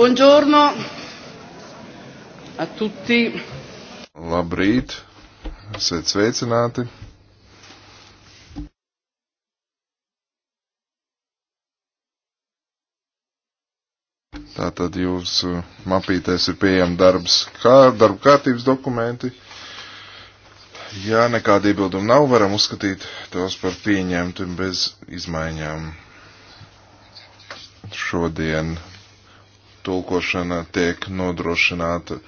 Buongiorno a tutti. Labrīt, esiet sveicināti. Tātad jūsu uh, mapītēs ir pieejami darbs, kā, darba kārtības dokumenti. Ja nekāda iebilduma nav, varam uzskatīt tos par pieņemtu bez izmaiņām. Šodien tulkošana tiek nodrošināta,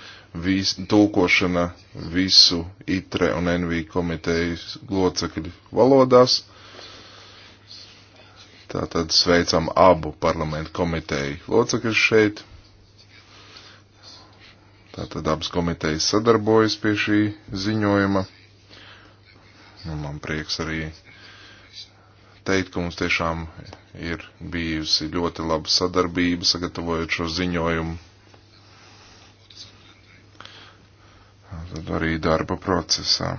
vis, tulkošana visu ITRE un NV komitejas locekļu valodās. Tātad sveicam abu parlamentu komiteju locekļus šeit. Tātad abas komitejas sadarbojas pie šī ziņojuma. Un nu, man prieks arī teikt, ka mums tiešām ir bijusi ļoti laba sadarbība sagatavojot šo ziņojumu. Tad arī darba procesā.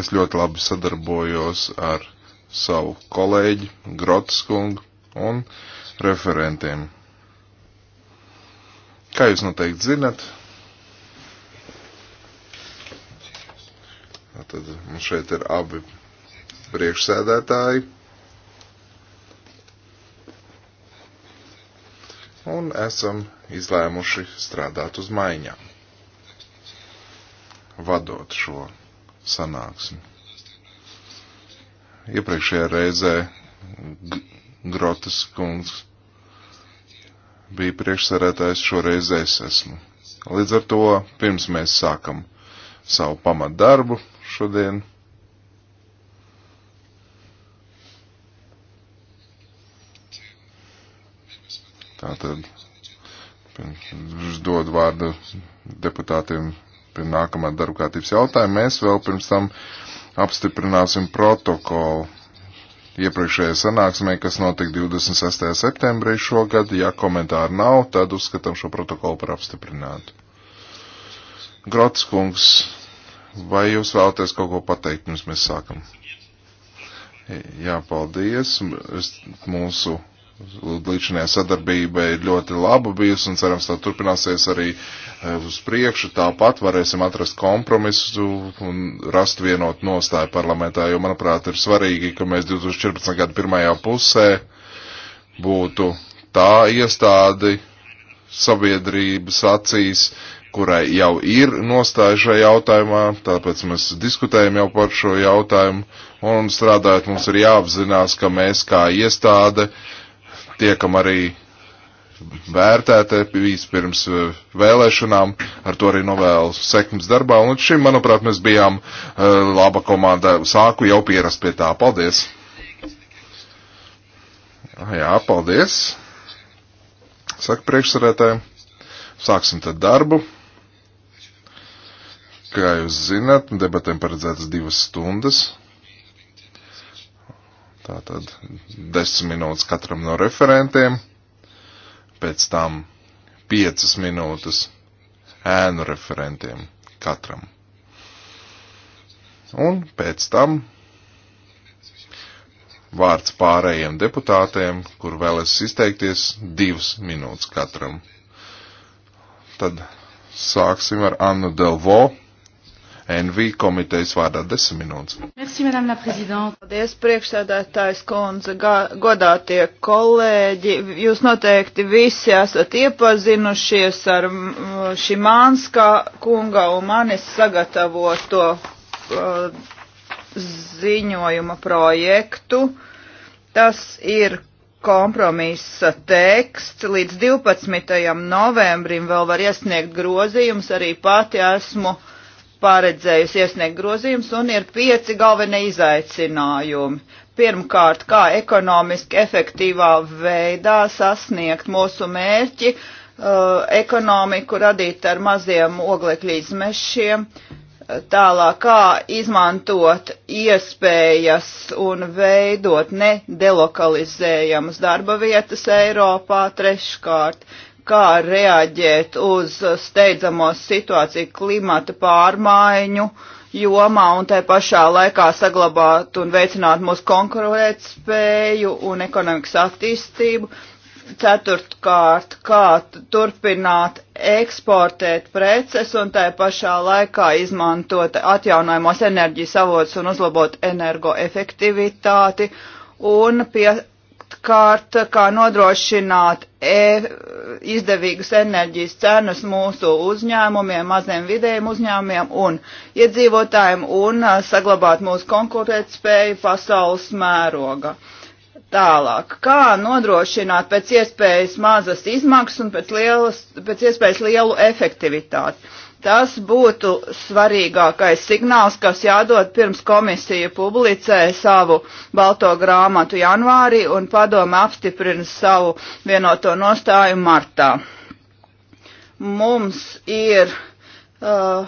Es ļoti labi sadarbojos ar savu kolēģi Grotskungu un referentiem. Kā jūs noteikti zinat, Tad mums šeit ir abi priekšsēdētāji. Un esam izlēmuši strādāt uz maiņām, vadot šo sanāksmi. Iepriekšējā reizē Grotas kungs bija priekšsarētājs, šoreiz es esmu. Līdz ar to pirms mēs sākam savu pamatdarbu. darbu šodien. Tātad es dodu vārdu deputātiem pie nākamā darba kārtības jautājuma. Mēs vēl pirms tam apstiprināsim protokolu iepriekšējai sanāksmē, kas notika 26. septembrī šogad. Ja komentāru nav, tad uzskatām šo protokolu par apstiprinātu. Grotskungs Vai jūs vēlaties kaut ko pateikt, pirms mēs sākam? Jā, paldies. Mūsu līdzinājā sadarbība ir ļoti laba bijusi un cerams tā turpināsies arī eh, uz priekšu. Tāpat varēsim atrast kompromisu un rast vienotu nostāju parlamentā, jo, manuprāt, ir svarīgi, ka mēs 2014. gada pirmajā pusē būtu tā iestādi sabiedrības acīs, kurai jau ir nostāja šajā jautājumā, tāpēc mēs diskutējam jau par šo jautājumu, un strādājot mums ir jāapzinās, ka mēs kā iestāde tiekam arī vērtēti pirms vēlēšanām, ar to arī novēlu sekmes darbā, un šim, manuprāt, mēs bijām eh, laba komanda, sāku jau pierast pie tā. Paldies! Ah, jā, paldies! Saka priekšsarētājiem. Sāksim tad darbu. Kā jūs zināt, debatēm paredzētas divas stundas. Tātad desmit minūtes katram no referentiem, pēc tam piecas minūtes ēnu referentiem katram. Un pēc tam vārds pārējiem deputātiem, kur vēlēs izteikties divas minūtes katram. Tad sāksim ar Annu Delvo NV komitejas vārdā 10 minūtes. Merci, madame la prezidente. Paldies, priekšsēdētājs kundze, godātie kolēģi. Jūs noteikti visi esat iepazinušies ar Šimānska kunga un manis sagatavoto uh, ziņojuma projektu. Tas ir kompromisa teksts. Līdz 12. novembrim vēl var iesniegt grozījums. Arī pati esmu uh, paredzējusi iesniegt grozījums un ir pieci galvenie izaicinājumi. Pirmkārt, kā ekonomiski efektīvā veidā sasniegt mūsu mērķi, uh, ekonomiku radīt ar maziem oglekļu izmešiem, uh, tālāk kā izmantot iespējas un veidot nedelokalizējamas darba vietas Eiropā, treškārt, kā reaģēt uz steidzamo situāciju klimata pārmaiņu jomā un tai pašā laikā saglabāt un veicināt mūsu konkurētspēju un ekonomikas attīstību. Ceturtkārt, kā turpināt eksportēt preces un tai pašā laikā izmantot atjaunojamos enerģijas avots un uzlabot energoefektivitāti. Un pie, Otrkārt, kā nodrošināt e izdevīgas enerģijas cenas mūsu uzņēmumiem, maziem vidējiem uzņēmumiem un iedzīvotājiem un saglabāt mūsu konkurētspēju pasaules mēroga. Tālāk, kā nodrošināt pēc iespējas mazas izmaksas un pēc, lielas, pēc iespējas lielu efektivitāti? Tas būtu svarīgākais signāls, kas jādod pirms komisija publicē savu balto grāmatu janvārī un padome apstiprina savu vienoto nostāju martā. Mums ir uh,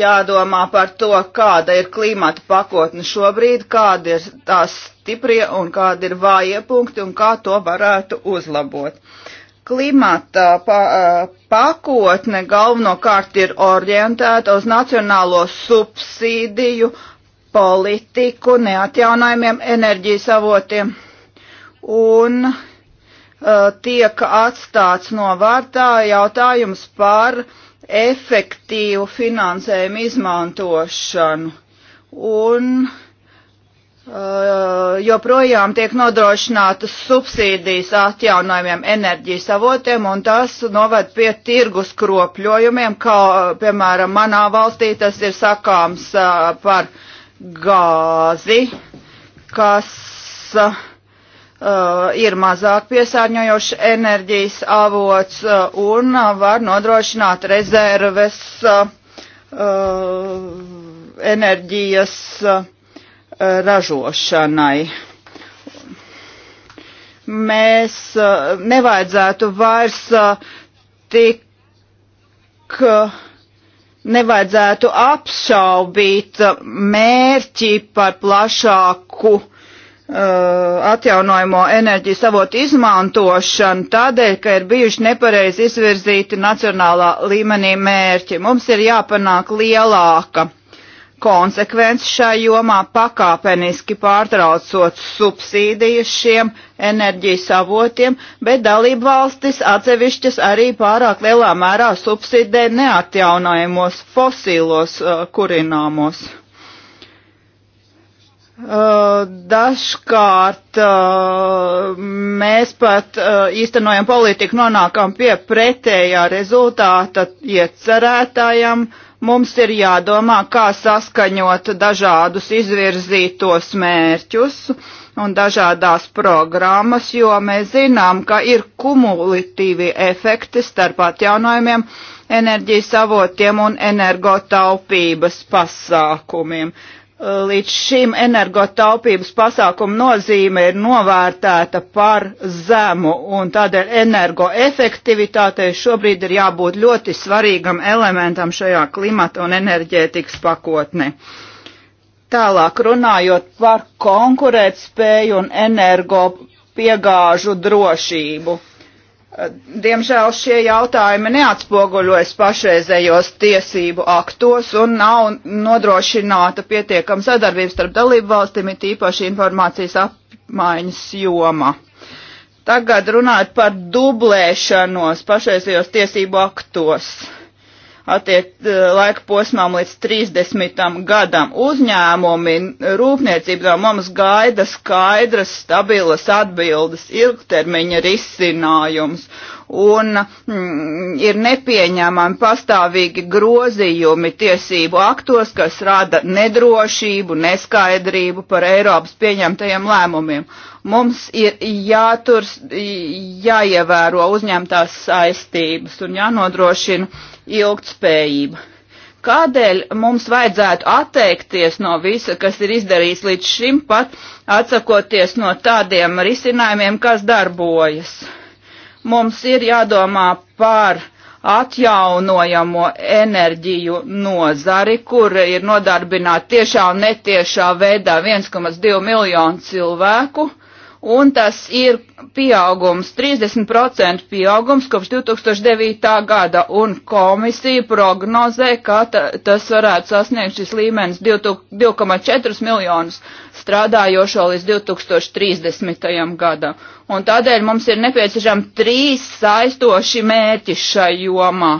jādomā par to, kāda ir klimata pakotne šobrīd, kāda ir tās stiprie un kāda ir vājie punkti un kā to varētu uzlabot. Uh, klimata pa, eh, pakotne galvenokārt ir orientēta uz nacionālo subsīdiju politiku neatjaunājumiem enerģijas avotiem un uh, tiek atstāts novārtā jautājums par efektīvu finansējumu izmantošanu. Un uh, Eh, joprojām tiek nodrošinātas subsīdijas atjaunojumiem enerģijas avotiem, un tas noved pie tirgus kropļojumiem, kā, piemēram, manā valstī tas ir sakāms eh, par gāzi, kas eh, ir mazāk piesārņojoši enerģijas avots un var nodrošināt rezerves enerģijas avots Eh, ražošanai. Mēs eh, nevajadzētu vairs eh, tik nevajadzētu apšaubīt mērķi par plašāku uh, atjaunojamo enerģijas avotu izmantošanu tādēļ, ka ir bijuši nepareizi izvirzīti nacionālā līmenī mērķi. Mums ir jāpanāk lielāka konsekvence šai jomā pakāpeniski pārtraucot subsīdijas šiem enerģijas avotiem, bet dalību valstis atsevišķas arī pārāk lielā mērā subsidē neatjaunojamos fosīlos uh, kurināmos. Uh, dažkārt uh, mēs pat uh, īstenojam politiku, nonākam pie pretējā rezultāta iecerētājam, ja Mums ir jādomā, kā saskaņot dažādus izvirzītos mērķus un dažādās programmas, jo mēs zinām, ka ir kumulatīvi efekti starp atjaunojumiem enerģijas avotiem un energotaupības pasākumiem. Līdz šim energotaupības pasākuma nozīme ir novērtēta par zemu, un tādēļ energoefektivitātei šobrīd ir jābūt ļoti svarīgam elementam šajā klimata un enerģētikas pakotnē. Tālāk runājot par konkurētspēju un energo piegāžu drošību Diemžēl šie jautājumi neatspoguļojas pašreizējos tiesību aktos un nav nodrošināta pietiekama sadarbības starp dalību valstīm, it īpaši informācijas apmaiņas joma. Tagad runājot par dublēšanos pašreizējos tiesību aktos attiec eh, laika posmām līdz 30 gadam. Uzņēmumi, rūpniecība no mums gaida skaidras, stabilas atbildes, ilgtermiņa risinājums un mm, ir nepieņēmami pastāvīgi grozījumi tiesību aktos, kas rada nedrošību, neskaidrību par Eiropas pieņemtajiem lēmumiem. Mums ir jātur, jāievēro uzņemtās saistības un jānodrošina ilgtspējība. Kādēļ mums vajadzētu atteikties no visa, kas ir izdarīts līdz šim pat, atsakoties no tādiem risinājumiem, kas darbojas? Mums ir jādomā par atjaunojamo enerģiju nozari, kur ir nodarbināti tiešā un netiešā veidā 1,2 miljonu cilvēku. Uh, un tas ir pieaugums, 30% pieaugums kopš 2009. gada, un komisija prognozē, ka ta, tas varētu sasniegt šis līmenis 2,4 miljonus strādājošo līdz 2030. gadam. Un tādēļ mums ir nepieciešami trīs saistoši mērķi šai jomā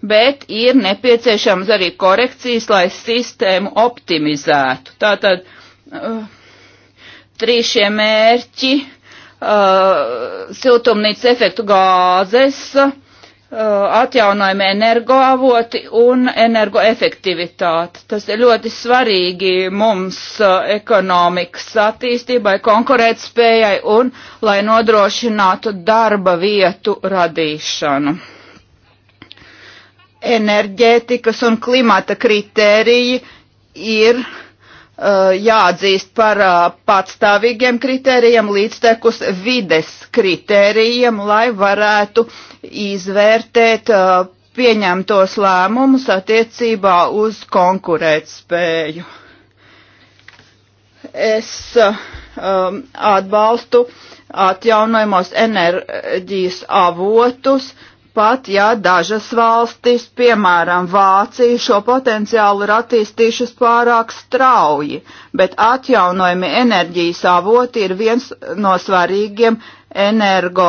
bet ir nepieciešams arī korekcijas, lai sistēmu optimizētu. Tātad uh, trīs šie mērķi uh, - siltumnīca efektu gāzes, uh, atjaunojumi energoavoti un energoefektivitāte. Tas ir ļoti svarīgi mums uh, ekonomikas attīstībai, konkurētspējai un lai nodrošinātu darba vietu radīšanu. Enerģētikas un klimata kritēriji ir uh, Uh, jāatzīst par uh, patstāvīgiem kritērijiem līdztekus vides kritērijiem, lai varētu izvērtēt uh, pieņemtos lēmumus attiecībā uz konkurētspēju. Es um, atbalstu atjaunojamos enerģijas avotus, pat ja dažas valstis, piemēram Vācija, šo potenciālu ir attīstījušas pārāk strauji, bet atjaunojami enerģijas avoti ir viens no svarīgiem energo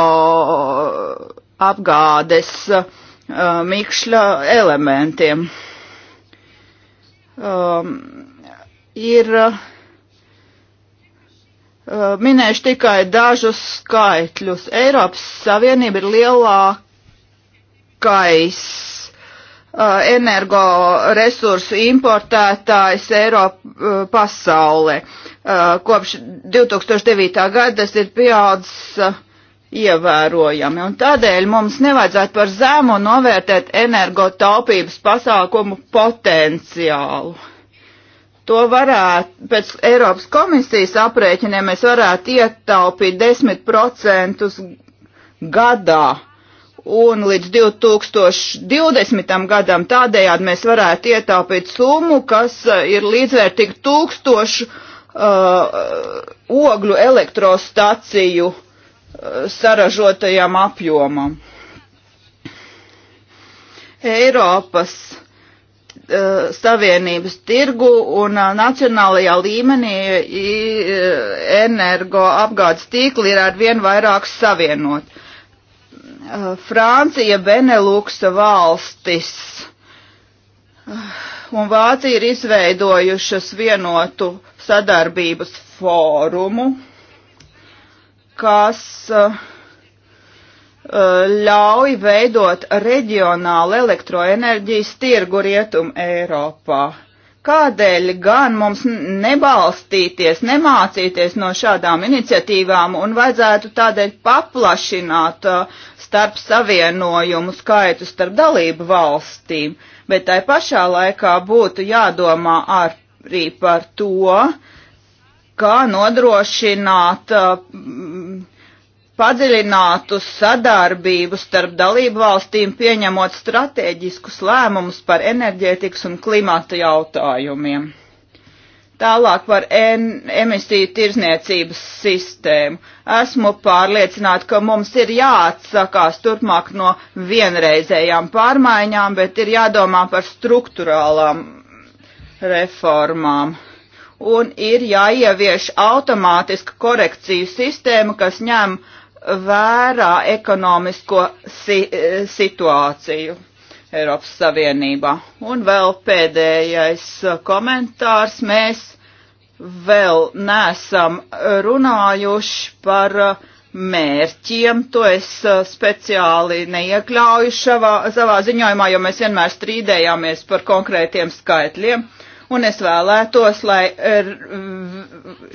apgādes uh, mikšļa elementiem. Um, ir uh, minēšu tikai dažus skaitļus. Eiropas Savienība ir lielāka lielākais uh, energoresursu importētājs Eiropa uh, pasaulē. Uh, kopš 2009. gada tas ir pieaudzis uh, ievērojami, un tādēļ mums nevajadzētu par zemu novērtēt energotaupības pasākumu potenciālu. To varētu, pēc Eiropas komisijas aprēķiniem, mēs varētu ietaupīt 10% gadā un līdz 2020. gadam tādējādi mēs varētu ietaupīt summu, kas e, ir līdzvērtīga tūkstošu uh, ogļu elektrostaciju uh, saražotajam apjomam. Eiropas uh, Savienības tirgu un uh, nacionālajā līmenī energoapgādes tīkli ir arvien vairāk savienot Eh, Francija, Beneluksa valstis eh, un Vācija ir izveidojušas vienotu sadarbības fórumu, kas eh, ļauj veidot reģionālu elektroenerģijas tirgu Rietum Eiropā. Kādēļ gan mums nebalstīties, nemācīties no šādām iniciatīvām un vajadzētu tādēļ paplašināt uh, starp savienojumu skaitu starp dalību valstīm, bet tai pašā laikā būtu jādomā arī par to, kā nodrošināt uh, padziļinātu sadarbību starp dalību valstīm, pieņemot strateģiskus lēmumus par enerģētikas un klimata jautājumiem. Tālāk par en, emisiju tirzniecības sistēmu. Esmu pārliecināta, ka mums ir jāatsakās turpmāk no vienreizējām pārmaiņām, bet ir jādomā par struktūrālām reformām. Un ir jāievieš automātiska korekciju sistēma, kas ņem vērā ekonomisko si eh, situāciju. Eiropas Savienībā. Un vēl pēdējais uh, komentārs. Mēs vēl nesam runājuši par uh, mērķiem. To es uh, speciāli neiekļauju šavā, savā ziņojumā, jo mēs vienmēr strīdējāmies par konkrētiem skaitļiem. Uh, un es vēlētos, lai er,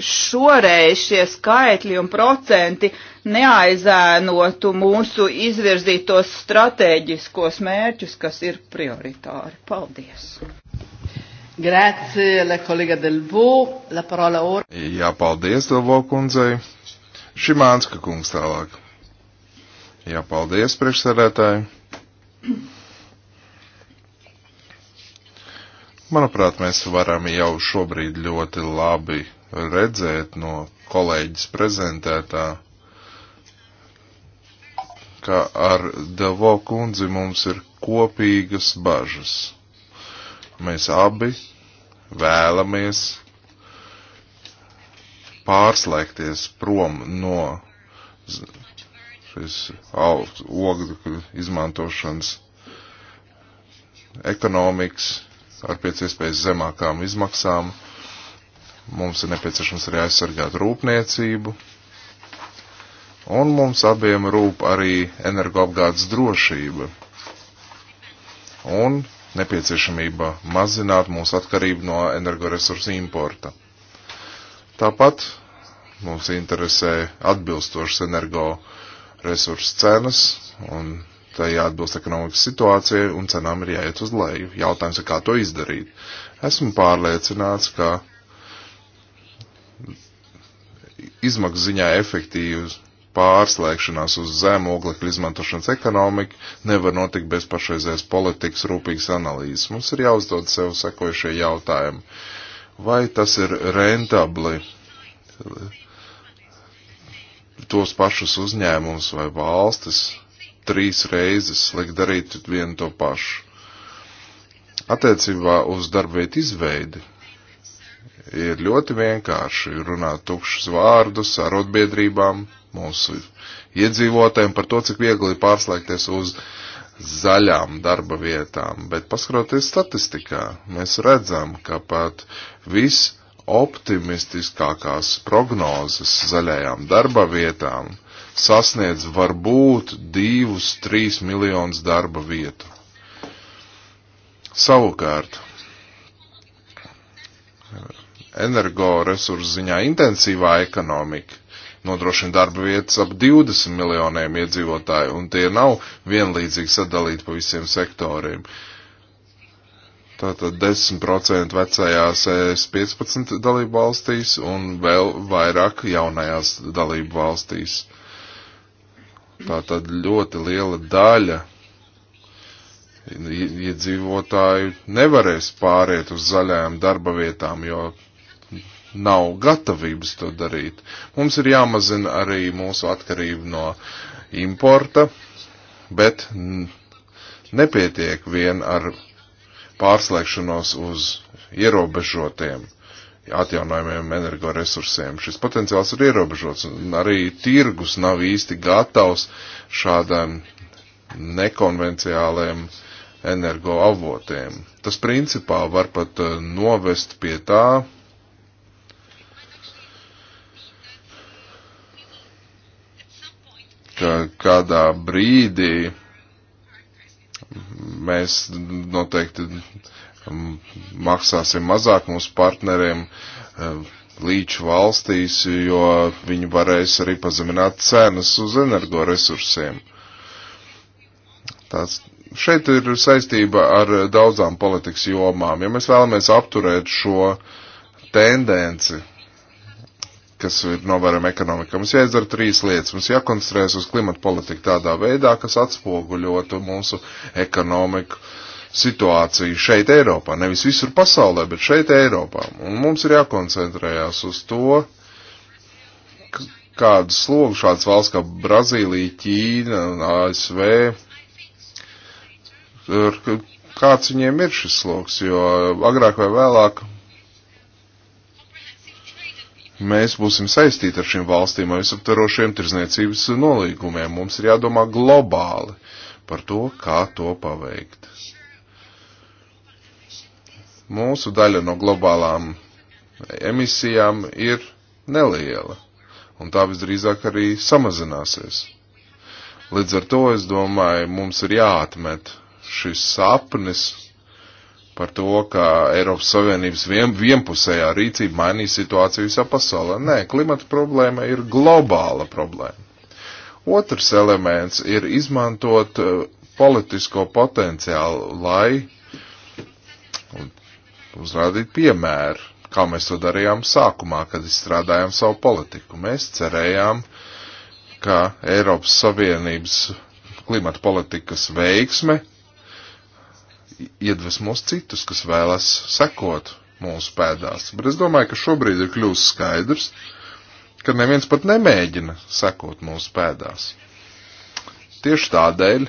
šoreiz šie skaitļi un procenti neaizēnotu mūsu izvirzītos stratēģiskos mērķus, kas ir prioritāri. Paldies! Grazie, la kolega Delvo, la parola ora. Jā, paldies, Delvo kundzei. Šimānska kungs tālāk. Jā, paldies, priekšsēdētāji. Manuprāt, mēs varam jau šobrīd ļoti labi redzēt no kolēģis prezentētā, ka ar Devo kundzi mums ir kopīgas bažas. Mēs abi vēlamies pārslēgties prom no šīs ogļu izmantošanas ekonomikas ar pēc iespējas zemākām izmaksām. Mums ir nepieciešams arī aizsargāt rūpniecību. Un mums abiem rūp arī energoapgādes drošība. Un nepieciešamība mazināt mūsu atkarību no energoresursu importa. Tāpat mums interesē atbilstošas energoresursu cenas un tai jāatbilst ekonomikas situācijai un cenām ir jāiet uz leju. Jautājums ir, kā to izdarīt. Esmu pārliecināts, ka izmaksu ziņā efektīvas pārslēgšanās uz zemu oglekļu izmantošanas ekonomiku nevar notikt bez pašreizējās politikas rūpīgas analīzes. Mums ir jāuzdod sev sekojušie jautājumi. Vai tas ir rentabli tos pašus uzņēmumus vai valstis trīs reizes, liek darīt vienu to pašu. Attiecībā uz darbvietu izveidi ir ļoti vienkārši runāt tukšus vārdus arotbiedrībām, mūsu iedzīvotājiem par to, cik viegli ir pārslēgties uz zaļām darba vietām, bet paskroties statistikā, mēs redzam, ka pat visoptimistiskākās prognozes zaļajām darba vietām sasniedz varbūt 2-3 miljonus darba vietu. Savukārt, energoresursu ziņā intensīvā ekonomika nodrošina darba vietas ap 20 miljoniem iedzīvotāju, un tie nav vienlīdzīgi sadalīti pa visiem sektoriem. Tātad 10% vecajās 15 e dalību valstīs un vēl vairāk jaunajās dalību valstīs. Uh, Tā tad ļoti liela daļa iedzīvotāju nevarēs pāriet uz zaļajām darba vietām, jo nav gatavības to darīt. Mums ir jāmazina arī mūsu atkarība no importa, bet nepietiek vien ar pārslēgšanos uz ierobežotiem atjaunojumiem energoresursiem. Šis potenciāls ir ierobežots, un arī tirgus nav īsti gatavs šādām nekonvenciāliem energoavotiem. Tas principā var pat eh, novest pie tā, ka kādā brīdī mēs noteikti maksāsim mazāk mūsu partneriem e, līču valstīs, jo viņi varēs arī pazemināt cenas uz energoresursiem. Tāds šeit ir saistība ar daudzām politikas jomām. Ja mēs vēlamies apturēt šo tendenci, kas ir novērama ekonomika, mums jāizdara trīs lietas. Mums jākoncentrēs uz klimatu politiku tādā veidā, kas atspoguļotu mūsu ekonomiku. Uh, situāciju šeit Eiropā, nevis visur pasaulē, bet šeit Eiropā. Un mums ir jākoncentrējās uz to, kādu slogu šāds valsts kā Brazīlija, Ķīna un ASV, kāds viņiem ir šis sloks, jo agrāk vai vēlāk mēs būsim saistīti ar šīm valstīm ar visaptarošiem tirzniecības nolīgumiem. Mums ir jādomā globāli par to, kā to paveikt. Mūsu daļa no globālām emisijām ir neliela, un tā visdrīzāk arī samazināsies. Līdz ar to es domāju, mums ir jāatmet šis sapnis par to, ka Eiropas Savienības vien, vienpusējā rīcība mainīs situāciju visā pasaulē. Nē, klimata problēma ir globāla problēma. Otrs elements ir izmantot eh, politisko potenciālu, lai uzrādīt piemēru, kā mēs to darījām sākumā, kad izstrādājām savu politiku. Mēs cerējām, ka Eiropas Savienības klimata politikas veiksme iedvesmos citus, kas vēlas sekot mūsu pēdās. Bet es domāju, ka šobrīd ir kļūst skaidrs, ka neviens pat nemēģina sekot mūsu pēdās. Tieši tādēļ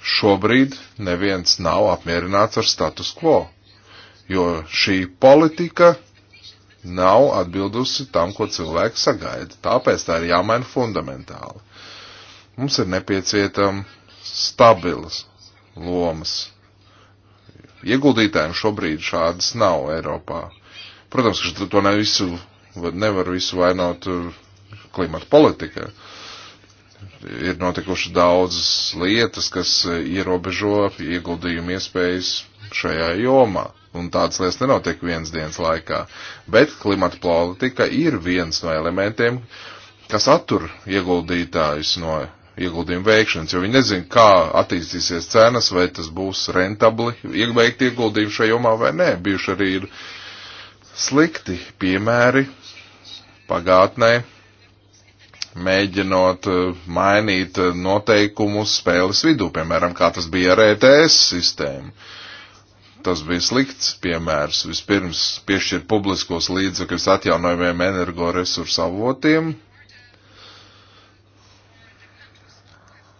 Šobrīd neviens nav apmierināts ar status quo, jo šī politika nav atbildusi tam, ko cilvēki sagaida. Tāpēc tā ir jāmaina fundamentāli. Mums ir nepieciešama stabilas lomas. Ieguldītājiem šobrīd šādas nav Eiropā. Protams, ka to ne visu, nevar visu vainot klimata politikā. Uh, ir notikušas daudzas lietas, kas e, ierobežo ieguldījumu iespējas šajā jomā. Un tādas lietas nenotiek viens dienas laikā. Bet klimata politika ir viens no elementiem, kas attur ieguldītājus no ieguldījumu veikšanas, jo viņi nezina, kā attīstīsies cenas, vai tas būs rentabli veikt ieguldījumu šajā jomā vai nē. Bijuši arī ir slikti piemēri pagātnē, mēģinot eh, mainīt eh, noteikumus spēles vidū, piemēram, kā tas bija ar ETS sistēmu. Tas bija slikts piemērs. Vispirms piešķir publiskos līdzekļus atjaunojumiem energoresursu avotiem,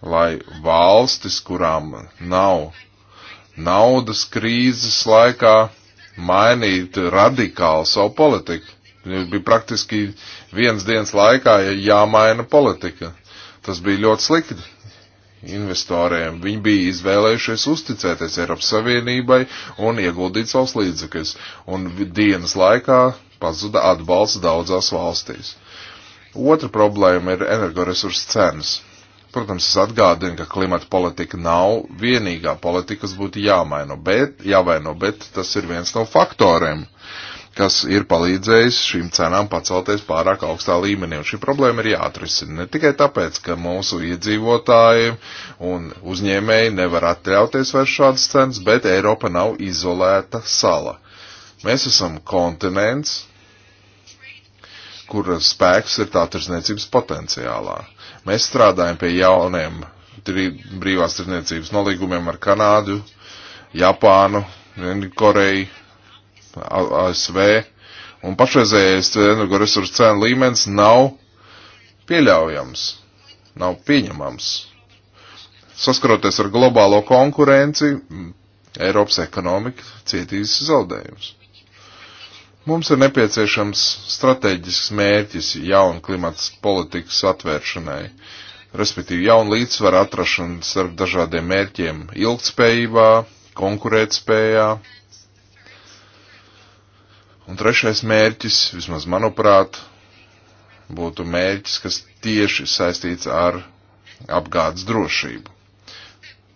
lai valstis, kurām nav naudas krīzes laikā, mainītu radikāli savu politiku Bija praktiski viens dienas laikā jāmaina politika. Tas bija ļoti slikti investoriem. Viņi bija izvēlējušies uzticēties Eiropas Savienībai un ieguldīt savus līdzekļus. Un dienas laikā pazuda atbalsts daudzās valstīs. Otra problēma ir energoresursu cenas. Protams, es atgādinu, ka klimata politika nav vienīgā politika, kas būtu jāmaino, bet, jāvaino, bet tas ir viens no faktoriem. Uh, kas ir palīdzējis šīm cenām pacelties pārāk augstā līmenī. Un šī problēma ir jāatrisina ne tikai tāpēc, ka mūsu iedzīvotājiem un uzņēmēji nevar atļauties vairs šādas cenas, bet Eiropa nav izolēta sala. Mēs esam kontinents, kur spēks ir tā tirsniecības potenciālā. Mēs strādājam pie jauniem brīvās tirsniecības nolīgumiem ar Kanādu, Japānu, Koreju, ASV, un pašreizējais energoresursu cēnu līmenis nav pieļaujams, nav pieņemams. Saskaroties ar globālo konkurenci, Eiropas ekonomika cietīs zaudējumus. Mums ir nepieciešams strateģisks mērķis jaunu klimatas politikas atvēršanai, respektīvi jaunu līdzsvaru atrašanu starp dažādiem mērķiem - ilgtspējībā, konkurētspējā, Un trešais mērķis, vismaz manuprāt, būtu mērķis, kas tieši saistīts ar apgādes drošību.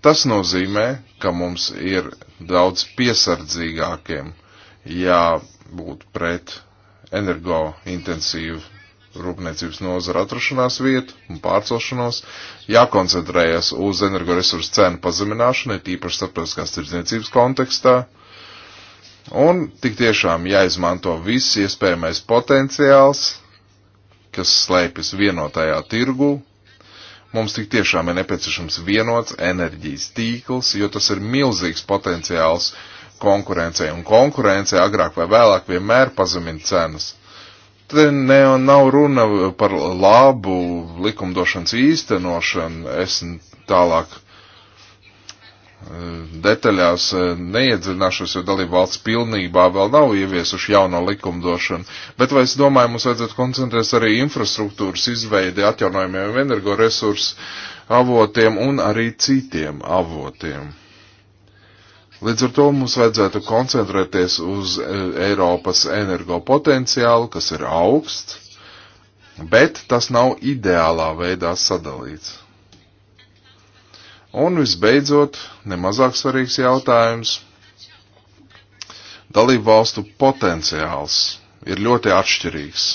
Tas nozīmē, ka mums ir daudz piesardzīgākiem jābūt pret energointensīvu rūpniecības nozara atrašanās vietu un pārcelšanos, jākoncentrējas uz energoresursu cenu pazemināšanu, tīpaši starptautiskās tirdzniecības kontekstā, Un tik tiešām jāizmanto viss iespējamais potenciāls, kas slēpjas vienotajā tirgu. Mums tik tiešām ir nepieciešams vienots enerģijas tīkls, jo tas ir milzīgs potenciāls konkurencei, un konkurence agrāk vai vēlāk vienmēr pazemina cenas. Te ne, nav runa par labu likumdošanas īstenošanu, es tālāk detaļās eh, neiedzināšos, jo dalība valsts pilnībā vēl nav ieviesuši jauno likumdošanu. Bet vai es domāju, mums vajadzētu koncentrēties arī infrastruktūras izveidi atjaunojumiem energoresursu avotiem un arī citiem avotiem. Līdz ar to mums vajadzētu koncentrēties uz eh, Eiropas energopotenciālu, kas ir augsts, bet tas nav ideālā veidā sadalīts. Un visbeidzot, nemazāk svarīgs jautājums - dalību valstu potenciāls ir ļoti atšķirīgs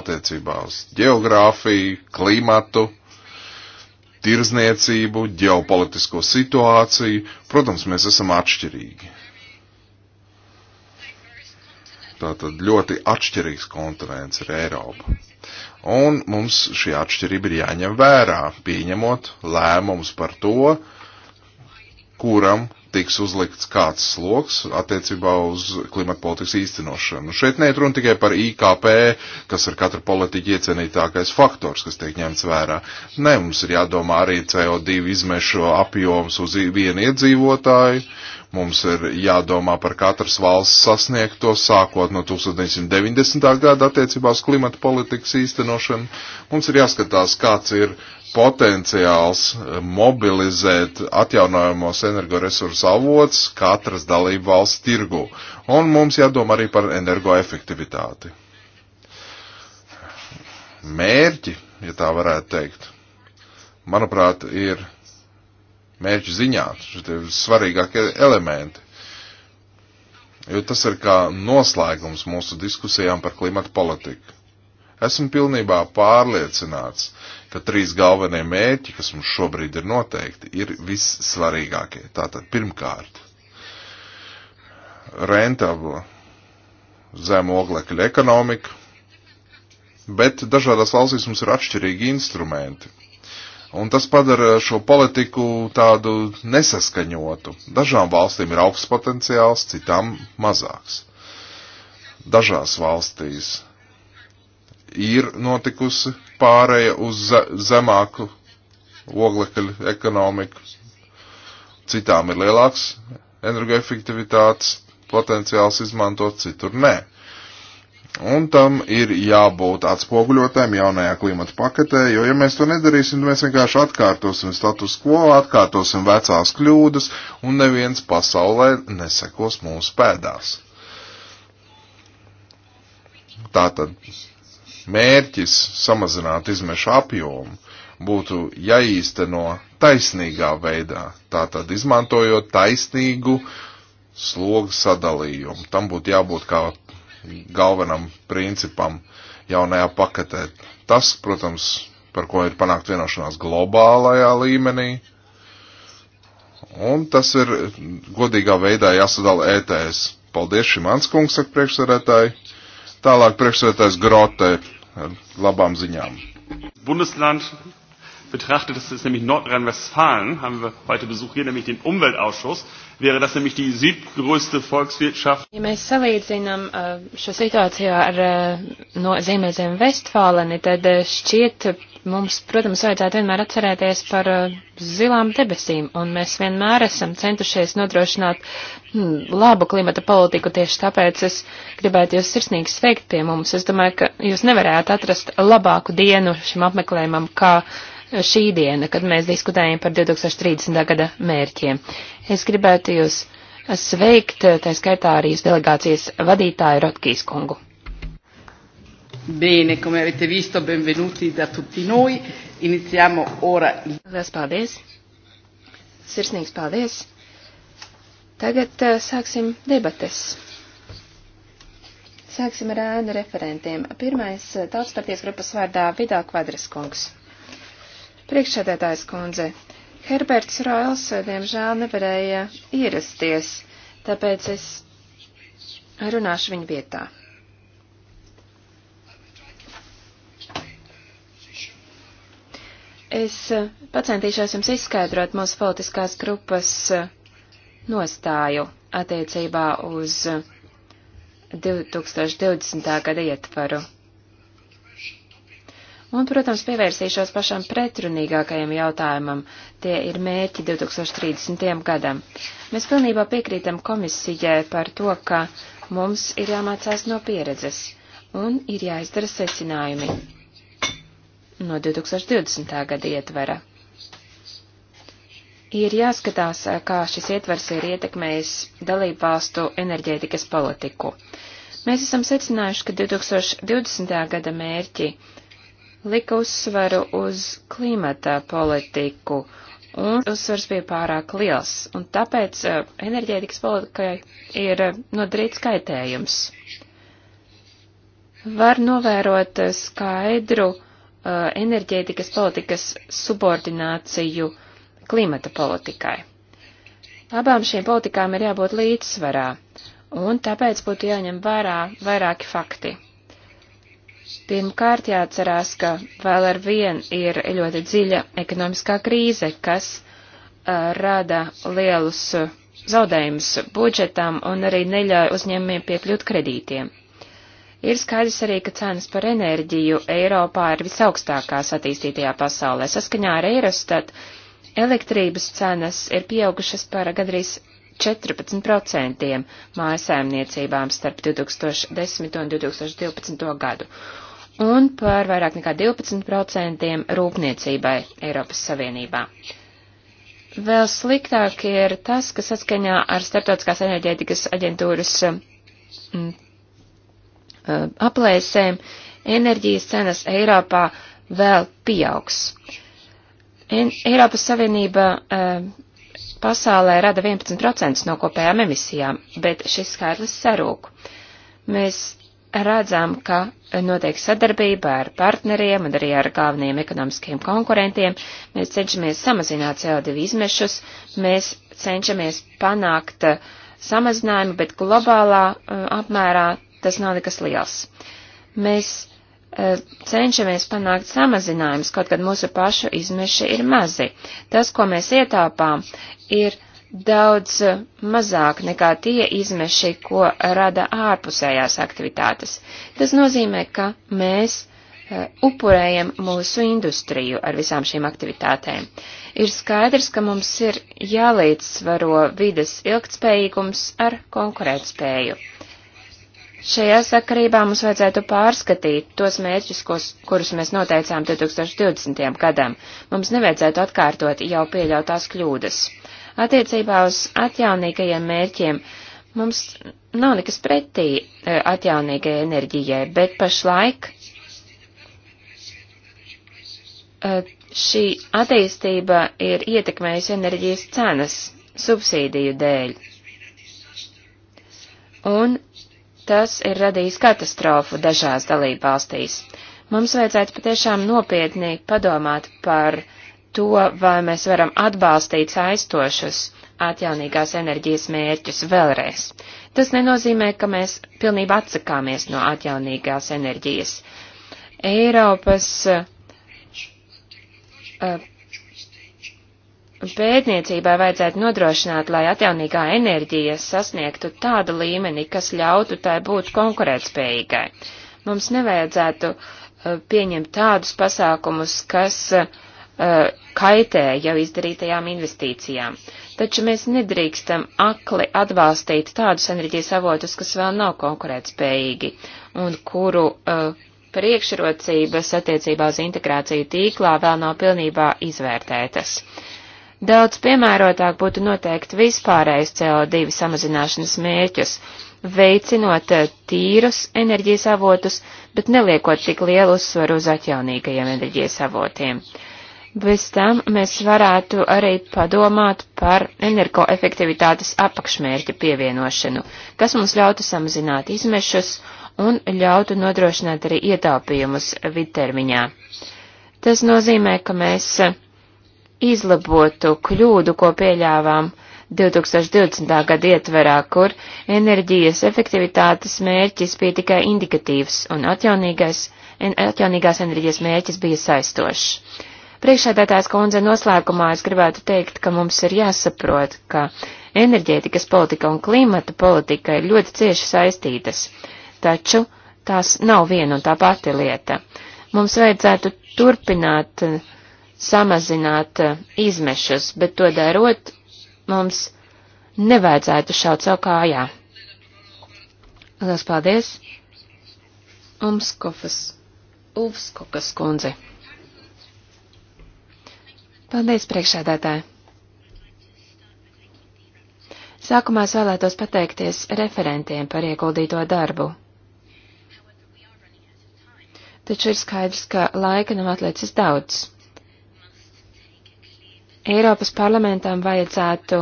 attiecībā uz geogrāfiju, klimatu, tirzniecību, ģeopolitisko situāciju. Protams, mēs esam atšķirīgi. Tātad ļoti atšķirīgs kontinents ir Eiropa. Un mums šī atšķirība ir jāņem vērā, pieņemot lēmumus par to, kuram tiks uzlikts kāds sloks attiecībā uz klimata politikas īstenošanu. Šeit neiet runa tikai par IKP, kas ir katra politika iecienītākais faktors, kas tiek ņemts vērā. Nē, mums ir jādomā arī CO2 izmešu apjoms uz vienu iedzīvotāju. Mums ir jādomā par katras valsts sasniegto sākot no 1990. gada attiecībā uz klimata politikas īstenošanu. Mums ir jāskatās, kāds ir uh, potenciāls eh, mobilizēt atjaunojamos energoresursu avots katras dalību valsts tirgu. Un mums jādomā arī par energoefektivitāti. Mērķi, ja tā varētu teikt, manuprāt, ir mērķu ziņā, šie svarīgākie elementi. Jo tas ir kā noslēgums mūsu diskusijām par klimatu politiku. Esmu pilnībā pārliecināts, ka trīs galvenie mērķi, kas mums šobrīd ir noteikti, ir vissvarīgākie. Tātad pirmkārt, rentabla zem oglekļa ekonomika, bet dažādās valstīs mums ir atšķirīgi instrumenti. Un tas padara šo politiku tādu nesaskaņotu. Dažām valstīm ir augsts potenciāls, citām mazāks. Dažās valstīs ir notikusi pārēja uz zemāku oglekļu ekonomiku. Citām ir lielāks energoefektivitātes potenciāls izmantot, citur nē. Un tam ir jābūt atspoguļotēm jaunajā klimata paketē, jo ja mēs to nedarīsim, mēs vienkārši atkārtosim status quo, atkārtosim vecās kļūdas, un neviens pasaulē nesekos mūsu pēdās. Tātad mērķis samazināt izmešu apjomu būtu jāīsteno taisnīgā veidā, tātad izmantojot taisnīgu slogu sadalījumu. Tam būtu jābūt kā galvenam principam jaunajā paketē. Tas, protams, par ko ir panākt vienošanās globālajā līmenī, un tas ir godīgā veidā jāsadala ETS. Paldies, Šimans kungs, saka priekšsarētāji. Tālāk priekšsēdētājs Grote labām ziņām. Bundesland betrachtet, das ist nämlich Nordrhein-Westfalen, haben wir heute Besuch hier, nämlich den Umweltausschuss, wäre das nämlich die südgrößte Volkswirtschaft. Ja mēs salīdzinām šo situāciju ar no Ziemeļzem Vestfāleni, tad šķiet mums, protams, vajadzētu vienmēr atcerēties par zilām debesīm, un mēs vienmēr esam centušies nodrošināt hm, labu klimata politiku, tieši tāpēc es gribētu jūs sirsnīgi sveikt pie mums. Es domāju, ka jūs nevarētu atrast labāku dienu šim apmeklējumam, kā šī diena, kad mēs diskutējam par 2030. gada mērķiem. Es gribētu jūs sveikt, tā skaitā arī delegācijas vadītāju Rotkīs kungu. Bene, come avete visto, benvenuti da tutti noi. Iniziamo ora. Lielas paldies. Sirsnīgs paldies. Tagad uh, sāksim debates. Sāksim ar ēnu referentiem. Pirmais eh, tautas parties grupas vārdā Vidā Kvadras kungs. Priekšsēdētājs kundze, Herberts Roils, diemžēl, nevarēja ierasties, tāpēc es runāšu viņa vietā. Es eh, pacentīšos jums izskaidrot mūsu politiskās grupas eh, nostāju attiecībā uz 2020. Eh, gada ietvaru. Un, protams, pievērsīšos pašam pretrunīgākajam jautājumam. Tie ir mērķi 2030. gadam. Mēs pilnībā piekrītam komisijai par to, ka mums ir jāmācās no pieredzes un ir jāizdara secinājumi no 2020. gada ietvara. Ir jāskatās, kā šis ietvers ir ietekmējis dalību valstu enerģētikas politiku. Mēs esam secinājuši, ka 2020. gada mērķi lika uzsveru uz klimata politiku, un uzsvers bija pārāk liels, un tāpēc eh, enerģētikas politikai ir eh, nodarīts kaitējums. Var novērot eh, skaidru uh, enerģētikas politikas subordināciju klimata politikai. Abām šīm politikām ir jābūt līdzsvarā, un tāpēc būtu jāņem vērā vairāki fakti. Pirmkārt jāatcerās, ka vēl ar vien ir ļoti dziļa ekonomiskā krīze, kas uh, rada lielus zaudējumus budžetam un arī neļauj uzņēmumiem piekļūt kredītiem. Ir skaidrs arī, ka cenas par enerģiju Eiropā ir visaugstākās attīstītajā pasaulē. Saskaņā ar Eirostat elektrības cenas ir pieaugušas par gadrīz 14% mājasēmniecībām starp 2010 un 2012 gadu un par vairāk nekā 12% rūpniecībai Eiropas Savienībā. Vēl sliktāk ir tas, ka saskaņā ar Startautiskās enerģētikas aģentūras mm, eh, aplēsēm enerģijas cenas Eiropā vēl pieaugs. En Eiropas Savienība uh, pasaulē rada 11% no kopējām emisijām, bet šis skaitlis sarūk. Mēs redzam, ka notiek sadarbība ar partneriem un arī ar galvenajiem ekonomiskiem konkurentiem. Mēs cenšamies samazināt CO2 izmešus, mēs cenšamies panākt eh, samazinājumu, bet globālā uh, apmērā tas nav nekas liels. Mēs E, cenšamies panākt samazinājumus, kaut kad mūsu pašu izmeši ir mazi. Tas, ko mēs ietāpām, ir daudz mazāk nekā tie izmeši, ko rada ārpusējās aktivitātes. Tas nozīmē, ka mēs e, upurējam mūsu industriju ar visām šīm aktivitātēm. Ir skaidrs, ka mums ir jālīdzsvaro vides ilgtspējīgums ar konkurētspēju. spēju Šajā sakarībā mums vajadzētu pārskatīt tos mērķus, kos, kurus mēs noteicām 2020. gadam. Mums nevajadzētu atkārtot jau pieļautās kļūdas. Attiecībā uz atjaunīgajiem mērķiem mums nav nekas pretī e, atjaunīgajai enerģijai, bet pašlaik e, šī attīstība ir ietekmējusi enerģijas cenas subsīdiju dēļ. Un Tas ir radījis katastrofu dažās dalību valstīs. Mums vajadzētu patiešām nopietni padomāt par to, vai mēs varam atbalstīt saistošus atjaunīgās enerģijas mērķus vēlreiz. Tas nenozīmē, ka mēs pilnībā atsakāmies no atjaunīgās enerģijas. Eiropas uh, Pētniecībai vajadzētu nodrošināt, lai atjaunīgā enerģija sasniegtu tādu līmeni, kas ļautu tai būt konkurētspējīgai. Mums nevajadzētu uh, pieņemt tādus pasākumus, kas uh, kaitē jau izdarītajām investīcijām. Taču mēs nedrīkstam akli atbalstīt tādus enerģijas avotus, kas vēl nav konkurētspējīgi un kuru uh, priekšrocības attiecībā uz integrāciju tīklā vēl nav pilnībā izvērtētas. Uh, Daudz piemērotāk būtu noteikt vispārējus CO2 samazināšanas mērķus, veicinot eh, tīrus enerģijas avotus, bet neliekot tik lielu uzsvaru uz atjaunīgajiem enerģijas avotiem. Bez tam mēs varētu arī padomāt par energoefektivitātes apakšmērķa pievienošanu, kas mums ļautu samazināt izmešus un ļautu nodrošināt arī ietaupījumus vidtermiņā. Tas nozīmē, ka mēs izlabotu kļūdu, ko pieļāvām 2020. gada ietverā, kur enerģijas efektivitātes mērķis bija tikai indikatīvs un atjaunīgais, en, atjaunīgās enerģijas mērķis bija saistošs. Priekšsēdētājs kundze noslēgumā es gribētu teikt, ka mums ir jāsaprot, ka enerģētikas politika un klimata politika ir ļoti cieši saistītas, taču tās nav viena un tā pati lieta. Mums vajadzētu turpināt uh, samazināt eh, izmešus, bet to darot, mums nevajadzētu šaut savu kājā. Lielas paldies! Umskofas, Ulfskokas kundze. Paldies, priekšādātāji! Sākumā es vēlētos pateikties referentiem par ieguldīto darbu. Taču ir skaidrs, ka laika nav atlicis daudz. Eiropas parlamentam vajadzētu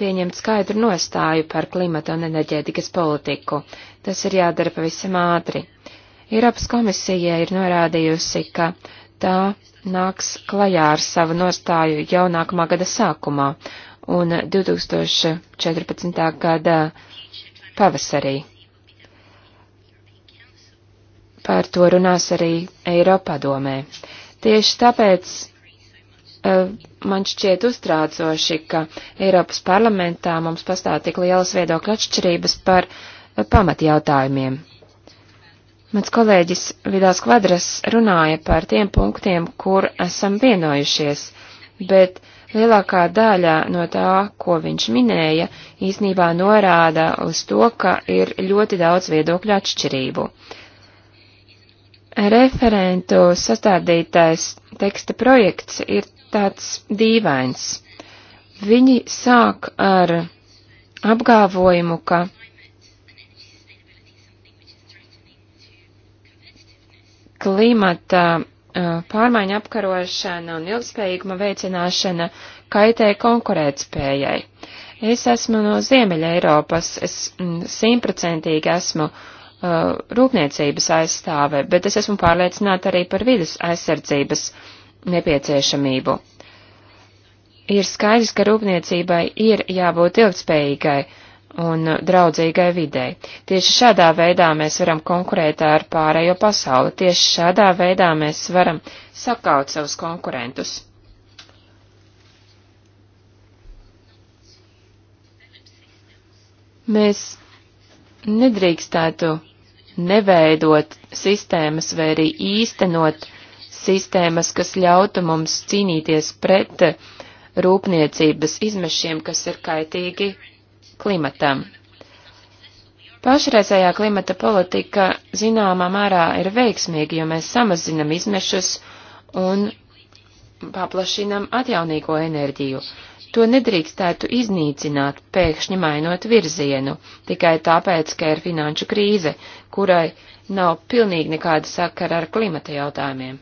pieņemt skaidru nostāju par klimata un enerģētikas politiku. Tas ir jādara pavisam ātri. Eiropas komisija ir norādījusi, ka tā nāks klajā ar savu nostāju jau nākamā gada sākumā un 2014. gada pavasarī. Par to runās arī Eiropadomē. Tieši tāpēc Eh, man šķiet uztraucoši, ka Eiropas parlamentā mums pastāv tik lielas viedokļa atšķirības par eh, pamatjautājumiem. Mans kolēģis Vidās Kvadras runāja par tiem punktiem, kur esam vienojušies, bet lielākā daļa no tā, ko viņš minēja, īsnībā norāda uz to, ka ir ļoti daudz viedokļu atšķirību. Referentu sastādītais teksta projekts ir tāds dīvains. Viņi sāk ar apgāvojumu, ka klimata uh, pārmaiņa apkarošana un ilgspējīguma veicināšana kaitē konkurētspējai. Es esmu no Ziemeļa Eiropas, es mm, simtprocentīgi esmu uh, rūpniecības aizstāve, bet es esmu pārliecināta arī par vidas aizsardzības nepieciešamību. Ir skaidrs, ka rūpniecībai ir jābūt ilgspējīgai un draudzīgai videi. Tieši šādā veidā mēs varam konkurēt ar pārējo pasauli, tieši šādā veidā mēs varam sakaut savus konkurentus. Mēs nedrīkstētu neveidot sistēmas vai arī īstenot sistēmas, kas ļautu mums cīnīties pret rūpniecības izmešiem, kas ir kaitīgi klimatam. Pašreizējā klimata politika zināmā mērā ir veiksmīga, jo mēs samazinam izmešus un paplašinam atjaunīgo enerģiju. To nedrīkstētu iznīcināt, pēkšņi mainot virzienu, tikai tāpēc, ka ir finanšu krīze, kurai nav pilnīgi nekāda sakara ar klimata jautājumiem.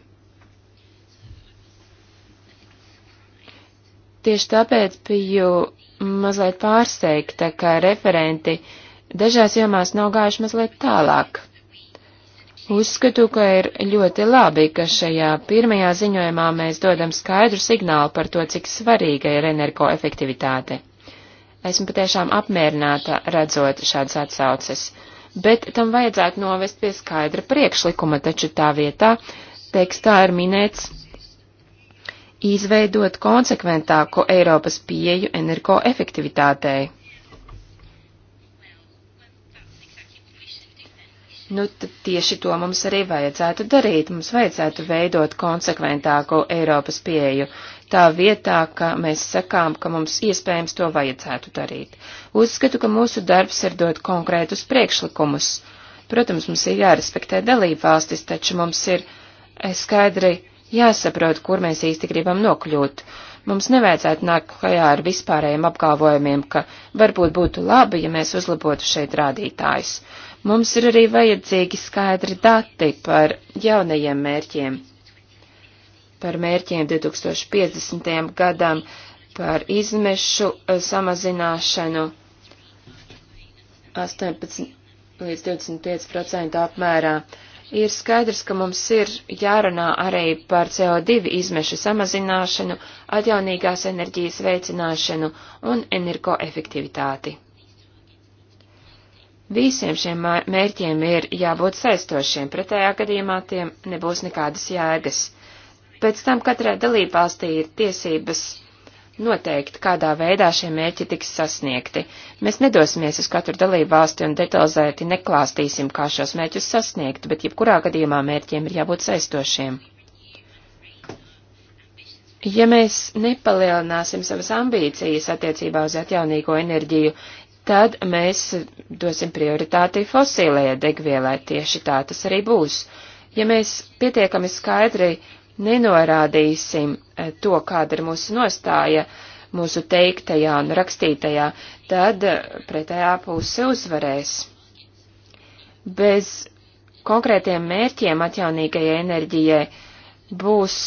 Tieši tāpēc biju mazliet pārsteigta, ka referenti dažās jomās nav gājuši mazliet tālāk. Uzskatu, ka ir ļoti labi, ka šajā pirmajā ziņojumā mēs dodam skaidru signālu par to, cik svarīga ir energoefektivitāte. Esmu patiešām apmierināta redzot šādas atsauces, bet tam vajadzētu novest pie skaidra priekšlikuma, taču tā vietā tekstā ir minēts izveidot konsekventāko Eiropas pieju energoefektivitātei. Nu, tieši to mums arī vajadzētu darīt. Mums vajadzētu veidot konsekventāko Eiropas pieju, tā vietā, ka mēs sakām, ka mums iespējams to vajadzētu darīt. Uzskatu, ka mūsu darbs ir dot konkrētus priekšlikumus. Protams, mums ir jārespektē dalībvalstis, taču mums ir eh, skaidri jāsaprot, kur mēs īsti gribam nokļūt. Mums nevajadzētu nākt klajā ar vispārējiem apgalvojumiem, ka varbūt būtu labi, ja mēs uzlabotu šeit rādītājus. Mums ir arī vajadzīgi skaidri dati par jaunajiem mērķiem, par mērķiem 2050. gadam, par izmešu eh, samazināšanu 18 līdz 25% apmērā. Uh, Ir skaidrs, ka mums ir jārunā arī par CO2 izmešu samazināšanu, atjaunīgās enerģijas veicināšanu un energoefektivitāti. Visiem šiem mērķiem ir jābūt saistošiem, pretējā gadījumā tiem nebūs nekādas jēgas. Pēc tam katrai dalībvalstī ir tiesības noteikt, kādā veidā šie mērķi tiks sasniegti. Mēs nedosimies uz katru dalību valsti un detalizēti neklāstīsim, kā šos mērķus sasniegt, bet jebkurā gadījumā mērķiem ir jābūt saistošiem. Ja mēs nepalielināsim savas ambīcijas attiecībā uz atjaunīgo enerģiju, tad mēs dosim prioritāti fosīlajai degvielai. Tieši tā tas arī būs. Ja mēs pietiekami skaidri uh, nenorādīsim e, to, kāda ir mūsu nostāja mūsu teiktajā un rakstītajā, tad e, pretējā puse uzvarēs. Bez konkrētiem mērķiem atjaunīgajai enerģijai būs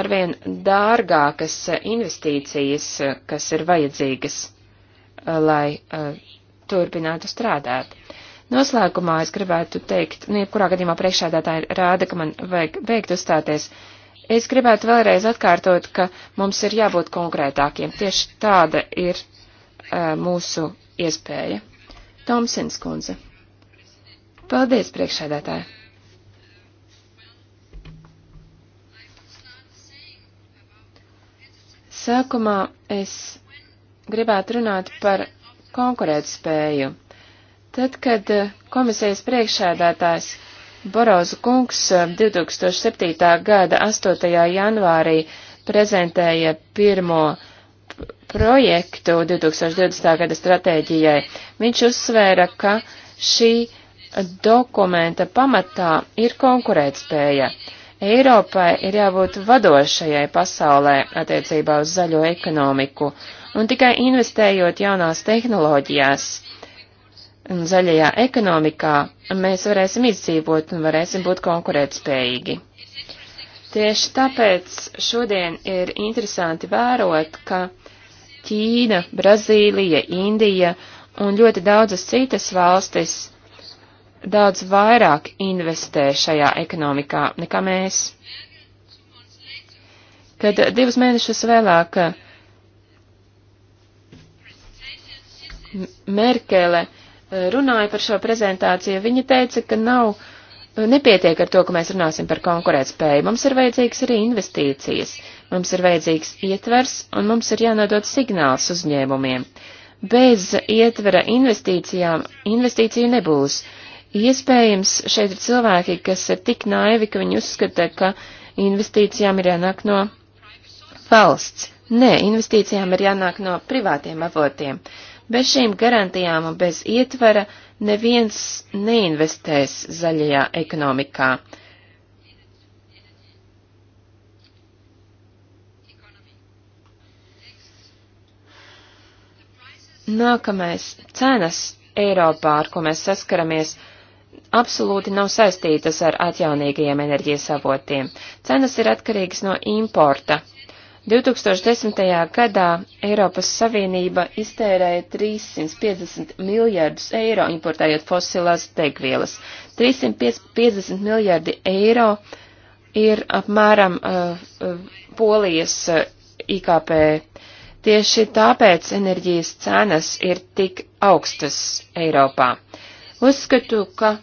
arvien dārgākas e, investīcijas, kas ir vajadzīgas, lai uh, turpinātu strādāt. Noslēgumā es gribētu teikt, nu, jebkurā gadījumā priekšādātāji rāda, ka man vajag beigt uzstāties. Uh, Es gribētu vēlreiz atkārtot, ka mums ir jābūt konkrētākiem. Tieši tāda ir uh, mūsu iespēja. Tomsins kundze. Paldies, priekšsēdētāji. Sākumā es gribētu runāt par konkurētspēju. Tad, kad komisijas priekšsēdētājs Borozu kungs 2007. Eh, gada 8. janvārī prezentēja pirmo projektu 2020. gada stratēģijai. Viņš uzsvēra, ka šī dokumenta pamatā ir konkurētspēja. Eiropai ir jābūt vadošajai pasaulē attiecībā uz zaļo ekonomiku, un tikai investējot jaunās tehnoloģijās zaļajā ekonomikā, mēs varēsim izdzīvot un varēsim būt konkurētspējīgi. Tieši tāpēc šodien ir interesanti vērot, ka Ķīna, Brazīlija, Indija un ļoti daudzas citas valstis daudz vairāk investē šajā ekonomikā nekā mēs. Kad divus mēnešus vēlāk Merkele runāja par šo prezentāciju, viņi teica, ka nav e, nepietiek ar to, ka mēs runāsim par konkurētspēju. Mums ir vajadzīgs arī investīcijas, mums ir vajadzīgs ietvers un mums ir jānodot signāls uzņēmumiem. Bez ietvera investīcijām investīciju nebūs. Iespējams, šeit ir cilvēki, kas ir tik naivi, ka viņi uzskata, ka investīcijām ir jānāk no valsts. Nē, investīcijām ir jānāk no privātiem avotiem. Uh, Bez šīm garantijām un bez ietvara neviens neinvestēs zaļajā ekonomikā. Nākamais cenas Eiropā, ar ko mēs saskaramies, absolūti nav saistītas ar atjaunīgajiem enerģijas avotiem. Cenas ir atkarīgas no importa 2010. gadā Eiropas Savienība iztērēja 350 miljārdus eiro importējot fosilās degvielas. 350 miljārdi eiro ir apmēram uh, uh, polijas uh, IKP. Tieši tāpēc enerģijas cenas ir tik augstas Eiropā. Uzskatu, ka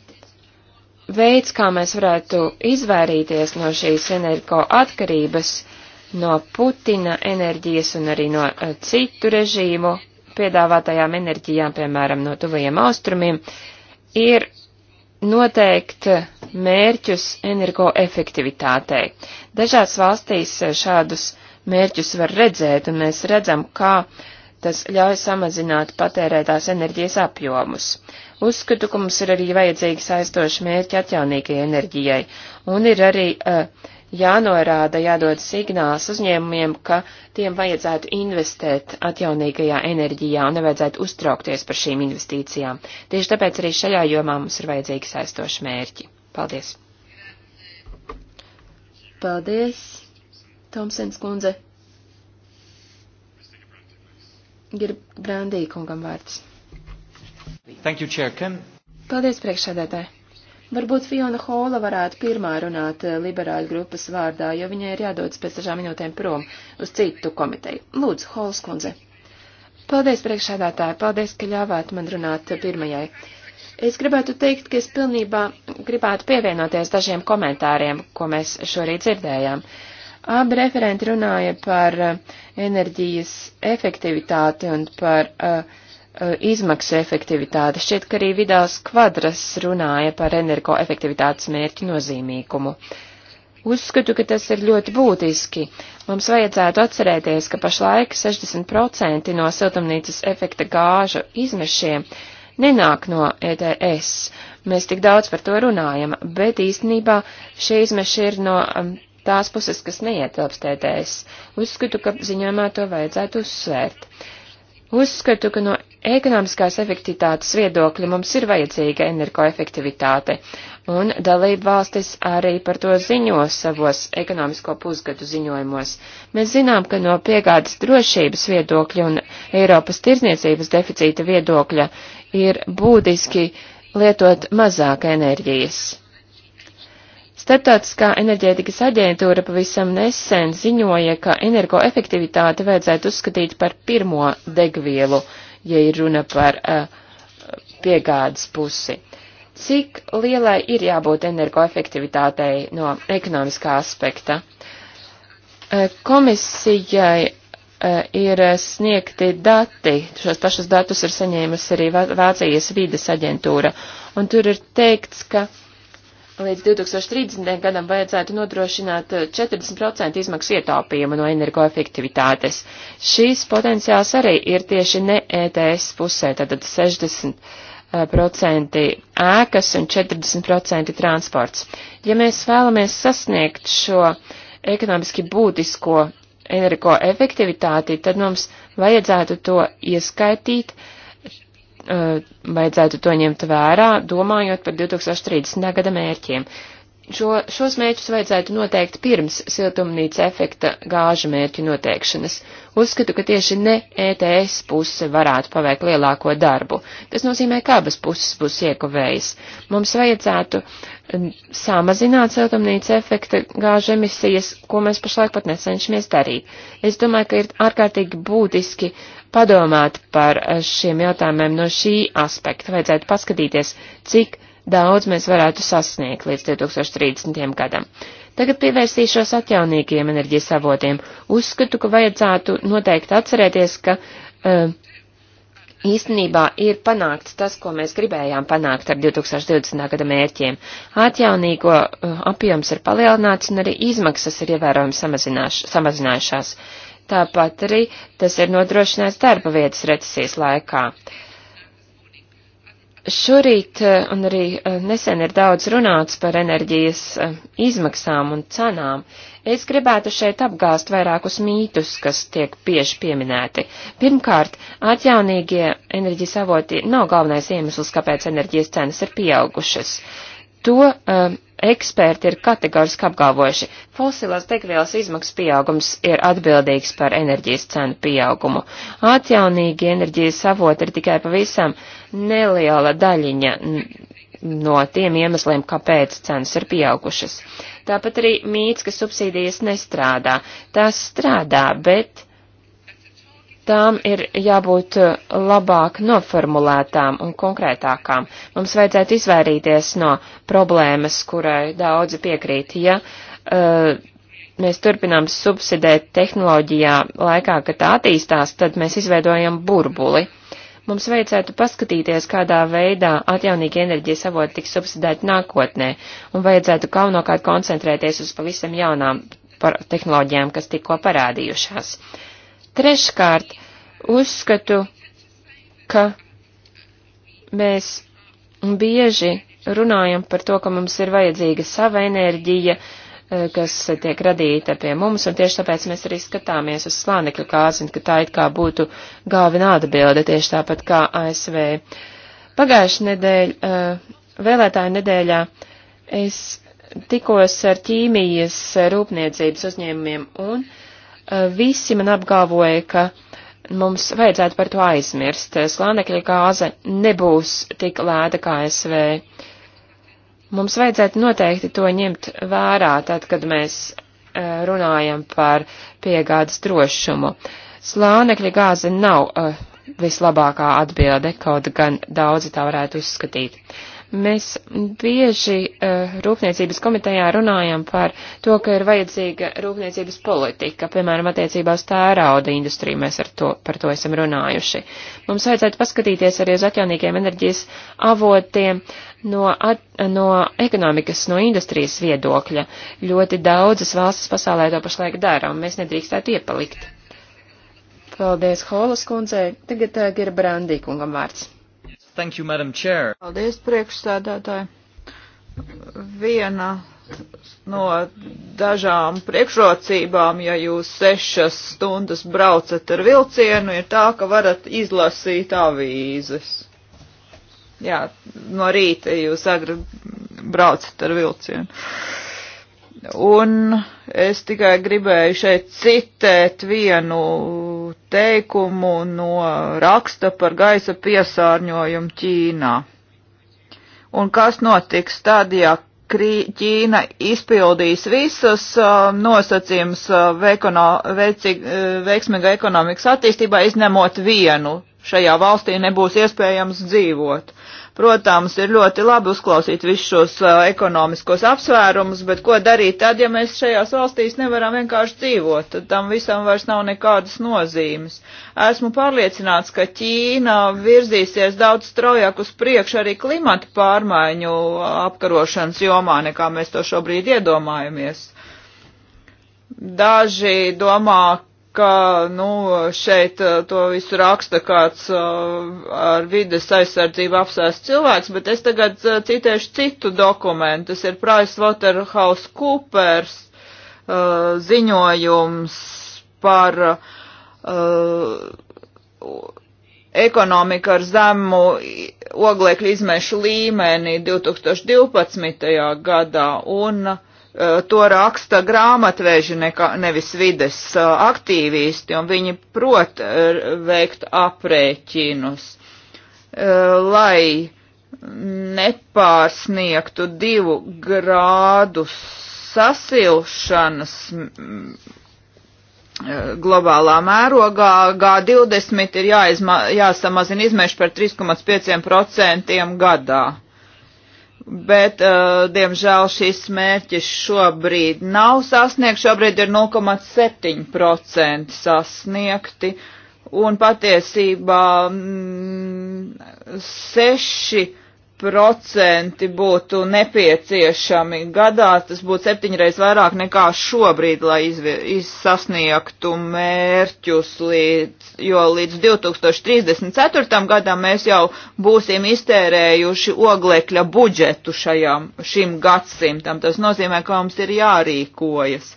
veids, kā mēs varētu izvairīties no šīs energo atkarības, uh, no Putina enerģijas un arī no eh, citu režīmu piedāvātajām enerģijām, piemēram, no tuvajiem austrumiem, ir noteikt mērķus energoefektivitātei. Dažās valstīs eh, šādus mērķus var redzēt, un mēs redzam, kā tas ļauj samazināt patērētās enerģijas apjomus. Uzskatu, ka mums ir arī vajadzīgi saistoši mērķi atjaunīgajai enerģijai, un ir arī uh, jānorāda, jādod signāls uzņēmumiem, ka tiem vajadzētu investēt atjaunīgajā enerģijā un nevajadzētu uztraukties par šīm investīcijām. Tieši tāpēc arī šajā jomā mums ir vajadzīgi saistoši mērķi. Paldies! Paldies, Tomsens kundze. Grib Brandī kungam vārds. Thank you, Chair. Can... Paldies, priekšsēdētāji. Varbūt Fiona Hola varētu pirmā runāt eh, liberāļu grupas vārdā, jo viņai ir jādodas pēc dažām minūtēm prom uz citu komiteju. Lūdzu, Holas kundze. Paldies, priekšādātāji, paldies, ka ļāvāt man runāt pirmajai. Es gribētu teikt, ka es pilnībā gribētu pievienoties dažiem komentāriem, ko mēs šorīt dzirdējām. Abi referenti runāja par eh, enerģijas efektivitāti un par uh, Uh, izmaksu efektivitāte. Šķiet, ka arī Vidāls kvadras runāja par energoefektivitātes mērķu nozīmīgumu. Uzskatu, ka tas ir ļoti būtiski. Mums vajadzētu atcerēties, ka pašlaik 60% no siltumnīcas efekta gāžu izmešiem nenāk no ETS. Mēs tik daudz par to runājam, bet īstenībā šie izmeši ir no um, tās puses, kas neietilpst ETS. Uzskatu, ka ziņojumā to vajadzētu uzsvērt. Uzskatu, ka no ekonomiskās efektivitātes viedokļa mums ir vajadzīga energoefektivitāte, un dalība valstis arī par to ziņo savos ekonomisko pusgadu ziņojumos. Mēs zinām, ka no piegādes drošības viedokļa un Eiropas tirzniecības deficīta viedokļa ir būtiski lietot mazāk enerģijas. Startautiskā enerģētikas aģentūra pavisam nesen ziņoja, ka energoefektivitāti vajadzētu uzskatīt par pirmo degvielu ja ir runa par eh, piegādes pusi. Cik lielai ir jābūt energoefektivitātei no ekonomiskā aspekta? Eh, komisijai eh, ir sniegti dati, šos pašus datus ir saņēmusi arī Vācijas vīdes aģentūra, un tur ir teikts, ka uh, līdz 2030. gadam vajadzētu nodrošināt 40% eh, izmaksu ietaupījumu no energoefektivitātes. Šīs potenciāls arī ir tieši ne ETS pusē, tātad 60% eh, ēkas un 40% transports. Ja mēs vēlamies sasniegt šo ekonomiski būtisko energoefektivitāti, tad mums vajadzētu to ieskaitīt uh, Eh, vajadzētu to ņemt vērā, domājot par 2030. gada mērķiem. Šo, šos mērķus vajadzētu noteikt pirms siltumnīca efekta gāžu mērķu noteikšanas. Uzskatu, ka tieši ne ETS puse varētu paveikt lielāko darbu. Tas nozīmē, ka abas puses būs iekavējis. Mums vajadzētu mm, samazināt siltumnīca efekta gāžu emisijas, ko mēs pašlaik pat nesenšamies darīt. Es domāju, ka ir ārkārtīgi būtiski uh, padomāt par eh, šiem jautājumiem no šī aspekta. Vajadzētu paskatīties, cik daudz mēs varētu sasniegt līdz 2030. gadam. Tagad pievērsīšos atjaunīgiem enerģijas avotiem. Uzskatu, ka vajadzētu noteikti atcerēties, ka uh, īstenībā ir panākts tas, ko mēs gribējām panākt ar 2020. gada mērķiem. Atjaunīgo uh, apjoms ir palielināts un arī izmaksas ir ievērojami samazinājušās tāpat arī tas ir nodrošināts darba vietas recesijas laikā. Šorīt eh, un arī eh, nesen ir daudz runāts par enerģijas eh, izmaksām un cenām. Es gribētu šeit apgāst vairākus mītus, kas tiek bieži pieminēti. Pirmkārt, atjaunīgie enerģijas avoti nav galvenais iemesls, kāpēc enerģijas cenas ir pieaugušas. To uh, eksperti ir kategoriski apgalvojuši, fosilās degvielas izmaksas pieaugums ir atbildīgs par enerģijas cenu pieaugumu. Atjaunīgi enerģijas avoti ir tikai pavisam neliela daļiņa no tiem iemesliem, kāpēc cenas ir pieaugušas. Tāpat arī mīts, ka subsīdijas nestrādā. Tās strādā, bet tām ir jābūt eh, labāk noformulētām un konkrētākām. Mums vajadzētu izvairīties no problēmas, kurai daudzi piekrīt, ja uh, mēs turpinām subsidēt tehnoloģijā laikā, kad tā attīstās, tad mēs izveidojam burbuli. Mums vajadzētu paskatīties, kādā veidā atjaunīgi enerģijas avoti tiks subsidēti nākotnē, un vajadzētu galvenokārt koncentrēties uz pavisam jaunām tehnoloģijām, kas tikko parādījušās. Uh, Treškārt, uzskatu, ka mēs bieži runājam par to, ka mums ir vajadzīga sava enerģija, eh, kas tiek radīta pie mums, un tieši tāpēc mēs arī skatāmies uz slānekļu kāzi, un ka tā it kā būtu galvenā atbilde, tieši tāpat kā ASV. Pagājušajā nedēļā, eh, vēlētāju nedēļā, es tikos ar ķīmijas rūpniecības uzņēmumiem, un uh, Eh, visi man apgalvoja, ka mums vajadzētu par to aizmirst. Eh, slānekļa gāze nebūs tik lēta kā SV. Mums vajadzētu noteikti to ņemt vērā, tad, kad mēs eh, runājam par piegādes drošumu. Slānekļa gāze nav uh, vislabākā atbilde, kaut gan daudzi tā varētu uzskatīt. Uh, Mēs bieži uh, Rūpniecības komitejā runājam par to, ka ir vajadzīga rūpniecības politika, piemēram, attiecībā uz tērauda industriju mēs to, par to esam runājuši. Mums vajadzētu paskatīties arī uz atjaunīgiem enerģijas avotiem no, at, no ekonomikas, no industrijas viedokļa. Ļoti daudzas valstis pasaulē to pašlaik dara, un mēs nedrīkstētu iepalikt. Paldies Holas kundzei. Tagad uh, Gerbrandī kungam vārds. Thank you, Madam Chair. Paldies, priekšsēdētāji. Viena no dažām priekšrocībām, ja jūs sešas stundas braucat ar vilcienu, ir tā, ka varat izlasīt avīzes. Jā, no rīta jūs agri braucat ar vilcienu. Un es tikai gribēju šeit citēt vienu teikumu no raksta par gaisa piesārņojumu Ķīnā. Un kas notiks tad, ja Ķīna izpildīs visas nosacījumus veiksmīgai ekonomikas attīstībai, izņemot vienu? Šajā valstī nebūs iespējams dzīvot. Uh, Protams, ir ļoti labi uzklausīt visus šos ekonomiskos apsvērumus, bet ko darīt tad, ja mēs šajās valstīs nevaram vienkārši dzīvot? Tad tam visam vairs nav nekādas nozīmes. Esmu pārliecināts, ka Ķīna virzīsies daudz straujāk uz priekšu arī klimata pārmaiņu apkarošanas jomā, nekā mēs to šobrīd iedomājamies. Daži domā, ka, nu, šeit eh, to visu raksta kāds eh, ar vides aizsardzību apsēst cilvēks, bet es tagad eh, citēšu citu dokumentu. Tas ir PricewaterhouseCoopers ziņojums par ekonomika ar zemu oglekļa izmešu līmeni 2012. gadā, un Eh, to raksta grāmatvēži nekā, nevis vides eh, aktīvisti, un viņi prot eh, veikt aprēķinus, lai nepārsniegtu divu grādu sasilšanas mm, globālā mērogā G20 ir jāizma, jāsamazina izmeši par 3,5% gadā bet, uh, diemžēl, šis mērķis šobrīd nav sasniegts, šobrīd ir 0,7% sasniegti, un patiesībā mm, seši procenti būtu nepieciešami gadā, tas būtu septiņreiz vairāk nekā šobrīd, lai sasniegtu mērķus, līdz, jo līdz 2034. gadam mēs jau būsim iztērējuši oglekļa budžetu šajam, šim gadsimtam. Tas nozīmē, ka mums ir jārīkojas.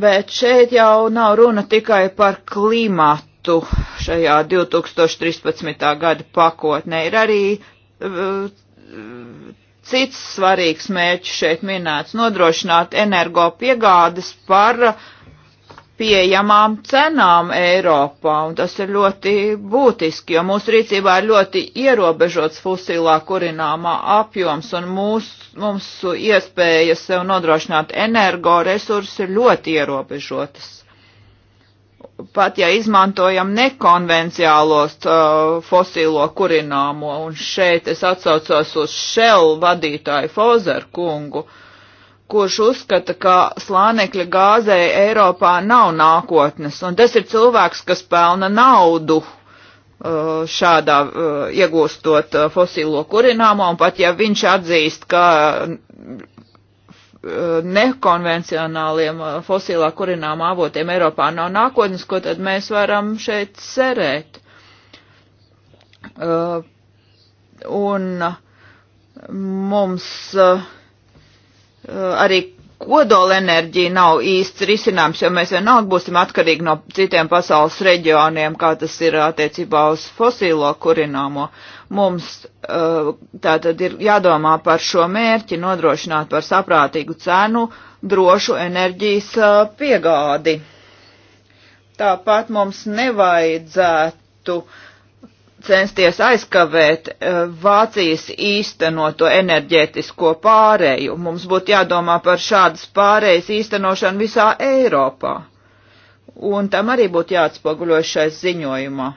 Bet šeit jau nav runa tikai par klimatu punktu šajā 2013. gada pakotnē. Ir arī uh, cits svarīgs mērķis šeit minēts - nodrošināt energo piegādes par pieejamām cenām Eiropā, un tas ir ļoti būtiski, jo mūsu rīcībā ir ļoti ierobežots fosilā kurināmā apjoms, un mūs, mūsu iespējas sev nodrošināt energo resursi ir ļoti ierobežotas pat ja izmantojam nekonvenciālos uh, fosīlo kurināmo, un šeit es atsaucos uz Shell vadītāju Fozer kungu, kurš uzskata, ka slānekļa gāzei Eiropā nav nākotnes, un tas ir cilvēks, kas pelna naudu uh, šādā uh, iegūstot uh, fosīlo kurināmo, un pat ja viņš atzīst, ka Eh, nekonvencionāliem eh, fosilā kurinām avotiem Eiropā nav nākotnes, ko tad mēs varam šeit cerēt. Uh, un mums uh, arī kodolenerģija nav īsts risinājums, jo mēs vienalga būsim atkarīgi no citiem pasaules reģioniem, kā tas ir attiecībā uz fosīlo kurināmo. Uh, Mums uh, tātad ir jādomā par šo mērķi, nodrošināt par saprātīgu cenu drošu enerģijas uh, piegādi. Tāpat mums nevajadzētu censties aizkavēt uh, Vācijas īstenoto enerģētisko pārēju. Mums būtu jādomā par šādas pārējas īstenošanu visā Eiropā. Un tam arī būtu jāatspoguļo šais ziņojumā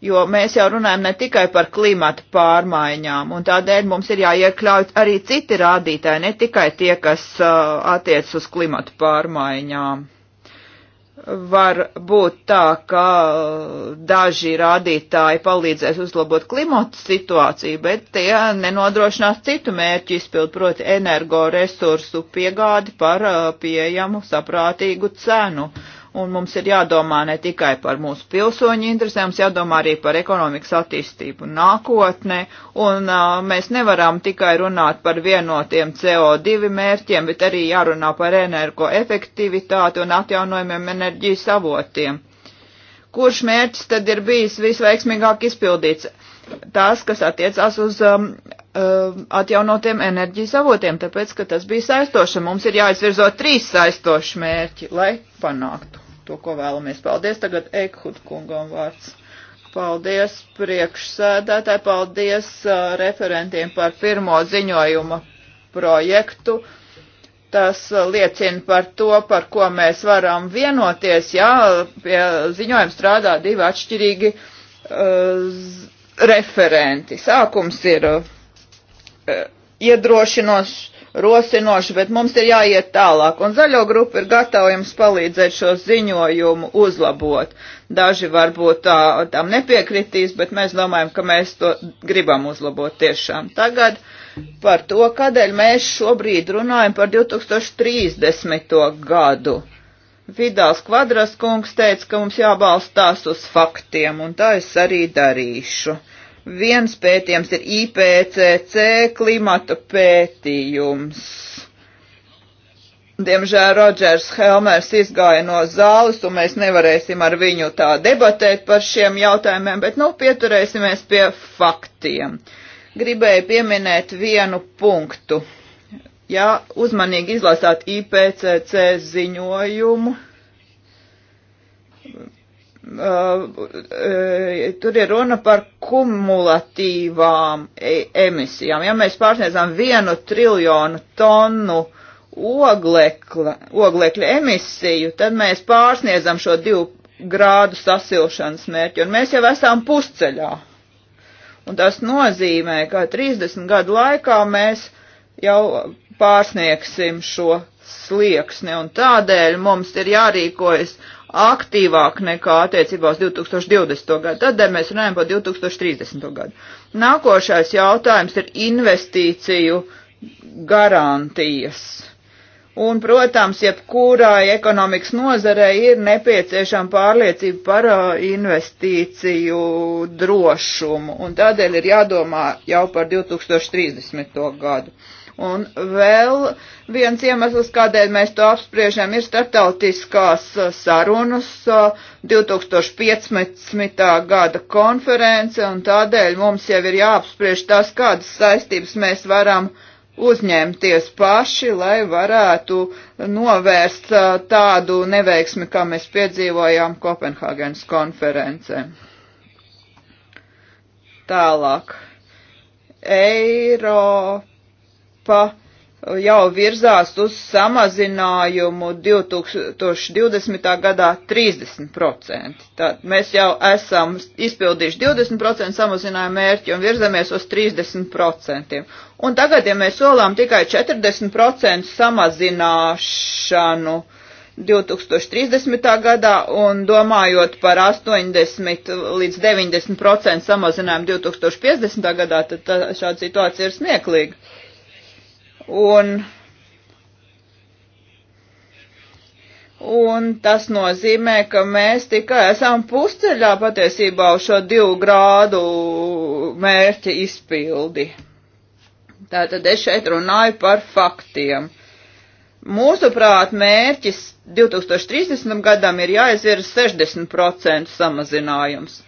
jo mēs jau runājam ne tikai par klimatu pārmaiņām, un tādēļ mums ir jāiekļauj arī citi rādītāji, ne tikai tie, kas uh, attiec uz klimatu pārmaiņām. Var būt tā, ka uh, daži rādītāji palīdzēs uzlabot klimatu situāciju, bet tie nenodrošinās citu mērķu izpildu, proti energoresursu piegādi par uh, pieejamu saprātīgu cenu. Uh, un mums ir jādomā ne tikai par mūsu pilsoņu interesēm, mums jādomā arī par ekonomikas attīstību nākotnē, un uh, mēs nevaram tikai runāt par vienotiem CO2 mērķiem, bet arī jārunā par energoefektivitāti un atjaunojumiem enerģijas avotiem. Kurš mērķis tad ir bijis visveiksmīgāk izpildīts? tās, kas attiecās uz um, um, atjaunotiem enerģijas avotiem, tāpēc, ka tas bija saistoši. Mums ir jāizvirzo trīs saistoši mērķi, lai panāktu to, ko vēlamies. Paldies tagad Ekhut kungam vārds. Paldies priekšsēdētāji, paldies uh, referentiem par pirmo ziņojuma projektu. Tas uh, liecina par to, par ko mēs varam vienoties, ja pie ziņojuma strādā divi atšķirīgi uh, referenti. Sākums ir uh, uh, iedrošinošs, rosinošs, bet mums ir jāiet tālāk. Un zaļo grupa ir gatava jums palīdzēt šo ziņojumu uzlabot. Daži varbūt tā, uh, tam nepiekritīs, bet mēs domājam, ka mēs to gribam uzlabot tiešām. Tagad par to, kādēļ mēs šobrīd runājam par 2030. gadu Vidāls Kvadras kungs teica, ka mums jābalstās uz faktiem, un tā es arī darīšu. Viens pētījums ir IPCC klimata pētījums. Diemžēl Rodžers Helmers izgāja no zāles, un mēs nevarēsim ar viņu tā debatēt par šiem jautājumiem, bet nu pieturēsimies pie faktiem. Gribēju pieminēt vienu punktu Ja uzmanīgi izlasāt IPCC ziņojumu, eh, eh, tur ir runa par kumulatīvām e, emisijām. Ja mēs pārsniedzām vienu triljonu tonu oglekla, oglekļa emisiju, tad mēs pārsniedzam šo divu grādu sasilšanas mērķi, un mēs jau esam pusceļā. Un tas nozīmē, ka 30 gadu laikā mēs jau pārsniegsim šo slieksni, un tādēļ mums ir jārīkojas aktīvāk nekā attiecībā uz 2020. gadu. Tādēļ mēs runājam par 2030. gadu. Nākošais jautājums ir investīciju garantijas. Un, protams, jebkurai ekonomikas nozarei ir nepieciešama pārliecība par uh, investīciju drošumu, un tādēļ ir jādomā jau par 2030. gadu. Un vēl viens iemesls, kādēļ mēs to apspriežam, ir startautiskās uh, sarunas 2015. Uh, gada konference, un tādēļ mums jau ir jāapspriež tās, kādas saistības mēs varam uzņemties paši, lai varētu novērst uh, tādu neveiksmi, kā mēs piedzīvojām Kopenhāgenes konferencē. Tālāk. Eiropa Eiropa uh, jau virzās uz samazinājumu 2020. gadā 30%. Tad mēs jau esam izpildījuši 20% samazinājumu mērķi un virzamies uz 30%. Un tagad, ja mēs solām tikai 40% samazināšanu 2030. gadā un domājot par 80 līdz 90% samazinājumu 2050. gadā, tad tā, šāda situācija ir smieklīga un, un tas nozīmē, ka mēs tikai esam pusceļā patiesībā uz šo divu grādu mērķa izpildi. Tātad es šeit runāju par faktiem. Mūsuprāt, mērķis 2030. gadam ir jāizvirza 60% samazinājums.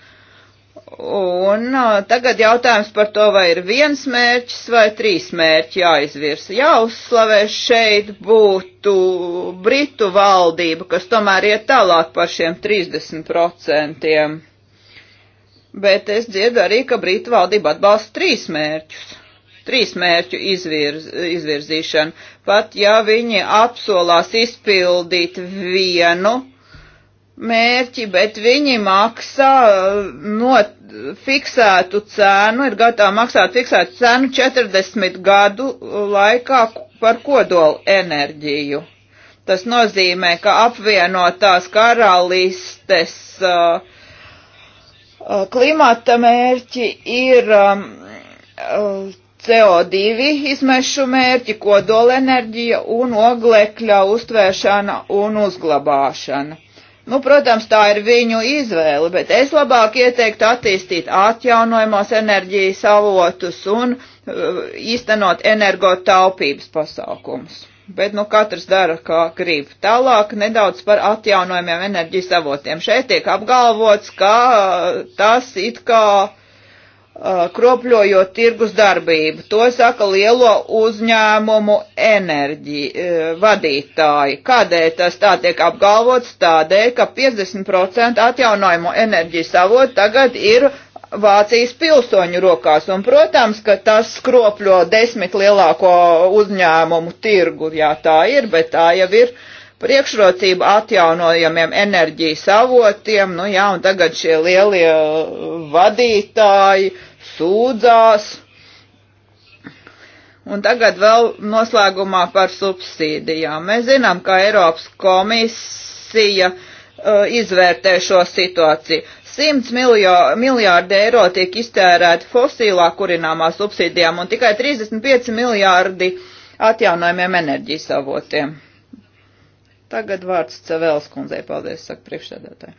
Un tagad jautājums par to, vai ir viens mērķis vai trīs mērķi jāizvirsa. Jāuzslavē šeit būtu Britu valdība, kas tomēr iet tālāk par šiem 30%. Bet es dziedu arī, ka Britu valdība atbalsta trīs mērķus. Trīs mērķu izvirz, izvirzīšanu. Pat ja viņi apsolās izpildīt vienu mērķi, bet viņi maksā uh, no fiksētu cēnu, ir gatavi maksāt fiksētu cēnu 40 gadu laikā par kodolu enerģiju. Tas nozīmē, ka apvienotās karalistes uh, uh klimata mērķi ir um, uh, CO2 izmešu mērķi, kodolenerģija un oglekļa uztvēršana un uzglabāšana. Nu, protams, tā ir viņu izvēle, bet es labāk ieteiktu attīstīt atjaunojumos enerģijas avotus un uh, īstenot energotaupības pasākumus. Bet, nu, katrs dara, kā grib. Tālāk nedaudz par atjaunojumiem enerģijas avotiem. Šeit tiek apgalvots, ka tas it kā Uh, kropļojot tirgus darbību. To saka lielo uzņēmumu enerģi, uh, vadītāji. Kādēļ tas tā tiek apgalvots? Tādēļ, ka 50% atjaunojumu enerģijas avot tagad ir Vācijas pilsoņu rokās, un, protams, ka tas skropļo desmit lielāko uzņēmumu tirgu, jā, tā ir, bet tā jau ir uh, priekšrocību atjaunojamiem enerģijas avotiem, nu jā, un tagad šie lielie uh, vadītāji sūdzās. Un tagad vēl noslēgumā par subsīdijām. Mēs zinām, ka Eiropas komisija uh, izvērtē šo situāciju. 100 miljārdi eiro tiek iztērēti fosīlā kurināmā subsīdijām un tikai 35 miljārdi atjaunojumiem enerģijas avotiem. Tagad vārds Cevēls kundzei. Paldies, saka priekšsēdētāji.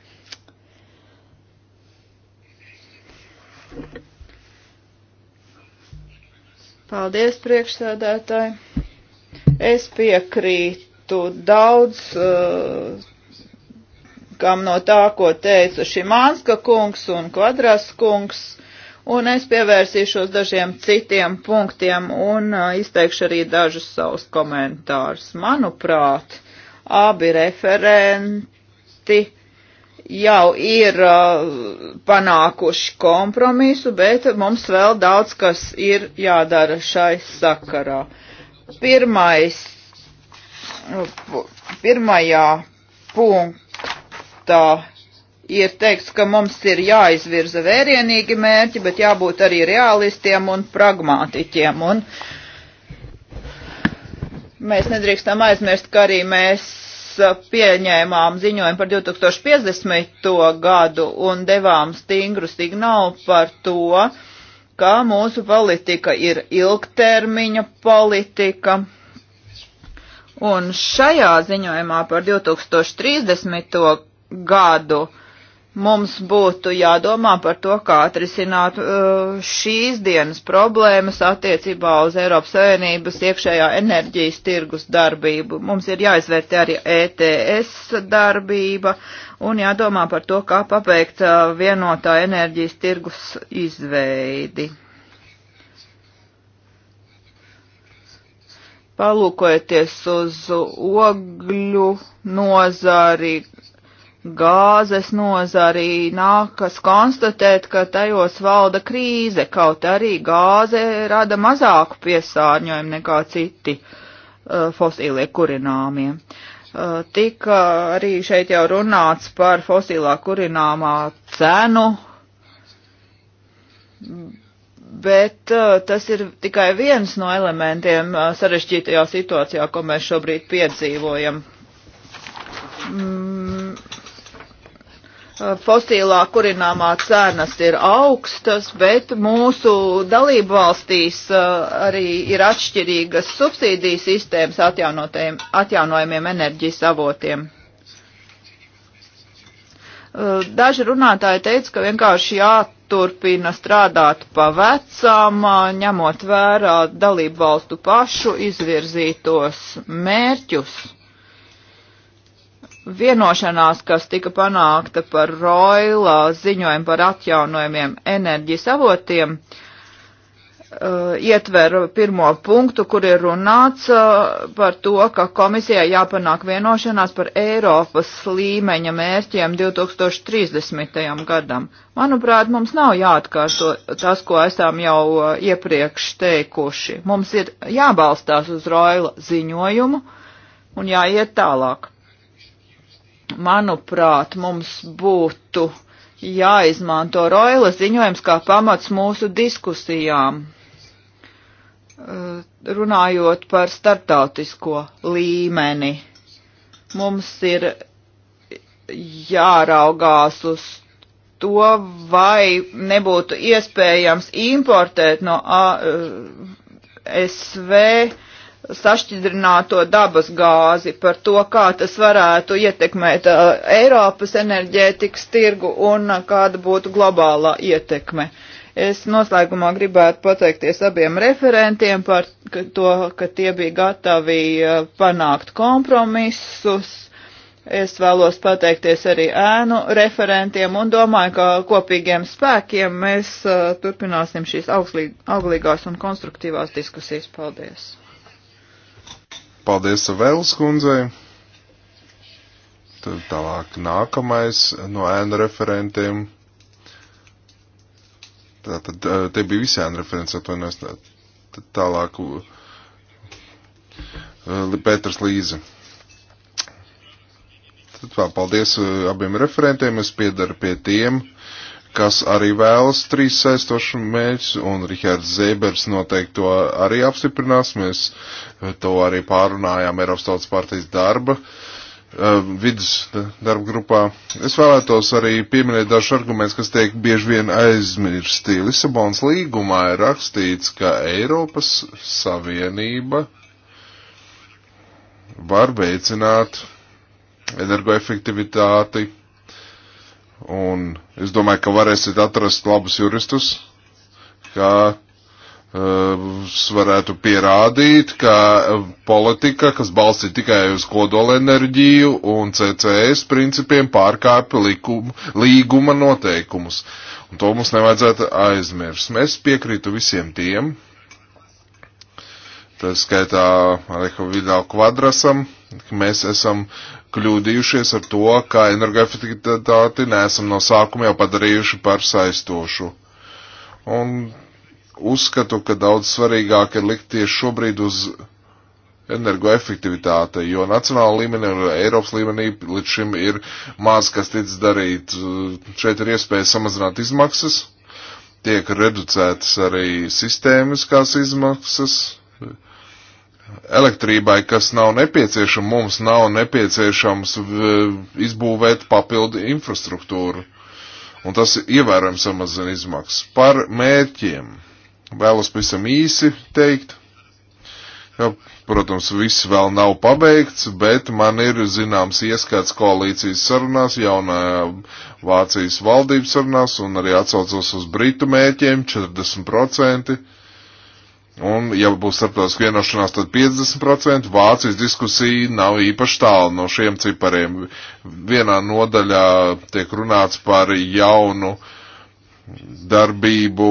Paldies, priekšsēdētāji. Es piekrītu daudz, uh, kam no tā, ko teica Šimānska kungs un Kvadras kungs un es pievērsīšos dažiem citiem punktiem un uh, izteikšu arī dažus savus komentārus. Manuprāt, Abi referenti jau ir uh, panākuši kompromisu, bet mums vēl daudz kas ir jādara šai sakarā. Pirmais, pirmajā punktā ir teikts, ka mums ir jāizvirza vērienīgi mērķi, bet jābūt arī realistiem un pragmātiķiem. Un, uh, Mēs nedrīkstam aizmirst, ka arī mēs uh, pieņēmām ziņojumu par 2050. gadu un devām stingru signālu par to, ka mūsu politika ir ilgtermiņa politika. Un šajā ziņojumā par 2030. gadu mums būtu jādomā par to, kā atrisināt uh, šīs dienas problēmas attiecībā uz Eiropas Savienības iekšējā enerģijas tirgus darbību. Mums ir jāizvērtē arī ETS darbība un jādomā par to, kā pabeigt uh, vienotā enerģijas tirgus izveidi. Palūkojieties uz ogļu nozari, gāzes nozarī nākas konstatēt, ka tajos valda krīze, kaut arī gāze rada mazāku piesārņojumu nekā citi uh, fosīlie kurināmie. Uh, tika arī šeit jau runāts par fosīlā kurināmā cenu, bet uh, tas ir tikai viens no elementiem uh, sarežģītajā situācijā, ko mēs šobrīd piedzīvojam. Mm, Uh, fosilā kurināmā cenas ir augstas, bet mūsu dalību valstīs uh, arī ir atšķirīgas subsīdijas sistēmas atjaunojumiem enerģijas avotiem. Uh, daži runātāji teica, ka vienkārši jāturpina strādāt pa vecām, ņemot vērā dalību valstu pašu izvirzītos mērķus vienošanās, kas tika panākta par Roila ziņojumu par atjaunojumiem enerģijas avotiem, uh, ietver pirmo punktu, kur ir runāts uh, par to, ka komisijai jāpanāk vienošanās par Eiropas līmeņa mērķiem 2030. gadam. Manuprāt, mums nav jāatkārto tas, ko esam jau uh, iepriekš teikuši. Mums ir jābalstās uz Roila ziņojumu un jāiet tālāk manuprāt, mums būtu jāizmanto Roila ziņojums kā pamats mūsu diskusijām, eh, runājot par startautisko līmeni. Mums ir jāraugās uz to, vai nebūtu iespējams importēt no ASV eh, uh, sašķidrināto dabas gāzi, par to, kā tas varētu ietekmēt uh, Eiropas enerģētikas tirgu un uh, kāda būtu globālā ietekme. Es noslēgumā gribētu pateikties abiem referentiem par to, ka tie bija gatavi uh, panākt kompromisus. Es vēlos pateikties arī ēnu referentiem un domāju, ka kopīgiem spēkiem mēs uh, turpināsim šīs auglīgās un konstruktīvās diskusijas. Paldies! Paldies Vēls kundzei. Tad tālāk nākamais no ēnu referentiem. Tātad te bija visi ēnu referents, atvainojos. Tālāk Pēters Līze tad vēl paldies abiem referentiem. Es piedaru pie tiem, kas arī vēlas trīs saistošu mērķus, un Rihards Zēbers noteikti to arī apstiprinās. Mēs to arī pārunājām Eiropas Tautas partijas darba eh, vidus darba grupā. Es vēlētos arī pieminēt dažus argumentus, kas tiek bieži vien aizmirsti. Lisabonas līgumā ir rakstīts, ka Eiropas Savienība var veicināt energoefektivitāti Un es domāju, ka varēsiet atrast labus juristus, kā uh, eh, varētu pierādīt, ka eh, politika, kas balstīta tikai uz kodolenerģiju un CCS principiem, pārkāpja likuma, līguma noteikumus. Un to mums nevajadzētu aizmirst. Mēs piekrītu visiem tiem, tā skaitā Aleko Vidālu kvadrasam, ka mēs esam uh, kļūdījušies ar to, ka energoefektivitāti neesam no sākuma jau padarījuši par saistošu. Un uzskatu, ka daudz svarīgāk ir likt tieši šobrīd uz energoefektivitāte, jo nacionāla līmenī un Eiropas līmenī līdz šim ir maz kas ticis darīt. Šeit ir iespēja samazināt izmaksas, tiek reducētas arī sistēmiskās izmaksas, elektrībai, kas nav nepieciešama, mums nav nepieciešams izbūvēt papildu infrastruktūru. Un tas ievērojami samazina izmaksas. Par mērķiem vēlos pavisam īsi teikt. Ja, protams, viss vēl nav pabeigts, bet man ir zināms ieskats koalīcijas sarunās, jaunā Vācijas valdības sarunās un arī atsaucos uz Britu mērķiem 40% Un, ja būs starptautiska vienošanās, tad 50%. Vācijas diskusija nav īpaši tālu no šiem cipariem. Vienā nodaļā tiek runāts par jaunu darbību,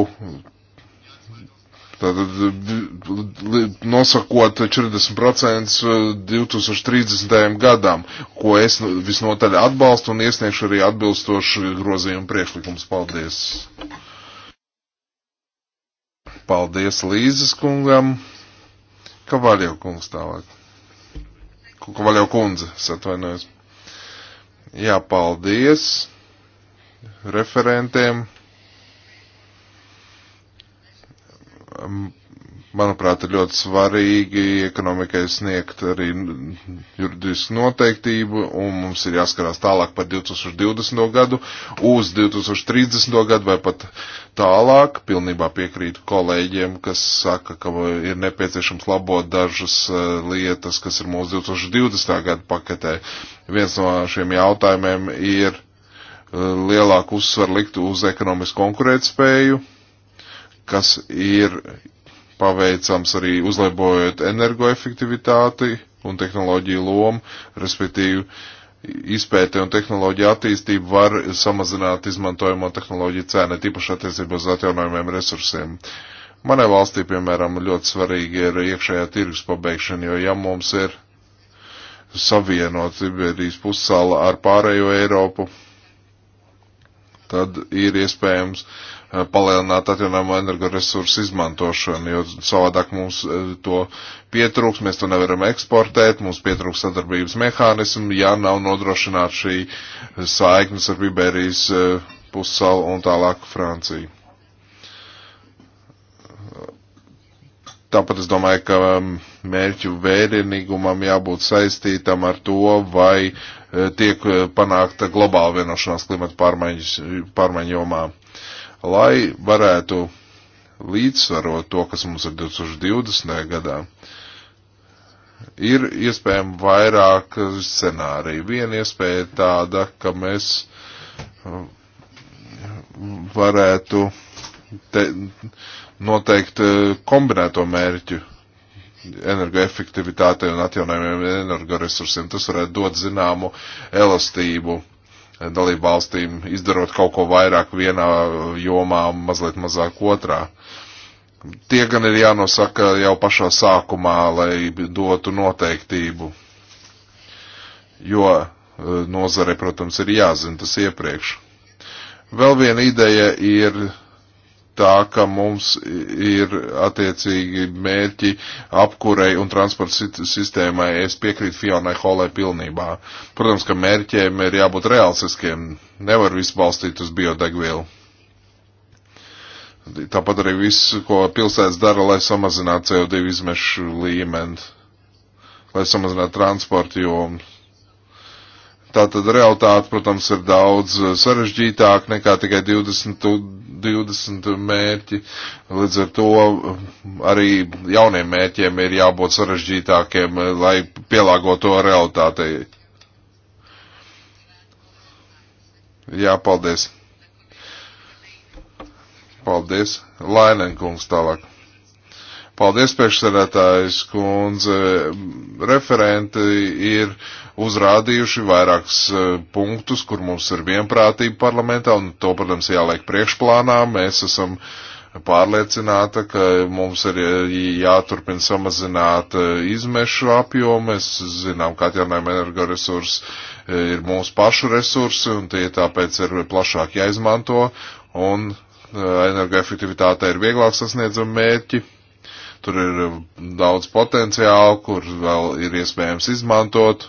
tātad nosakot 40% 2030. Eh, gadam, ko es visnotaļ atbalstu un iesniegšu arī atbilstošu grozījumu priekšlikums. Paldies! Paldies Līzes kungam. Kavaļo kungs tālāk. Kavaļo kundze, atvainojos. Jā, paldies referentiem manuprāt, ir ļoti svarīgi ekonomikai sniegt arī juridisku noteiktību, un mums ir jāskarās tālāk par 2020. gadu, uz 2030. gadu vai pat tālāk. Pilnībā piekrītu kolēģiem, kas saka, ka ir nepieciešams labot dažas eh, lietas, kas ir mūsu 2020. gada paketē. Viens no šiem jautājumiem ir eh, lielāku uzsvaru likt uz ekonomisku konkurētspēju, kas ir paveicams arī uzlabojot energoefektivitāti un tehnoloģiju lomu, respektīvi izpēte un tehnoloģija attīstība var samazināt izmantojamo tehnoloģiju cēnu, tīpaši attiecībā uz atjaunojumiem resursiem. Manai valstī, piemēram, ļoti svarīgi ir iekšējā tirgus pabeigšana, jo ja mums ir savienot Iberijas pussala ar pārējo Eiropu, tad ir iespējams Eh, palielināt atjaunāmo energoresursu izmantošanu, jo savādāk mums eh, to pietrūks, mēs to nevaram eksportēt, mums pietrūks sadarbības mehānismu, ja nav nodrošināta šī saiknes ar Iberijas eh, pussalu un tālāk Franciju. Tāpat es domāju, ka mm, mērķu vērienīgumam jābūt saistītam ar to, vai tiek panākta globāla vienošanās klimata pārmaiņu jomā lai varētu līdzsvarot to, kas mums ir 2020. gadā. Ir iespējami vairāk scenāriju. Viena iespēja tāda, ka mēs uh, varētu te, noteikt uh, kombinēto mērķu energoefektivitātei un atjaunojumiem energoresursiem. Tas varētu dot zināmu elastību dalību valstīm, izdarot kaut ko vairāk vienā jomā, mazliet mazāk otrā. Tie gan ir jānosaka jau pašā sākumā, lai dotu noteiktību, jo eh, nozare, protams, ir jāzina tas iepriekš. Vēl viena ideja ir tā, ka mums ir attiecīgi mērķi apkurei un transporta sistēmai. Es piekrītu Fionai Holē pilnībā. Protams, ka mērķiem ir jābūt realistiskiem. Nevar visu balstīt uz biodegvielu. Tāpat arī viss, ko pilsētas dara, lai samazinātu CO2 izmešu līmeni, lai samazinātu transportu jomu Tātad realitāte, protams, ir daudz eh, sarežģītāk nekā tikai 20, 20 mērķi. Līdz ar to eh, arī jauniem mērķiem ir jābūt sarežģītākiem, eh, lai pielāgoto realitātei. Jā, paldies. Paldies. Lainenkungs tālāk. Paldies, priekšsēdētājs kundze. Referenti ir uzrādījuši vairākus eh, punktus, kur mums ir vienprātība parlamentā, un to, protams, jāliek priekšplānā. Mēs esam pārliecināta, ka mums ir eh, jāturpina samazināt eh, izmešu apjomu. Mēs zinām, ka atjaunojama energoresursi ir mūsu pašu resursi, un tie tāpēc ir plašāk jāizmanto, un energoefektivitāte ir vieglāk sasniedzama mērķi Tur ir um, daudz potenciāla, kur vēl ir iespējams izmantot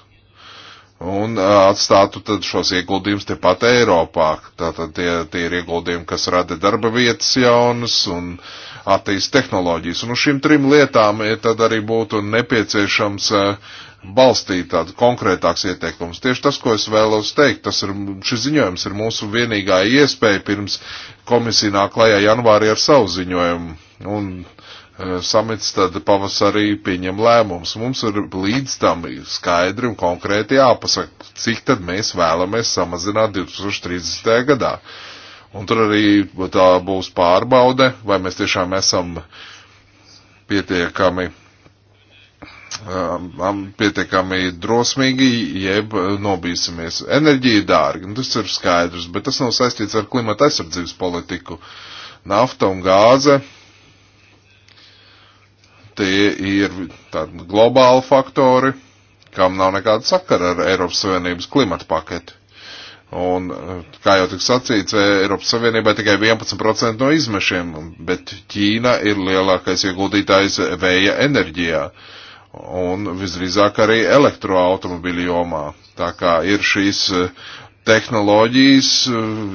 un uh, atstātu tad šos ieguldījumus tepat Eiropā. Tātad tie, tie ir ieguldījumi, kas rada darba vietas jaunas un attīst tehnoloģijas. Un uz šīm trim lietām ja tad arī būtu nepieciešams uh, balstīt tādu konkrētāks ieteikums. Tieši tas, ko es vēlos teikt, tas ir, šis ziņojums ir mūsu vienīgā iespēja pirms komisija nāk klajā janvārī ar savu ziņojumu. Un Eh, samits tad pavasarī pieņem lēmums. Mums ir līdz tam skaidri un konkrēti jāpasaka, cik tad mēs vēlamies samazināt 2030. gadā. Un tur arī tā būs pārbaude, vai mēs tiešām esam pietiekami, um, pietiekami drosmīgi, jeb nobīsimies. Enerģija dārga, nu, tas ir skaidrs, bet tas nav saistīts ar klimata aizsardzības politiku. Nafta un gāze Tie ir tādi globāli faktori, kam nav nekāda sakara ar Eiropas Savienības klimata paketi. Un, kā jau tik sacīts, Eiropas Savienībai tikai 11% no izmešiem, bet Ķīna ir lielākais ieguldītājs vēja enerģijā un visdrīzāk arī elektroautomobiļu jomā. Tā kā ir šīs tehnoloģijas,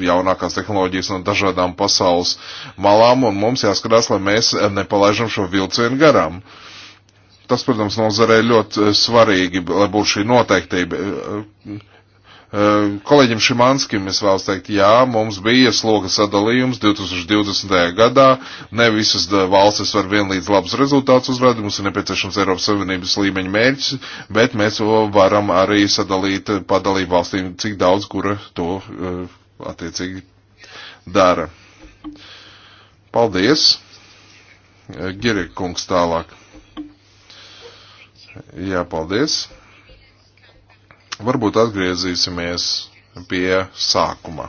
jaunākās tehnoloģijas no dažādām pasaules malām, un mums jāskatās, lai mēs nepalaižam šo vilcienu garām. Tas, protams, nozarē ļoti svarīgi, lai būtu šī noteiktība. Ehm, kolēģim Šimanskim es vēlos teikt, jā, mums bija sloga sadalījums 2020. gadā, ne visas eh, valstis var vienlīdz labus rezultātus uzrādīt, mums ir nepieciešams Eiropas Savienības līmeņa mērķis, bet mēs to varam arī sadalīt eh, padalību valstīm, cik daudz, kura to eh, attiecīgi dara. Paldies! Girikungs tālāk. Jā, paldies! Varbūt atgriezīsimies pie sākuma,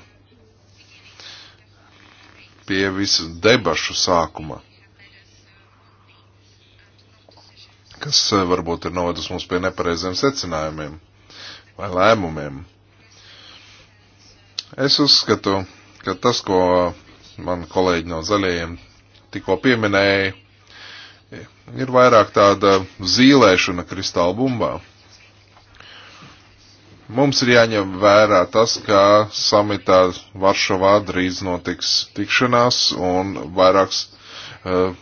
pie visas debašu sākuma, kas eh, varbūt ir novedis mums pie nepareiziem secinājumiem vai lēmumiem. Es uzskatu, ka tas, ko man kolēģi no zaļajiem tikko pieminēja, ir vairāk tāda zīlēšana kristāla bumbā. Mums ir jāņem vērā tas, ka samitā Varšavā drīz notiks tikšanās un vairāks, eh,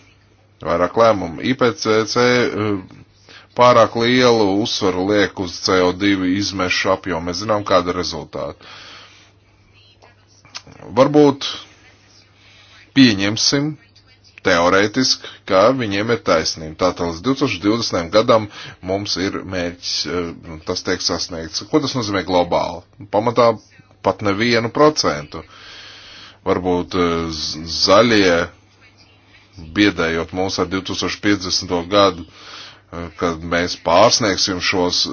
vairāk lēmumu. IPCC eh, pārāk lielu uzsvaru liek uz CO2 izmešu apjomu. Mēs zinām, kāda ir rezultāta. Varbūt pieņemsim teorētiski, ka viņiem ir taisnība. Tātad līdz 2020. gadam mums ir mērķis, eh, tas tiek sasniegts. Ko tas nozīmē globāli? Pamatā pat nevienu procentu. Varbūt eh, zaļie biedējot mūs ar 2050. gadu, eh, kad mēs pārsniegsim šos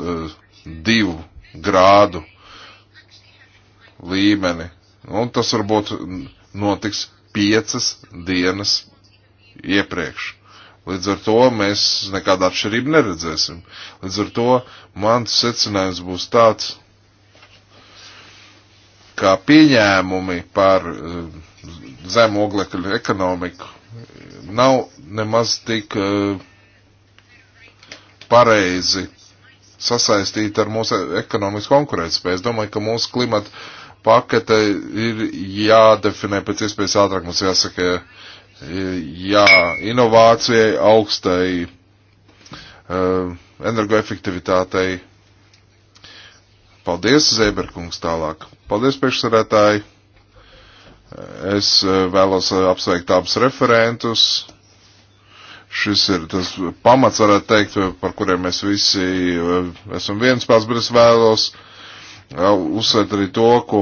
divu grādu līmeni. Un tas varbūt notiks piecas dienas iepriekš. Līdz ar to mēs nekādu atšķirību neredzēsim. Līdz ar to mans secinājums būs tāds, ka pieņēmumi par eh, zemu oglekļu ekonomiku nav nemaz tik eh, pareizi sasaistīti ar mūsu ekonomikas konkurētspēju. Es domāju, ka mūsu klimata pakete ir jādefinē pēc iespējas ātrāk. Mums jāsaka, jā, inovācijai, augstai eh, energoefektivitātei. Paldies, Zēberkungs, tālāk. Paldies, priekšsarētāji. Es eh, vēlos eh, apsveikt abus referentus. Šis ir tas pamats, varētu teikt, par kuriem mēs visi esam viens pats, bet es vēlos uh, uzsvērt arī to, ko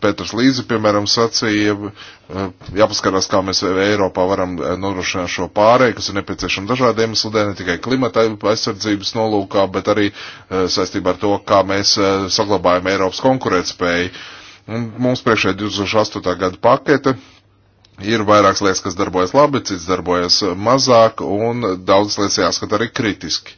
Pēters Līzi, piemēram, sacīja, eh, jāpaskatās, kā mēs Eiropā varam eh, nodrošināt šo pārēju, kas ir nepieciešama dažādiem iemesliem, ne tikai klimata aizsardzības nolūkā, bet arī eh, saistībā ar to, kā mēs saglabājam Eiropas konkurētspēju. Un mums priekšē 2008. gada pakete. Ir vairākas lietas, kas darbojas labi, cits darbojas mazāk, un daudzas lietas jāskat arī kritiski.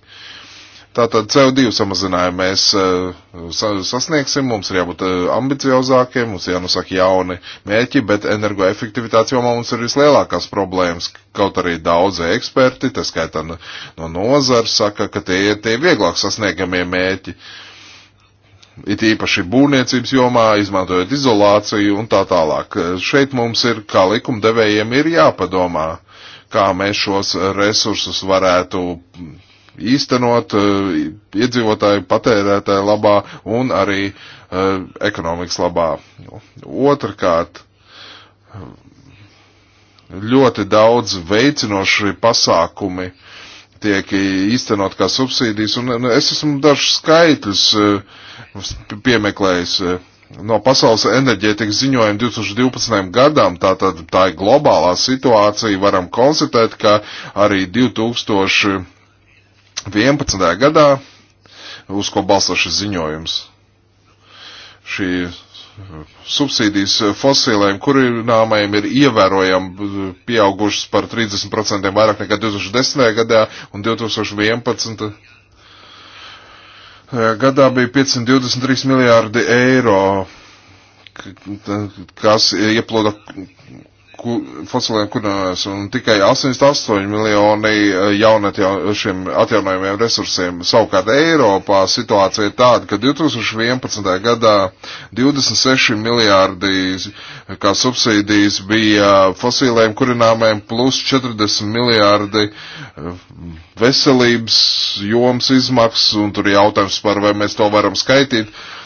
Tātad CO2 samazinājumu mēs eh, sasniegsim, mums ir jābūt eh, ambiciozākiem, mums jānosaka jauni mērķi, bet energoefektivitātes jomā mums ir vislielākās problēmas. Kaut arī daudzi eksperti, tā skaitā no nozars, saka, ka tie ir tie vieglāk sasniegamie mērķi. It īpaši būvniecības jomā, izmantojot izolāciju un tā tālāk. Šeit mums ir, kā likumdevējiem, ir jāpadomā, kā mēs šos resursus varētu īstenot eh, iedzīvotāju patērētāju labā un arī eh, ekonomikas labā. Otrakārt, ļoti daudz veicinoši pasākumi tiek īstenot kā subsīdijas, un nu, es esmu dažus skaitļus eh, piemeklējis no pasaules enerģētikas ziņojuma 2012. gadam, tātad tā ir globālā situācija, varam konstatēt, ka arī 2000 11. gadā, uz ko balsta šis ziņojums. Šī subsīdijas fosilēm kurināmajiem ir ievērojami pieaugušas par 30% vairāk nekā 2010. gadā un 2011. gadā bija 523 miljārdi eiro, kas ieplūda ku, fosiliem kurinājumiem un tikai 88 miljoni eh, jaunatja, šiem atjaunojumiem resursiem. Savukārt Eiropā situācija ir tāda, ka 2011. gadā 26 miljārdi kā subsīdijas bija fosiliem kurinājumiem plus 40 miljārdi eh, veselības joms izmaksas un tur jautājums par vai mēs to varam skaitīt. Uh,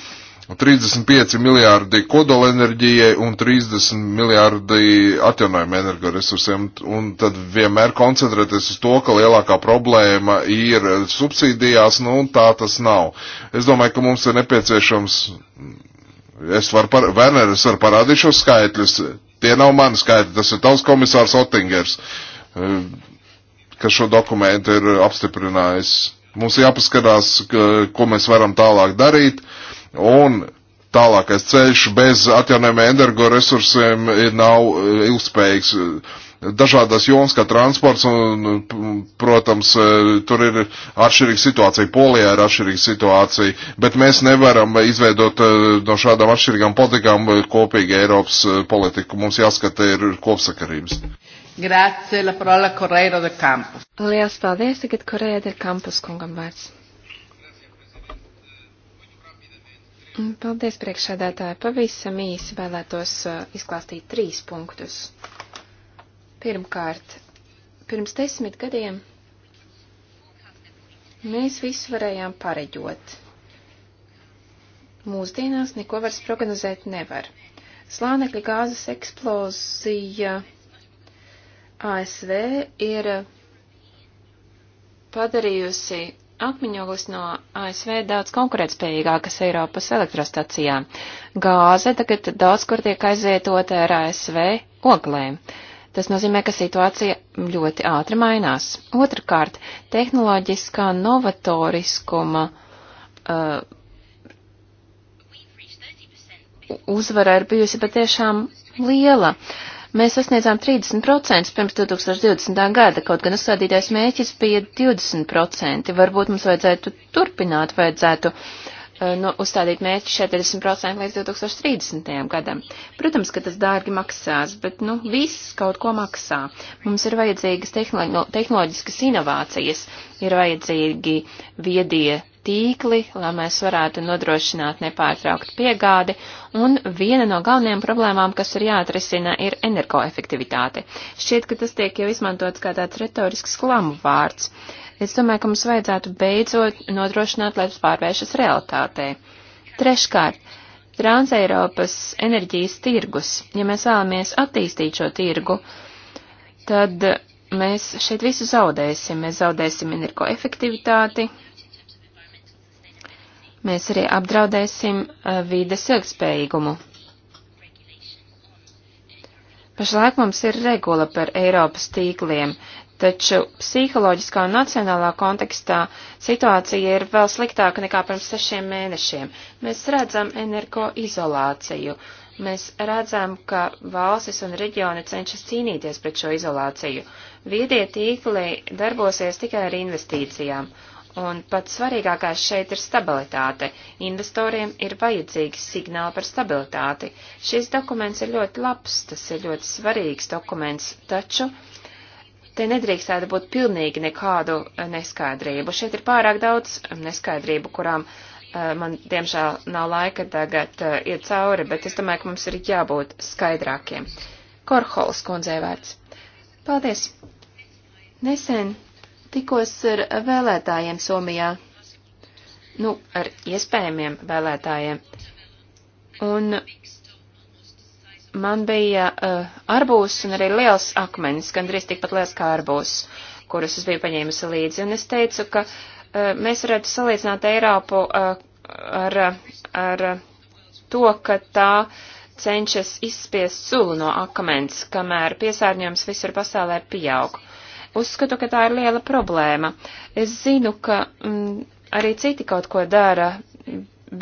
35 miljārdi kodolenerģijai un 30 miljārdi atjaunojumu energoresursiem, un tad vienmēr koncentrēties uz to, ka lielākā problēma ir subsīdijās, nu un tā tas nav. Es domāju, ka mums ir nepieciešams, es varu, par, Werner, es varu parādīt šos skaitļus, tie nav mani skaitļi, tas ir tavs komisārs Otingers, eh, kas šo dokumentu ir apstiprinājis. Mums jāpaskatās, ko mēs varam tālāk darīt Un tālākais ceļš bez atjaunojumiem energoresursiem nav eh, ilgspējīgs. Dažādās jomas, kā transports, un, protams, eh, tur ir atšķirīga situācija. Polijā ir atšķirīga situācija, bet mēs nevaram izveidot eh, no šādām atšķirīgām politikām kopīgu Eiropas politiku. Mums jāskata ir kopsakarības. Grazie, la parola Correiro de Campos. Lielas paldies, tagad Correiro de Campos kungam vairs. Paldies, priekšsēdētāji. Pavisam īsi vēlētos uh, izklāstīt trīs punktus. Pirmkārt, pirms desmit gadiem mēs visu varējām pareģot. Mūsdienās neko vairs prognozēt nevar. Slānekļa gāzes eksplozija ASV ir padarījusi Akmeņoglis no ASV daudz konkurētspējīgākas Eiropas elektrostacijā. Gāze tagad daudz kur tiek aizvietota ar ASV oglēm. Tas nozīmē, ka situācija ļoti ātri mainās. Otrakārt, tehnoloģiskā novatoriskuma uh, uzvara ir bijusi patiešām liela. Uh, Mēs sasniedzām 30% pirms 2020. gada, kaut gan uzstādītais mēķis bija 20%. Varbūt mums vajadzētu turpināt, vajadzētu uh, nu, uzstādīt mērķi 40% līdz 2030. gadam. Protams, ka tas dārgi maksās, bet nu, viss kaut ko maksā. Mums ir vajadzīgas tehnoloģi tehnoloģiskas inovācijas, ir vajadzīgi viedie tīkli, lai mēs varētu nodrošināt nepārtrauktu piegādi, un viena no galvenajām problēmām, kas ir jāatrisina, ir energoefektivitāte. Šķiet, ka tas tiek jau izmantots kā tāds retorisks klamu vārds. Es domāju, ka mums vajadzētu beidzot nodrošināt, lai tas pārvēršas realitātē. Treškārt, Transeiropas enerģijas tirgus. Ja mēs vēlamies attīstīt šo tirgu, tad mēs šeit visu zaudēsim. Mēs zaudēsim energoefektivitāti, mēs arī apdraudēsim eh, vīdes ilgspējīgumu. Pašlaik mums ir regula par Eiropas tīkliem, taču psiholoģiskā un nacionālā kontekstā situācija ir vēl sliktāka nekā pirms sešiem mēnešiem. Mēs redzam energo izolāciju. Mēs redzam, ka valstis un reģioni cenšas cīnīties pret šo izolāciju. Viedie tīkli darbosies tikai ar investīcijām, Un pats svarīgākais šeit ir stabilitāte. Investoriem ir vajadzīgi signāli par stabilitāti. Šis dokuments ir ļoti labs, tas ir ļoti svarīgs dokuments, taču te nedrīkstētu būt pilnīgi nekādu eh, neskaidrību. Šeit ir pārāk daudz eh, neskaidrību, kurām eh, man, diemžēl, nav laika tagad iet cauri, bet es domāju, ka mums ir jābūt skaidrākiem. Korholas kundzei vērts. Paldies! Nesen tikos ar vēlētājiem Somijā, nu, ar iespējamiem vēlētājiem. Un man bija uh, arbūs un arī liels akmenis, gandrīz tikpat liels kā arbūs, kurus es biju paņēmusi līdzi. Un es teicu, ka uh, mēs varētu salīdzināt Eiropu uh, ar, ar to, ka tā cenšas izspiest sulu no akmens, kamēr piesārņojums visur pasaulē pieaug. Uh, Uzskatu, ka tā ir liela problēma. Es zinu, ka m, mm, arī citi kaut ko dara,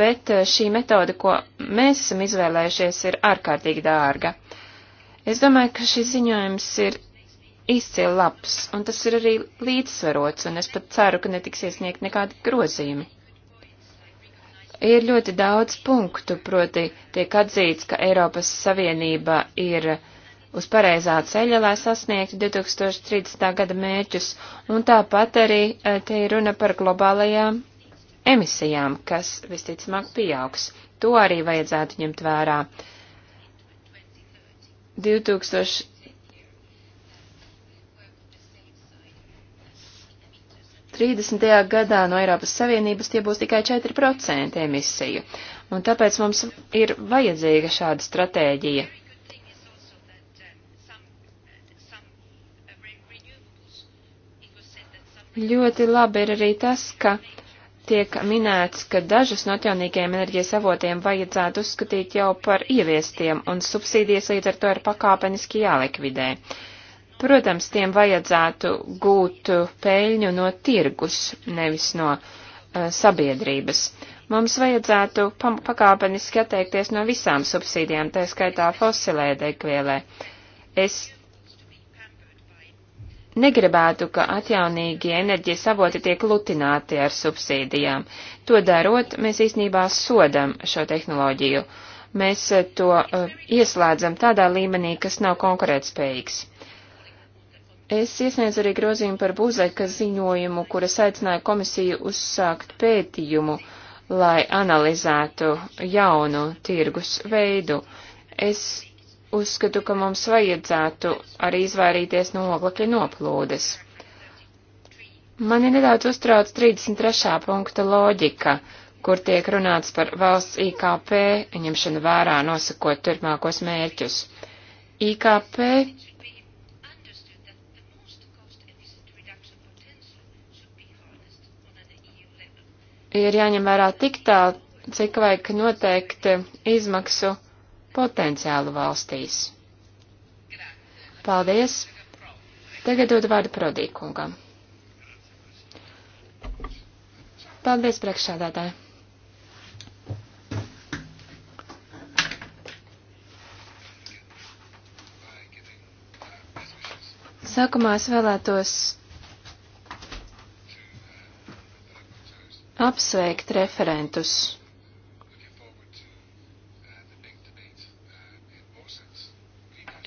bet eh, šī metode, ko mēs esam izvēlējušies, ir ārkārtīgi dārga. Es domāju, ka šis ziņojums ir izcili labs, un tas ir arī līdzsvarots, un es pat ceru, ka netiks iesniegt nekādi grozījumi ir ļoti daudz punktu, proti tiek atzīts, ka Eiropas Savienība ir uz pareizā ceļa, lai sasniegtu 2030. gada mērķus, un tāpat arī eh, te ir runa par globālajām emisijām, kas visticamāk pieaugs. To arī vajadzētu ņemt vērā. 2000. Trīsdesmitajā gadā no Eiropas Savienības tie būs tikai 4% emisiju, un tāpēc mums ir vajadzīga šāda stratēģija Ļoti labi ir arī tas, ka tiek minēts, ka dažus no atjaunīgajiem enerģijas avotiem vajadzētu uzskatīt jau par ieviestiem, un subsīdijas līdz ar to ir pakāpeniski jālikvidē. Protams, tiem vajadzētu gūt peļņu no tirgus, nevis no uh, sabiedrības. Mums vajadzētu pakāpeniski atteikties no visām subsīdijām, tā skaitā fosilē degvielē. Es Negribētu, ka atjaunīgie enerģijas avoti tiek lutināti ar subsīdijām. To darot, mēs īsnībā sodam šo tehnoloģiju. Mēs eh, to uh, ieslēdzam tādā līmenī, kas nav konkurētspējīgs. Es iesniedzu arī grozījumu par būzaika ziņojumu, kuras aicināja komisiju uzsākt pētījumu, lai analizētu jaunu tirgus veidu. Es uzskatu, ka mums vajadzētu arī izvairīties no oglekļa noplūdes. Mani nedaudz uztrauc 33. punkta loģika, kur tiek runāts par valsts IKP ņemšanu vērā nosakot turpmākos mērķus. IKP ir jāņem vērā tik tālu, cik vajag noteikti izmaksu potenciālu valstīs. Paldies! Tagad dod vārdu Prodīkungam. Paldies, priekšsādātāji! Sākumā es vēlētos apsveikt referentus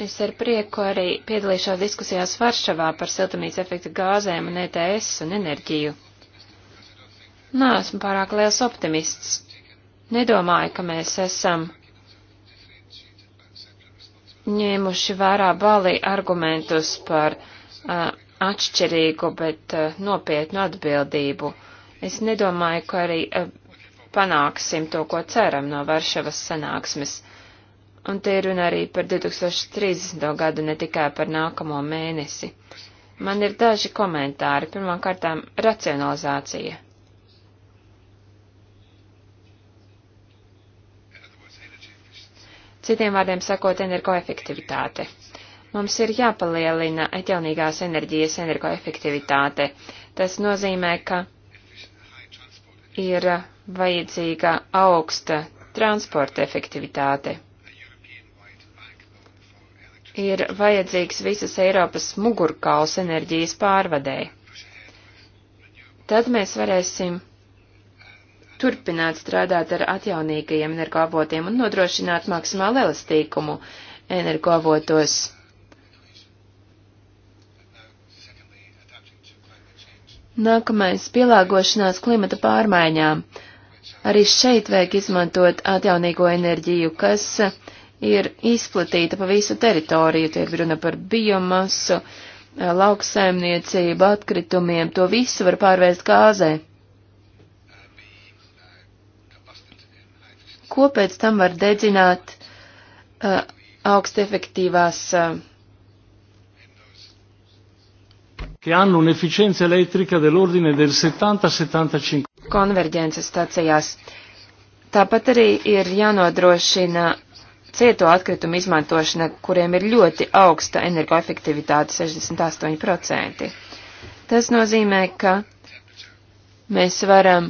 Es ar prieku arī piedalīšos diskusijās Varšavā par siltumnīca efekta gāzēm un ETS un enerģiju. Nē, esmu pārāk liels optimists. Nedomāju, ka mēs esam ņēmuši vērā balī argumentus par uh, atšķirīgu, bet uh, nopietnu atbildību. Es nedomāju, ka arī uh, panāksim to, ko ceram no Varšavas sanāksmes. Un te ir runa arī par 2030. gadu, ne tikai par nākamo mēnesi. Man ir daži komentāri. Pirmkārt, racionalizācija. Citiem vārdiem sakot, energoefektivitāte. Mums ir jāpalielina atjaunīgās enerģijas energoefektivitāte. Tas nozīmē, ka ir vajadzīga augsta transporta efektivitāte ir vajadzīgs visas Eiropas mugurkauls enerģijas pārvadēji. Tad mēs varēsim turpināt strādāt ar atjaunīgajiem energoavotiem un nodrošināt maksimālu elastīkumu energoavotos. Nākamais - pielāgošanās klimata pārmaiņām. Arī šeit vajag izmantot atjaunīgo enerģiju, kas ir izplatīta pa visu teritoriju. Te ir runa par biomasu, eh, lauksaimniecību, atkritumiem. To visu var pārvērst gāzē. Ko pēc tam var dedzināt uh, augstefektīvās. Uh, che hanno un'efficienza elettrica dell'ordine del 70-75. Konverģences stacijās. Tāpat arī ir jānodrošina cieto atkritumu izmantošana, kuriem ir ļoti augsta energoefektivitāte - 68%. Tas nozīmē, ka mēs varam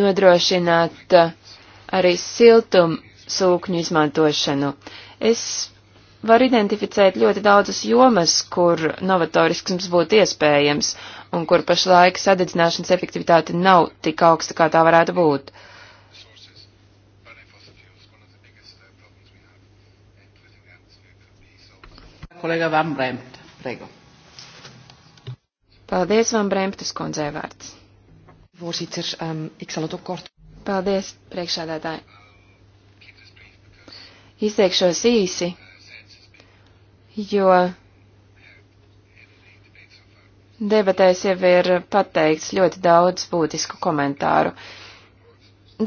nodrošināt uh, arī siltum sūkņu izmantošanu. Es var identificēt ļoti daudzas jomas, kur novatorisks būtu iespējams un kur pašlaik sadedzināšanas efektivitāte nav tik augsta, kā tā varētu būt. Uh, Kolēģa Van Bremt, prego. Paldies, Van Bremtes kundzē vārds. Voorzitter, um, ik zal het ook kort. Paldies, priekšādātāji. Izteikšos īsi, jo debatēs jau ir pateikts ļoti daudz būtisku komentāru.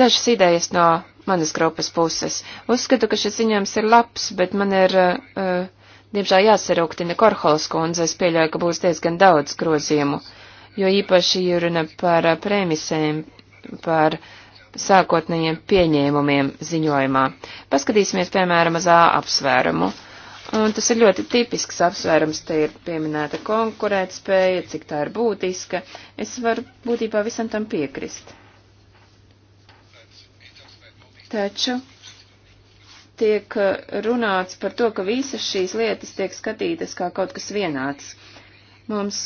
Dažas idejas no manas grupas puses. Uzskatu, ka šis ziņojums ir labs, bet man ir uh, Diemžēl jāsarauktina Korholas kundze, es pieļauju, ka būs diezgan daudz grozījumu, jo īpaši ir runa par premisēm, par sākotnējiem pieņēmumiem ziņojumā. Paskatīsimies, piemēram, uz A apsvērumu. Un tas ir ļoti tipisks apsvērums, te ir pieminēta konkurētspēja, cik tā ir būtiska. Es varu būtībā visam tam piekrist. Taču tiek eh, runāts par to, ka visas šīs lietas tiek skatītas kā kaut kas vienāds. Mums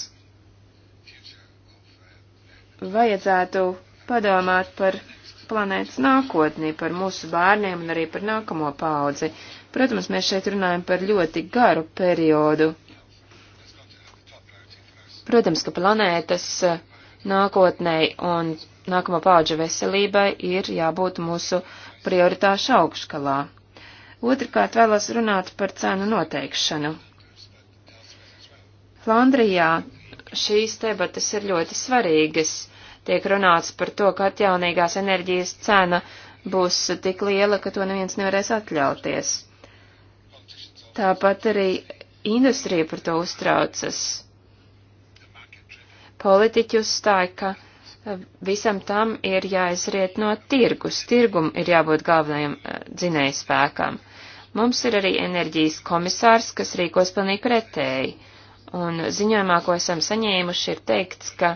vajadzētu padomāt par planētas nākotni, par mūsu bērniem un arī par nākamo paudzi. Protams, mēs šeit runājam par ļoti garu periodu. Protams, ka planētas eh, nākotnei un nākamo paudžu veselībai ir jābūt mūsu prioritāšu augškalā. Otrkārt vēlos runāt par cenu noteikšanu. Flandrijā šīs debatas ir ļoti svarīgas. Tiek runāts par to, ka atjaunīgās enerģijas cena būs tik liela, ka to neviens nevarēs atļauties. Tāpat arī industrija par to uztraucas. Politiķi uzstāja, ka visam tam ir jāizriet no tirgus. Tirgum ir jābūt galvenajam eh, dzinējspēkam. spēkam. Mums ir arī enerģijas komisārs, kas rīkos pilnīgi pretēji, un ziņojumā, ko esam saņēmuši, ir teikts, ka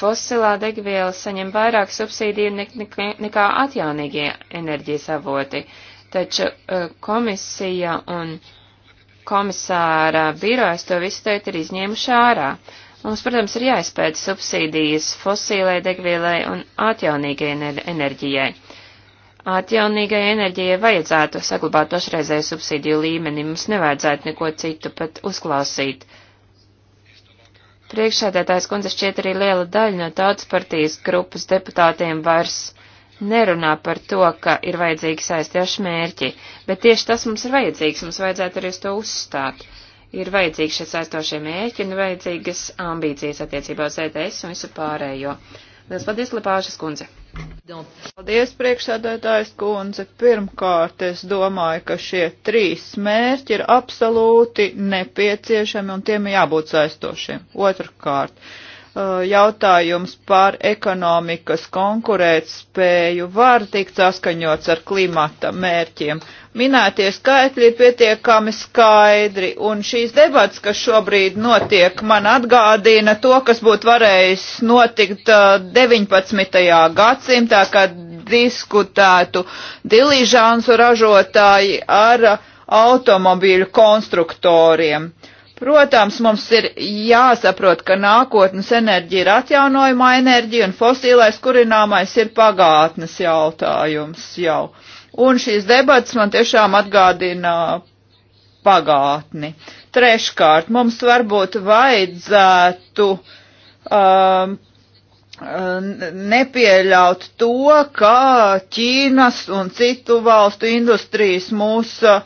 fosilā degviela saņem vairāk subsīdiju ne, ne, nekā atjaunīgie enerģijas avoti, taču eh, komisija un komisāra birojas to visu tagad ir izņēmuši ārā. Mums, protams, ir jāizpēta subsīdijas fosīlai degvielai un atjaunīgai enerģijai. Atjaunīgai enerģijai vajadzētu saglabāt pašreizēju subsīdiju līmeni, mums nevajadzētu neko citu pat uzklausīt. Priekšsēdētājs kundze šķiet arī liela daļa no tautas partijas grupas deputātiem vairs nerunā par to, ka ir vajadzīgi saistieši mērķi, bet tieši tas mums ir vajadzīgs, mums vajadzētu arī uz to uzstāt. Ir vajadzīgi šie saistošie mērķi un vajadzīgas ambīcijas attiecībā uz ETS un visu pārējo. Uh, Lielas paldies, Lepāšas kundze! Paldies, priekšsēdētājs kundze. Pirmkārt, es domāju, ka šie trīs mērķi ir absolūti nepieciešami un tiem jābūt saistošiem. Otrkārt, uh, Uh, jautājums par ekonomikas konkurētspēju var tikt saskaņots ar klimata mērķiem. Minētie skaitļi ir pietiekami skaidri, un šīs debats, kas šobrīd notiek, man atgādina to, kas būtu varējis notikt 19. Uh, gadsimtā, kad diskutētu diližānsu ražotāji ar automobīļu konstruktoriem. Protams, mums ir jāsaprot, ka nākotnes enerģija ir atjaunojumā enerģija un fosīlais kurināmais ir pagātnes jautājums jau. Un šīs debats man tiešām atgādina pagātni. Treškārt, mums varbūt vajadzētu um, nepieļaut to, ka Ķīnas un citu valstu industrijas mūsu uh,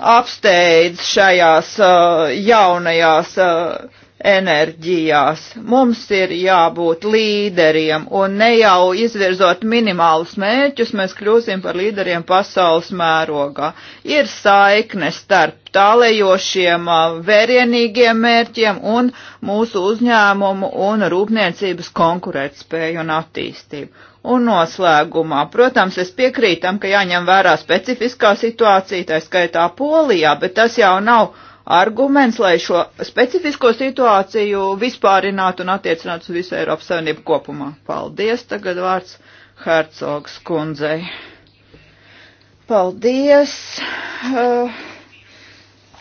apsteidz šajās uh, jaunajās uh, enerģijās. Mums ir jābūt līderiem, un ne jau izvirzot minimālus mērķus, mēs kļūsim par līderiem pasaules mērogā. Ir saikne starp tālējošiem uh, vērienīgiem mērķiem un mūsu uzņēmumu un rūpniecības konkurētspēju un attīstību. Un noslēgumā, protams, es piekrītam, ka jāņem vērā specifiskā situācija, tā skaitā Polijā, bet tas jau nav arguments, lai šo specifisko situāciju vispārinātu un attiecinātu uz visu Eiropas Savienību kopumā. Paldies, tagad vārds Hercogs kundzei. Paldies. Uh,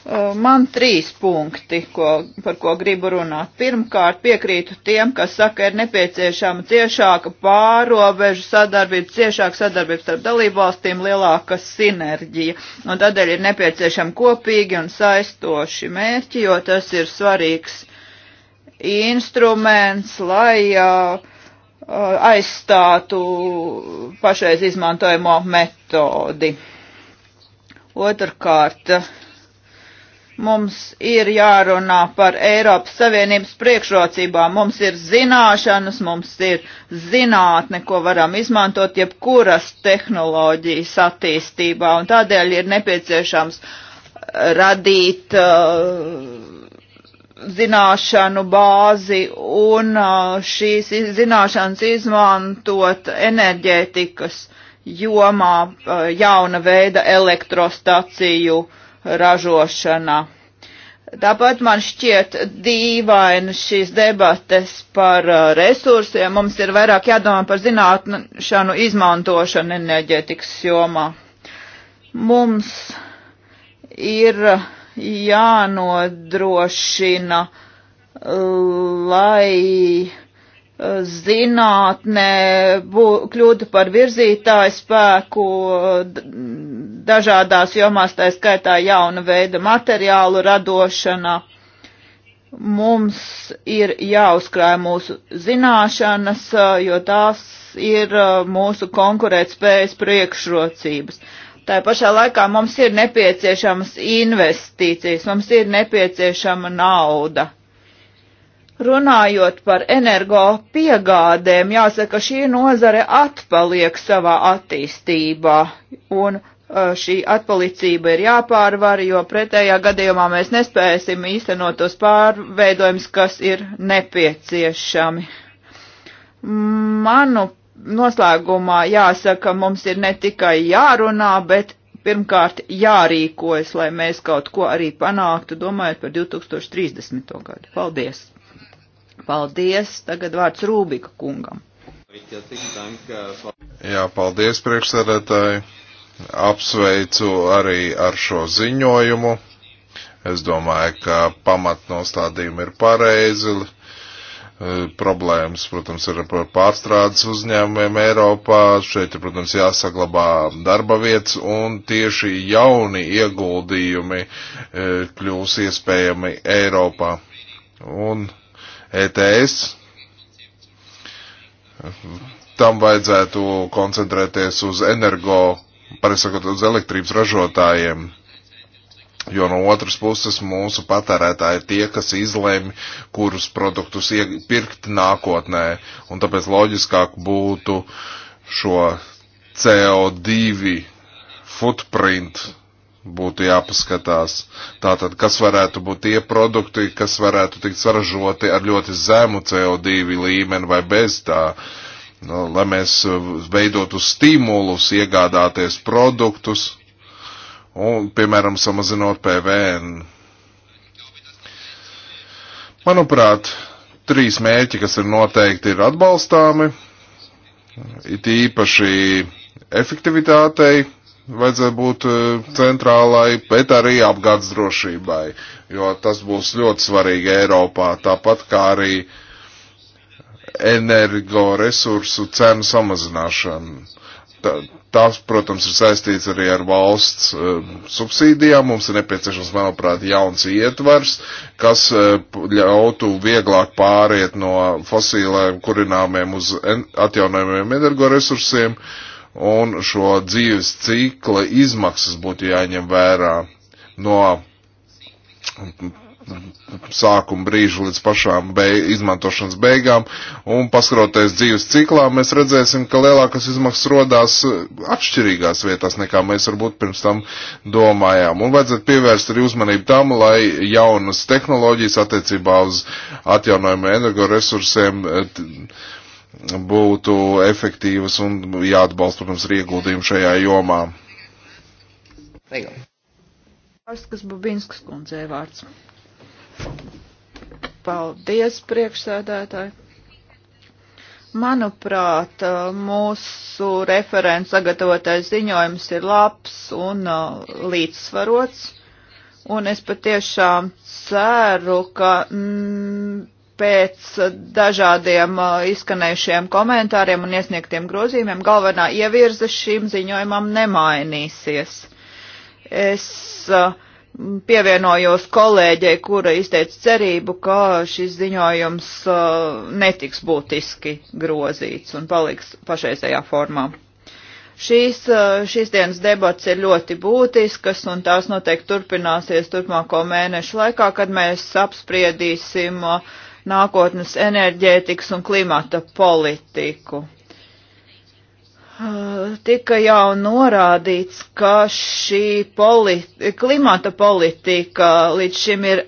Eh, man trīs punkti, ko, par ko gribu runāt. Pirmkārt, piekrītu tiem, kas saka, ir nepieciešama ciešāka pārobežu sadarbība, ciešāka sadarbība starp dalībvalstīm, lielāka sinerģija. Un tādēļ ir nepieciešama kopīgi un saistoši mērķi, jo tas ir svarīgs instruments, lai uh, aizstātu pašreiz izmantojamo metodi. Otrkārt, uh, Mums ir jārunā par Eiropas Savienības priekšrocībām. Mums ir zināšanas, mums ir zinātne, ko varam izmantot jebkuras tehnoloģijas attīstībā, un tādēļ ir nepieciešams radīt uh, zināšanu bāzi un uh, šīs zināšanas izmantot enerģētikas jomā uh, jauna veida elektrostaciju ražošanā. Tāpat man šķiet dīvaini šīs debates par uh, resursiem. Mums ir vairāk jādomā par zinātnešanu izmantošanu enerģetikas jomā. Mums ir jānodrošina, lai zinātnē bū, kļūtu par virzītāju spēku dažādās jomās, tā skaitā jauna veida materiālu radošanā. Mums ir jāuzkrāj mūsu zināšanas, jo tās ir uh, mūsu konkurētspējas priekšrocības. Tā pašā laikā mums ir nepieciešamas investīcijas, mums ir nepieciešama nauda Runājot par energo piegādēm, jāsaka, šī nozare atpaliek savā attīstībā, un uh, šī atpalicība ir jāpārvar, jo pretējā gadījumā mēs nespēsim īstenot tos pārveidojumus, kas ir nepieciešami. Manu noslēgumā jāsaka, mums ir ne tikai jārunā, bet pirmkārt jārīkojas, lai mēs kaut ko arī panāktu, domājot par 2030. gadu. Paldies! Paldies. Tagad vārds Rūbika kungam. Jā, paldies priekšsēdētāji. Apsveicu arī ar šo ziņojumu. Es domāju, ka pamatnostādījumi ir pareizi. E, problēmas, protams, ir par pārstrādes uzņēmumiem Eiropā. Šeit, protams, jāsaglabā darba vietas un tieši jauni ieguldījumi e, kļūs iespējami Eiropā. Un ETS. Tam vajadzētu koncentrēties uz energo, pareizsakot, uz elektrības ražotājiem. Jo no otras puses mūsu patērētāji ir tie, kas izlēma, kurus produktus iepirkt nākotnē. Un tāpēc loģiskāk būtu šo CO2 footprint būtu jāpaskatās. Tātad, kas varētu būt tie produkti, kas varētu tikt saražoti ar ļoti zemu CO2 līmeni vai bez tā, nu, lai mēs uh, veidotu stimulus iegādāties produktus un, piemēram, samazinot PVN. Manuprāt, trīs mērķi, kas ir noteikti, ir atbalstāmi, it īpaši efektivitātei, vajadzētu būt e, centrālai, bet arī apgādes drošībai, jo tas būs ļoti svarīgi Eiropā, tāpat kā arī energoresursu cenu samazināšana. Tā, tās, protams, ir saistīts arī ar valsts uh, subsīdijām. Mums ir nepieciešams, manuprāt, jauns ietvars, kas uh, ļautu vieglāk pāriet no fosīlēm kurināmiem uz atjaunojumiem energoresursiem. Uh, un šo dzīves cikla izmaksas būtu jāņem vērā no sākuma brīža līdz pašām beig izmantošanas beigām, un paskroties dzīves ciklā, mēs redzēsim, ka lielākas izmaksas rodās atšķirīgās vietās, nekā mēs varbūt pirms tam domājām. Un vajadzētu pievērst arī uzmanību tam, lai jaunas tehnoloģijas attiecībā uz atjaunojumu energoresursiem eh, būtu efektīvas un jāatbalsta, protams, ir ieguldījumi šajā jomā. Pārskas Bubinskas kundzei vārds. Paldies, priekšsēdētāji. Manuprāt, uh, mūsu referents sagatavotais ziņojums ir labs un uh, līdzsvarots, un es patiešām ceru, ka. Mm, pēc dažādiem uh, izskanējušiem komentāriem un iesniegtiem grozījumiem galvenā ievirze šim ziņojumam nemainīsies. Es uh, pievienojos kolēģei, kura izteica cerību, ka šis ziņojums uh, netiks būtiski grozīts un paliks pašreizējā formā. Šīs, šīs dienas debats ir ļoti būtiskas, un tās noteikti turpināsies turpmāko mēnešu laikā, kad mēs apspriedīsim uh, nākotnes enerģētikas un klimata politiku. Tika jau norādīts, ka šī politi klimata politika līdz šim ir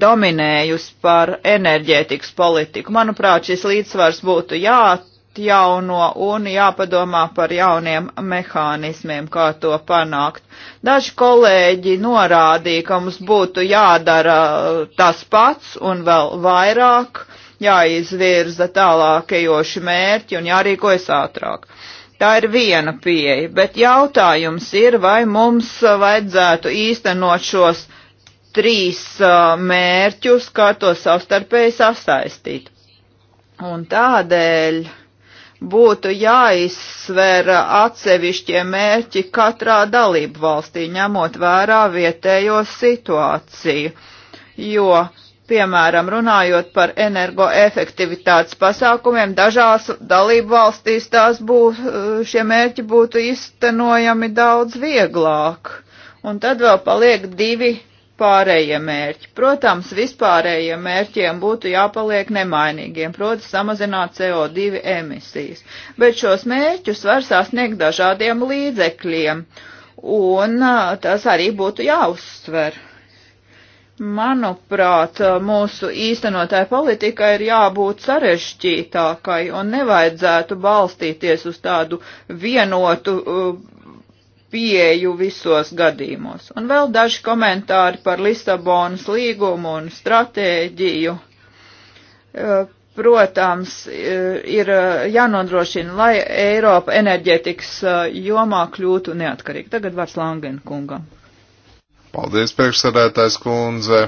dominējusi par enerģētikas politiku. Manuprāt, šis līdzsvars būtu jāat jāatjauno un jāpadomā par jauniem mehānismiem, kā to panākt. Daži kolēģi norādīja, ka mums būtu jādara uh, tas pats un vēl vairāk, jāizvirza tālākajoši mērķi un jārīkojas ātrāk. Tā ir viena pieeja, bet jautājums ir, vai mums vajadzētu īstenot šos trīs uh, mērķus, kā to savstarpēji sasaistīt. Un tādēļ būtu jāizsver atsevišķie mērķi katrā dalību valstī, ņemot vērā vietējo situāciju, jo Piemēram, runājot par energoefektivitātes pasākumiem, dažās dalību valstīs tās būs, šie mērķi būtu iztenojami daudz vieglāk. Un tad vēl paliek divi vispārējie mērķi. Protams, vispārējiem mērķiem būtu jāpaliek nemainīgiem, proti samazināt CO2 emisijas, bet šos mērķus var sasniegt dažādiem līdzekļiem, un tas arī būtu jāuzsver. Manuprāt, mūsu īstenotāja politika ir jābūt sarežģītākai un nevajadzētu balstīties uz tādu vienotu uh, pieeju visos gadījumos. Un vēl daži komentāri par Lisabonas līgumu un stratēģiju. E, protams, e, ir e, jānodrošina, lai Eiropa enerģētikas jomā kļūtu neatkarīga. Tagad vārds Langen kungam. Paldies, priekšsēdētājs kundze.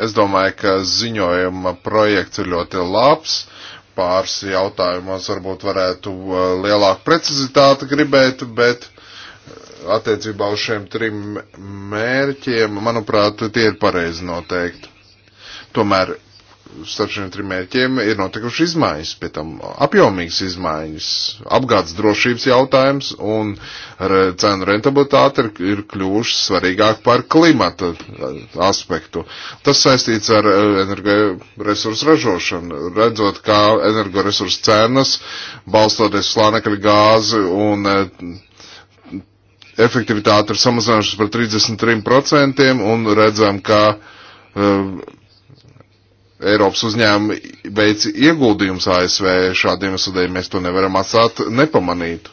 Es domāju, ka ziņojuma projekts ir ļoti labs pāris jautājumos varbūt varētu lielāku precizitāti gribēt, bet attiecībā uz šiem trim mērķiem, manuprāt, tie ir pareizi noteikti. Tomēr starp šiem trim mērķiem ir notikuši izmaiņas, pie tam apjomīgas izmaiņas. Apgādes drošības jautājums un cenu rentabilitāte ir, ir kļuvuši svarīgāk par klimata aspektu. Tas saistīts ar e, energoresursu ražošanu. Redzot, kā energoresursu cenas, balstoties slānekļa gāzi un e, efektivitāte ir samazinājušās par 33% un redzam, ka uh, Eiropas uzņēmumi veic ieguldījums ASV šādiem iesudējiem, mēs to nevaram atstāt nepamanīt.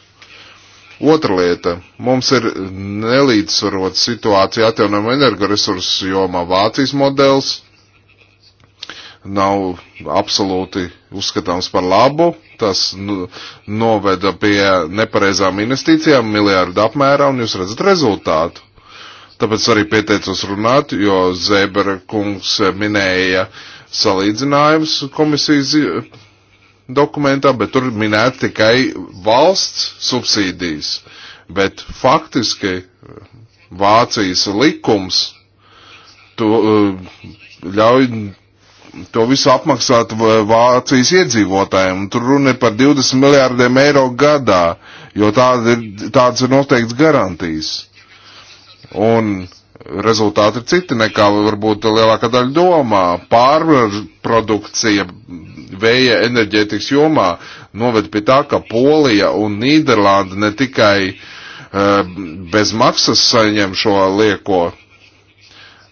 Otra lieta. Mums ir nelīdzsvarot situācija atjaunojumu energoresursu jomā Vācijas modelis nav absolūti uzskatāms par labu. Tas nu, noveda pie nepareizām investīcijām miljārdu apmērā, un jūs redzat rezultātu. Tāpēc arī pieteicos runāt, jo Zēbera kungs minēja salīdzinājums komisijas dokumentā, bet tur minēt tikai valsts subsīdijas. Bet faktiski eh, Vācijas likums to, eh, ļauj to visu apmaksāt Vācijas iedzīvotājiem. Tur runa ir par 20 miljārdiem eiro gadā, jo tāda ir, tādas ir noteikts garantijas. Un rezultāti ir citi nekā varbūt lielākā daļa domā. Pārprodukcija vēja enerģētikas jomā noved pie tā, ka Polija un Nīderlanda ne tikai uh, bez maksas saņem šo lieko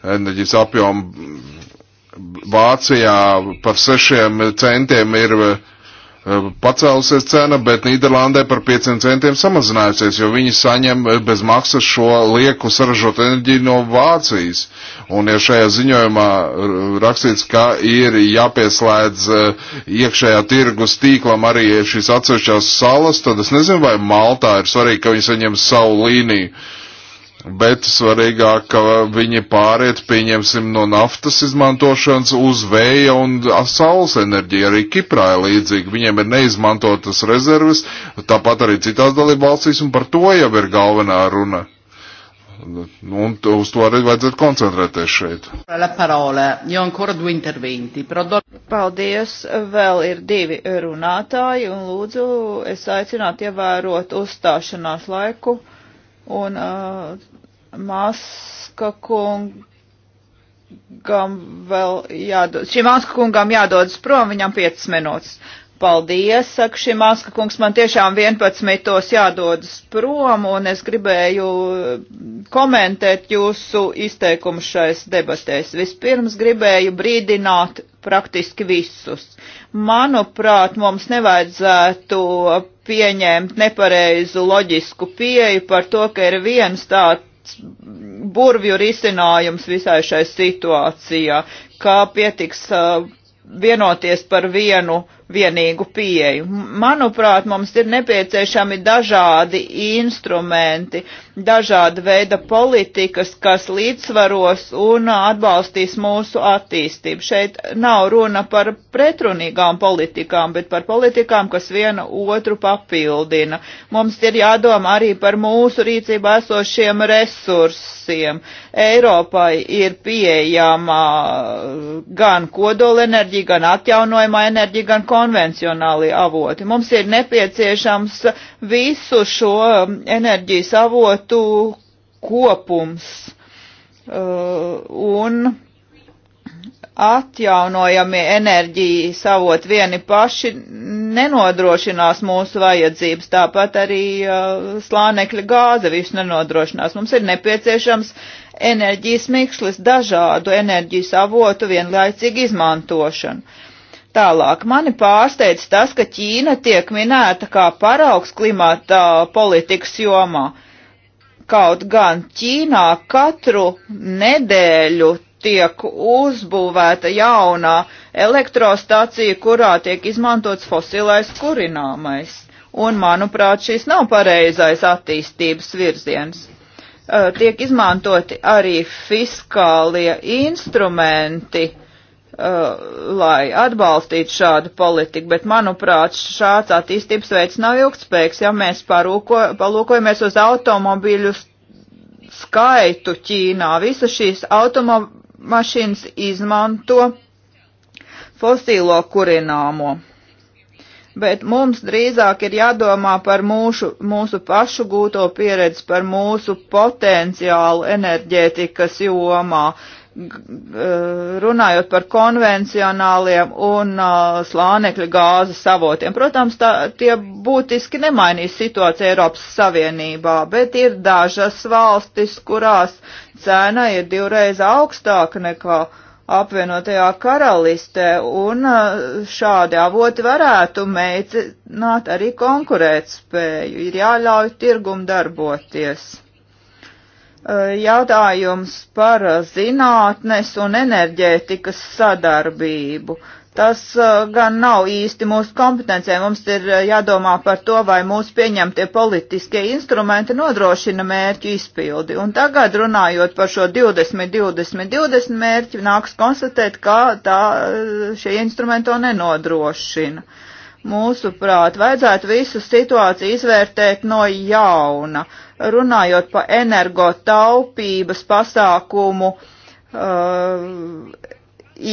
enerģijas apjomu Vācijā par sešiem centiem ir eh, pacēlusies cena, bet Nīderlandē par pieciem centiem samazinājusies, jo viņi saņem eh, bez maksas šo lieku saražot enerģiju no Vācijas. Un ja šajā ziņojumā eh, rakstīts, ka ir jāpieslēdz iekšējā tirgus tīklam arī šīs atsevišķās salas, tad es nezinu, vai Maltā ir svarīgi, ka viņi saņem savu līniju. Uh, bet svarīgāk, ka viņi pāriet, pieņemsim, no naftas izmantošanas uz vēja un saules enerģiju. Arī Kiprā ir līdzīgi, viņiem ir neizmantotas rezerves, tāpat arī citās dalībvalstīs, un par to jau ir galvenā runa. Nu, un uz to arī vajadzētu koncentrēties šeit. Paldies, vēl ir divi runātāji, un lūdzu, es aicinātu ievērot uzstāšanās laiku un uh, Maska kungam vēl jādod, šim Maska kungam jādodas prom, viņam 5 minūtes. Paldies, saka šī Maska kungs, man tiešām 11. jādodas prom, un es gribēju komentēt jūsu izteikumu šais debatēs. Vispirms gribēju brīdināt praktiski visus. Manuprāt, mums nevajadzētu pieņemt nepareizu loģisku pieeju par to, ka ir viens tāds burvju risinājums visai šai situācijā, kā pietiks uh, vienoties par vienu vienīgu pieeju. Manuprāt, mums ir nepieciešami dažādi instrumenti, dažāda veida politikas, kas līdzsvaros un atbalstīs mūsu attīstību. Šeit nav runa par pretrunīgām politikām, bet par politikām, kas viena otru papildina. Mums ir jādomā arī par mūsu rīcībā esošiem resursiem. Eiropai ir pieejama gan kodolenerģija, gan atjaunojama enerģija, gan kodolenerģija konvencionālie avoti. Mums ir nepieciešams visu šo um, enerģijas avotu kopums uh, un atjaunojami enerģijas avot vieni paši nenodrošinās mūsu vajadzības, tāpat arī uh, slānekļa gāze visu nenodrošinās. Mums ir nepieciešams enerģijas mikšlis, dažādu enerģijas avotu vienlaicīgi izmantošanu. Tālāk mani pārsteidz tas, ka Ķīna tiek minēta kā paraugs klimata politikas jomā. Kaut gan Ķīnā katru nedēļu tiek uzbūvēta jaunā elektrostacija, kurā tiek izmantots fosilais kurināmais. Un, manuprāt, šis nav pareizais attīstības virziens. Tiek izmantoti arī fiskālie instrumenti, uh, Uh, lai atbalstītu šādu politiku, bet manuprāt šāds attīstības veids nav ilgtspējīgs, ja mēs parūko, palūkojamies uz automobīļu skaitu Ķīnā. Visas šīs automašīnas izmanto fosīlo kurināmo. Bet mums drīzāk ir jādomā par mūsu, mūsu pašu gūto pieredzi, par mūsu potenciālu enerģētikas jomā. Uh, runājot par konvencionāliem un uh, slānekļa gāzes avotiem. Protams, tā, tie būtiski nemainīs situāciju Eiropas Savienībā, bet ir dažas valstis, kurās cena ir divreiz augstāka nekā apvienotajā karalistē, un uh, šādi avoti varētu mēģināt arī konkurēt spēju. Ir jāļauj tirgum darboties jautājums par zinātnes un enerģētikas sadarbību. Tas uh, gan nav īsti mūsu kompetencija. Mums ir uh, jādomā par to, vai mūsu pieņemtie politiskie instrumenti nodrošina mērķu izpildi. Un tagad, runājot par šo 20, 20, 20 mērķi, nāks konstatēt, ka tā, uh, šie instrumenti to nenodrošina. Uh, Mūsuprāt, vajadzētu visu situāciju izvērtēt no jauna, runājot pa energotaupības pasākumu uh,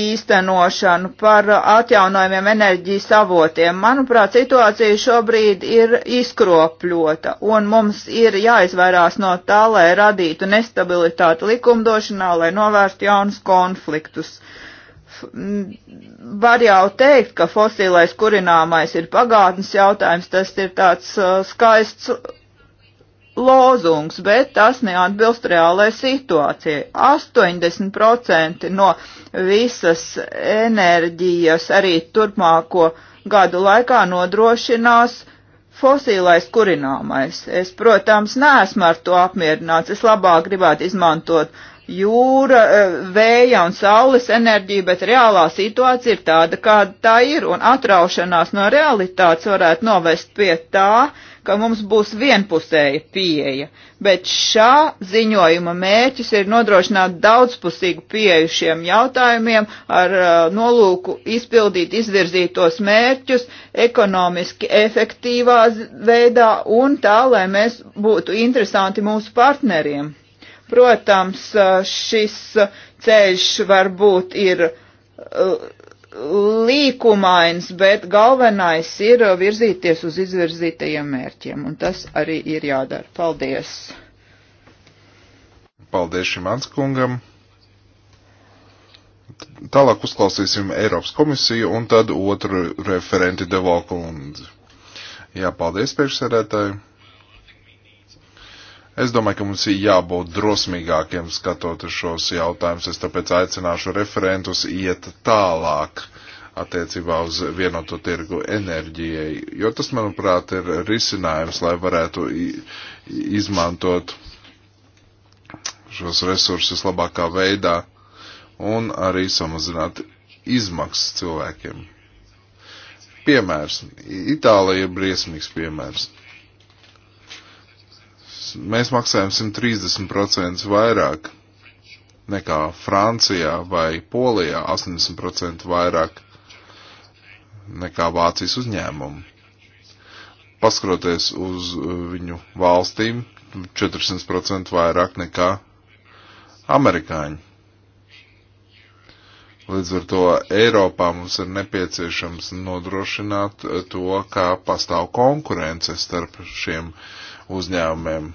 īstenošanu, par atjaunojumiem enerģijas avotiem. Manuprāt, situācija šobrīd ir izkropļota, un mums ir jāizvairās no tā, lai radītu nestabilitāti likumdošanā, lai novērstu jaunus konfliktus. Uh, Mm, var jau teikt, ka fosilais kurināmais ir pagātnes jautājums, tas ir tāds uh, skaists lozungs, bet tas neatbilst reālajai situācijai. 80% no visas enerģijas arī turpmāko gadu laikā nodrošinās fosīlais kurināmais. Es, protams, neesmu ar to apmierināts. Es labāk gribētu izmantot uh, jūra, e, vēja un saules enerģija, bet reālā situācija ir tāda, kāda tā ir, un atraušanās no realitātes varētu novest pie tā, ka mums būs vienpusēja pieeja, bet šā ziņojuma mērķis ir nodrošināt daudzpusīgu pieeju šiem jautājumiem ar uh, nolūku izpildīt izvirzītos mērķus ekonomiski efektīvā veidā un tā, lai mēs būtu interesanti mūsu partneriem. Protams, šis ceļš varbūt ir līkumains, bet galvenais ir virzīties uz izvirzītajiem mērķiem, un tas arī ir jādara. Paldies! Paldies šim Anskungam! Tālāk uzklausīsim Eiropas komisiju un tad otru referenti Devalkulundzi. Jā, paldies priekšsēdētāji! Es domāju, ka mums ir jābūt drosmīgākiem skatot uz šos jautājumus. Es tāpēc aicināšu referentus iet tālāk attiecībā uz vienoto tirgu enerģijai, jo tas, manuprāt, ir risinājums, lai varētu izmantot šos resursus labākā veidā un arī samazināt izmaksas cilvēkiem. Piemērs. Itālija ir briesmīgs piemērs mēs maksājam 130% vairāk nekā Francijā vai Polijā, 80% vairāk nekā Vācijas uzņēmumu. Paskroties uz uh, viņu valstīm, 400% vairāk nekā amerikāņi. Līdz ar to Eiropā mums ir nepieciešams nodrošināt uh, to, kā pastāv konkurence starp šiem uzņēmumiem.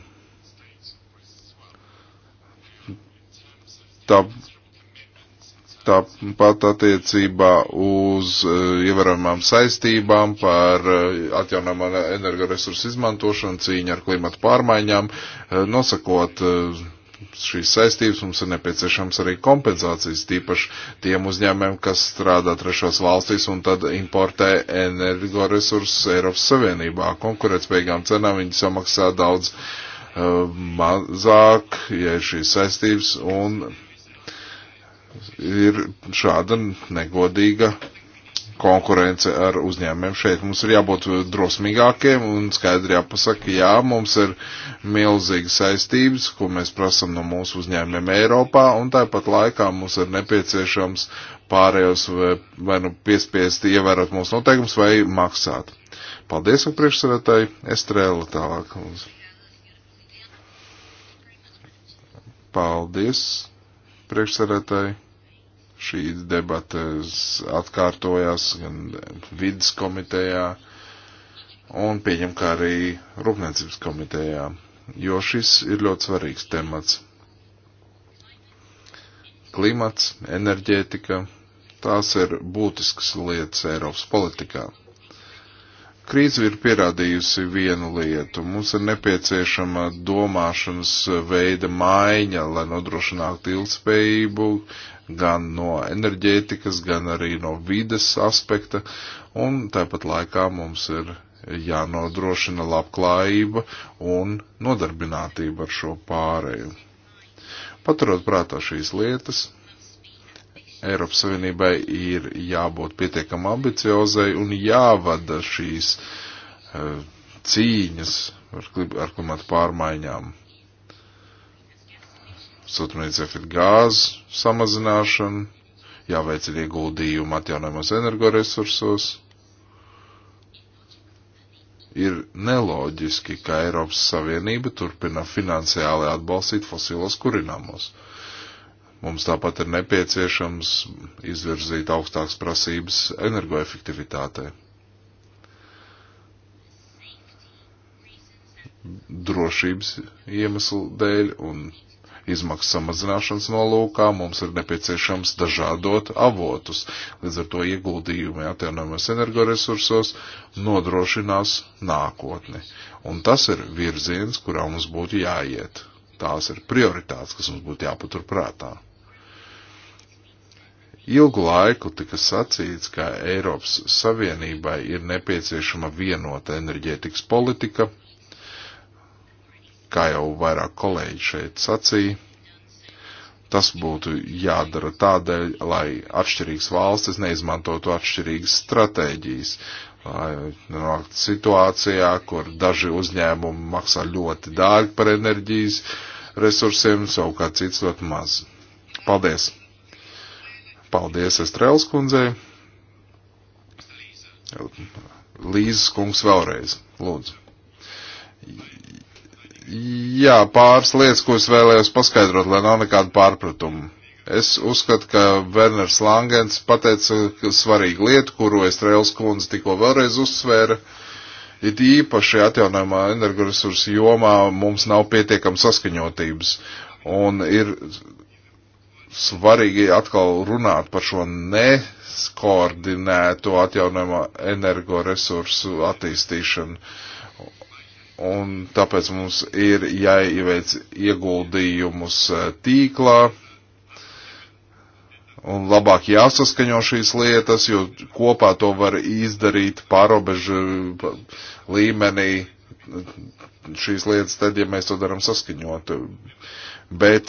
tā, tāpat attiecībā uz eh, ievērojamām saistībām par eh, atjaunamā energoresursu izmantošanu, cīņu ar klimatu pārmaiņām, eh, nosakot šīs saistības mums ir nepieciešams arī kompensācijas, tīpaši tiem uzņēmēm, kas strādā trešās valstīs un tad importē energoresursus Eiropas Savienībā. Konkurētspējīgām cenām viņi samaksā daudz uh, mazāk, ja ir šīs saistības, un ir šāda negodīga konkurence ar uzņēmumiem šeit. Mums ir jābūt drosmīgākiem un skaidri jāpasaka, jā, mums ir milzīgas saistības, ko mēs prasam no mūsu uzņēmumiem Eiropā, un tāpat laikā mums ir nepieciešams pārējos vai, vai nu piespiest ievērot mūsu noteikumus vai maksāt. Paldies, vai priekšsēdētāji, Estrēla tālāk. Paldies, priekšsēdētāji. Šī debata atkārtojās gan vidas komitejā un pieņem, kā arī rūpniecības komitejā, jo šis ir ļoti svarīgs temats. Klimats, enerģētika, tās ir būtiskas lietas Eiropas politikā. Krīze ir pierādījusi vienu lietu. Mums ir nepieciešama domāšanas veida maiņa, lai nodrošinātu ilgspējību gan no enerģētikas, gan arī no vides aspekta. Un tāpat laikā mums ir jānodrošina labklājība un nodarbinātība ar šo pārēju. Paturot prātā šīs lietas, Eiropas Savienībai ir jābūt pietiekam ambiciozai un jāvada šīs uh, cīņas ar, ar klimatu pārmaiņām. Siltumnīca efekta gāzu samazināšana, jāveicina ieguldījumu atjaunojumos energoresursos. Ir neloģiski, ka Eiropas Savienība turpina finansiāli atbalstīt fosilos kurināmos. Uh, Mums tāpat ir nepieciešams izvirzīt augstākas prasības energoefektivitātei. Drošības iemeslu dēļ un izmaksu samazināšanas nolūkā mums ir nepieciešams dažādot avotus. Līdz ar to ieguldījumi atjaunojumos energoresursos nodrošinās nākotni. Un tas ir virziens, kurā mums būtu jāiet. Tās ir prioritātes, kas mums būtu jāpatur prātā. Ilgu laiku tika sacīts, ka Eiropas Savienībai ir nepieciešama vienota enerģētikas politika, kā jau vairāk kolēģi šeit sacīja. Tas būtu jādara tādēļ, lai atšķirīgas valstis neizmantotu atšķirīgas stratēģijas, lai nonāktu situācijā, kur daži uzņēmumi maksā ļoti dārgi par enerģijas resursiem, savukārt cits ļoti maz. Paldies! Paldies Estrēls kundzei. Līzes kungs vēlreiz, lūdzu. Jā, pāris lietas, ko es vēlējos paskaidrot, lai nav nekādu pārpratumu. Es uzskatu, ka Werners Langens pateica svarīgu lietu, kuru Estrēls kundze tikko vēlreiz uzsvēra. It īpaši atjaunojumā energoresursu jomā mums nav pietiekama saskaņotības. Un ir svarīgi atkal runāt par šo neskoordinēto atjaunojamo energoresursu attīstīšanu. Un tāpēc mums ir jāieveic ieguldījumus eh, tīklā un labāk jāsaskaņo šīs lietas, jo kopā to var izdarīt pārobežu līmenī šīs lietas, tad, ja mēs to darām saskaņot. Bet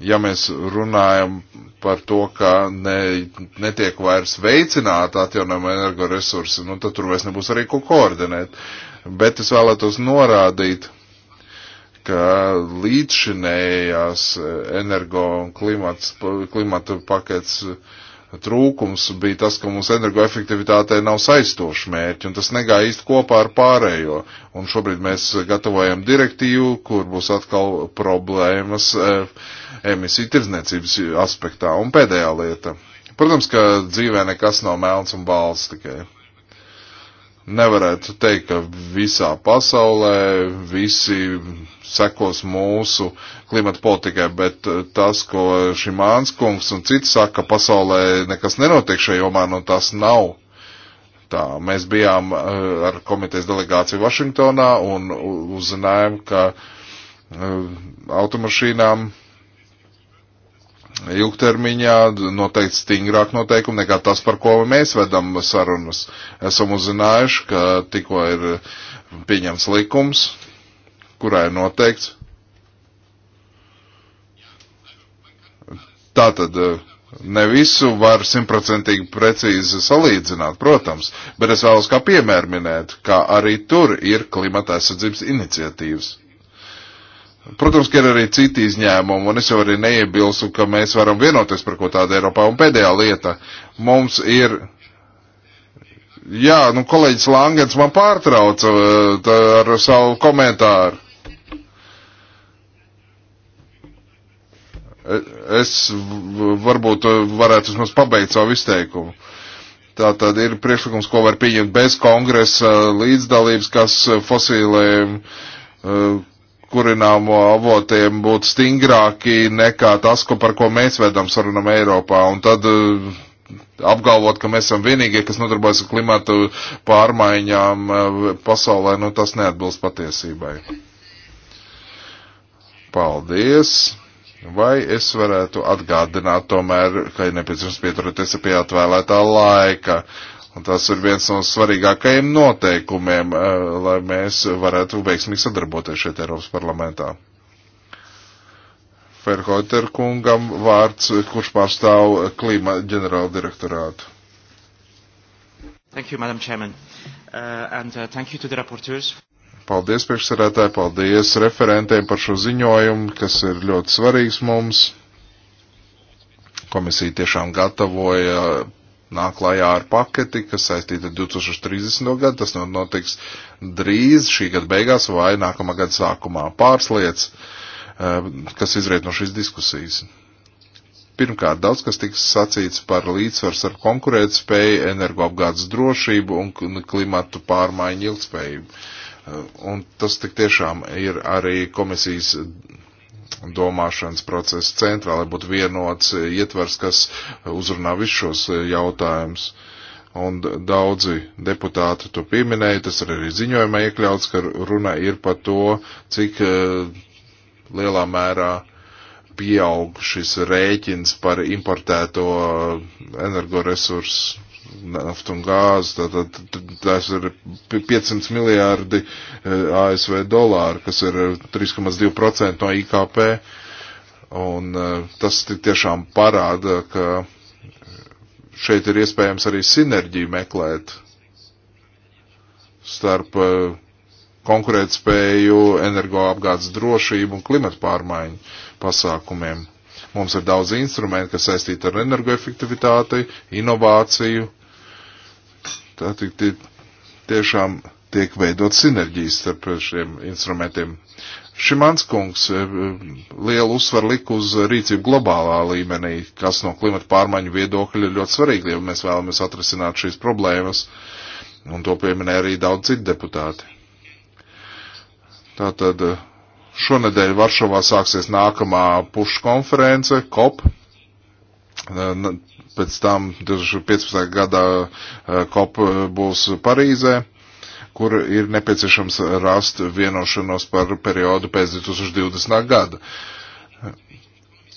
ja mēs runājam par to, ka ne, netiek vairs veicināta atjaunojama energoresursa, nu tad tur vairs nebūs arī ko koordinēt. Bet es vēlētos norādīt, ka līdzšinējās energo un klimats, klimata pakets uh, trūkums bija tas, ka mums energoefektivitātei nav saistoši mērķi, un tas negāja īsti kopā ar pārējo. Un šobrīd mēs gatavojam direktīvu, kur būs atkal problēmas e, emisiju tirdzniecības aspektā. Un pēdējā lieta. Protams, ka dzīvē nekas nav melns un balsts tikai nevarētu teikt, ka visā pasaulē visi sekos mūsu klimata politikai, bet eh, tas, ko šī Mānskungs un citi saka, pasaulē nekas nenotiek šajā jomā, nu tas nav. Tā, mēs bijām eh, ar komitejas delegāciju Vašingtonā un uzzinājām, ka eh, automašīnām ilgtermiņā noteikti stingrāk noteikumi nekā tas, par ko mēs vedam sarunas. Esam uzzinājuši, ka tikko ir pieņemts likums, kurā ir noteikts. Tātad ne visu var simtprocentīgi precīzi salīdzināt, protams, bet es vēlos kā piemēru minēt, ka arī tur ir klimata aizsardzības iniciatīvas. Protams, ka ir arī citi izņēmumi, un es jau arī neiebilstu, ka mēs varam vienoties par ko tādu Eiropā. Un pēdējā lieta mums ir. Jā, nu kolēģis Langens man pārtrauca ar savu komentāru. E, es varbūt varētu vismaz pabeigt savu izteikumu. Tā tad ir priekšlikums, ko var pieņemt bez kongresa līdzdalības, kas fosīlēm e, kurināmo avotiem būtu stingrāki nekā tas, ko par ko mēs vedam sarunam Eiropā. Un tad eh, apgalvot, ka mēs esam vienīgie, kas nodarbojas ar klimatu pārmaiņām eh, pasaulē, nu tas neatbilst patiesībai. Paldies! Vai es varētu atgādināt tomēr, ka ir nepieciešams pieturēties pie atvēlētā laika? Uh, Un tas ir viens no svarīgākajiem noteikumiem, eh, lai mēs varētu veiksmīgi sadarboties šeit Eiropas parlamentā. Ferhoiter kungam vārds, kurš pārstāv klima ģenerāla direktorātu. Thank you, Madam Chairman. Uh, and uh, thank you to the rapporteurs. Paldies, priekšsarētāji, paldies referentiem par šo ziņojumu, kas ir ļoti svarīgs mums. Komisija tiešām gatavoja nāk klajā ar paketi, kas saistīta ar 2030. gadu. Tas notiks drīz šī gada beigās vai nākamā gada sākumā. Pāris lietas, e, kas izriet no šīs diskusijas. Pirmkārt, daudz kas tiks sacīts par līdzsvars ar konkurētspēju, energoapgādes drošību un klimatu pārmaiņu ilgspējību. E, un tas tik tiešām ir arī komisijas domāšanas procesa centrā, lai būtu vienots ietvers, kas uzrunā visus šos jautājumus. Un daudzi deputāti to pieminēja, tas ir arī ziņojumā iekļauts, ka runa ir par to, cik e, lielā mērā pieaug šis rēķins par importēto energoresursu naftu un gāzi, tātad tās ir 500 miljārdi eh, ASV dolāru, kas ir 3,2% no IKP, un eh, tas tiešām parāda, ka šeit ir iespējams arī sinerģiju meklēt starp eh, konkurētspēju, energoapgādes drošību un klimatu pārmaiņu pasākumiem. Mums ir daudz instrumentu, kas saistīti ar energoefektivitāti, inovāciju, Tātad tie, tiešām tiek veidot sinerģijas starp šiem instrumentiem. Šimans kungs eh, lielu uzsvaru lika uz rīcību globālā līmenī, kas no klimata pārmaiņu viedokļa ir ļoti svarīgi, ja mēs vēlamies atrisināt šīs problēmas, un to pieminēja arī daudz citu deputāti. Tātad eh, šonedēļ Varšovā sāksies nākamā pušu konference, COP, eh, pēc tam 2015. gadā eh, kop eh, būs Parīzē, kur ir nepieciešams rast vienošanos par periodu pēc 2020. gada.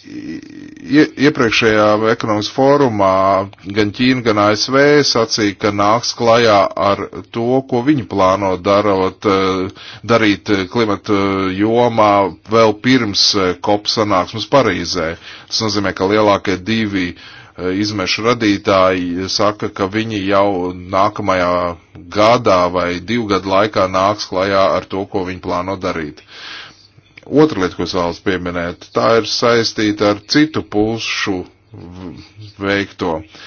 Ie, iepriekšējā ekonomikas fórumā gan Ķīna, gan ASV sacīja, ka nāks klajā ar to, ko viņi plāno darot, eh, darīt klimata jomā vēl pirms COP sanāksmes Parīzē. Tas nozīmē, ka lielākie divi uh, Eh, izmešu radītāji saka, ka viņi jau nākamajā gadā vai divu gadu laikā nāks klajā ar to, ko viņi plāno darīt. Otra lieta, ko es vēlos pieminēt, tā ir saistīta ar citu pušu veikto. Uh,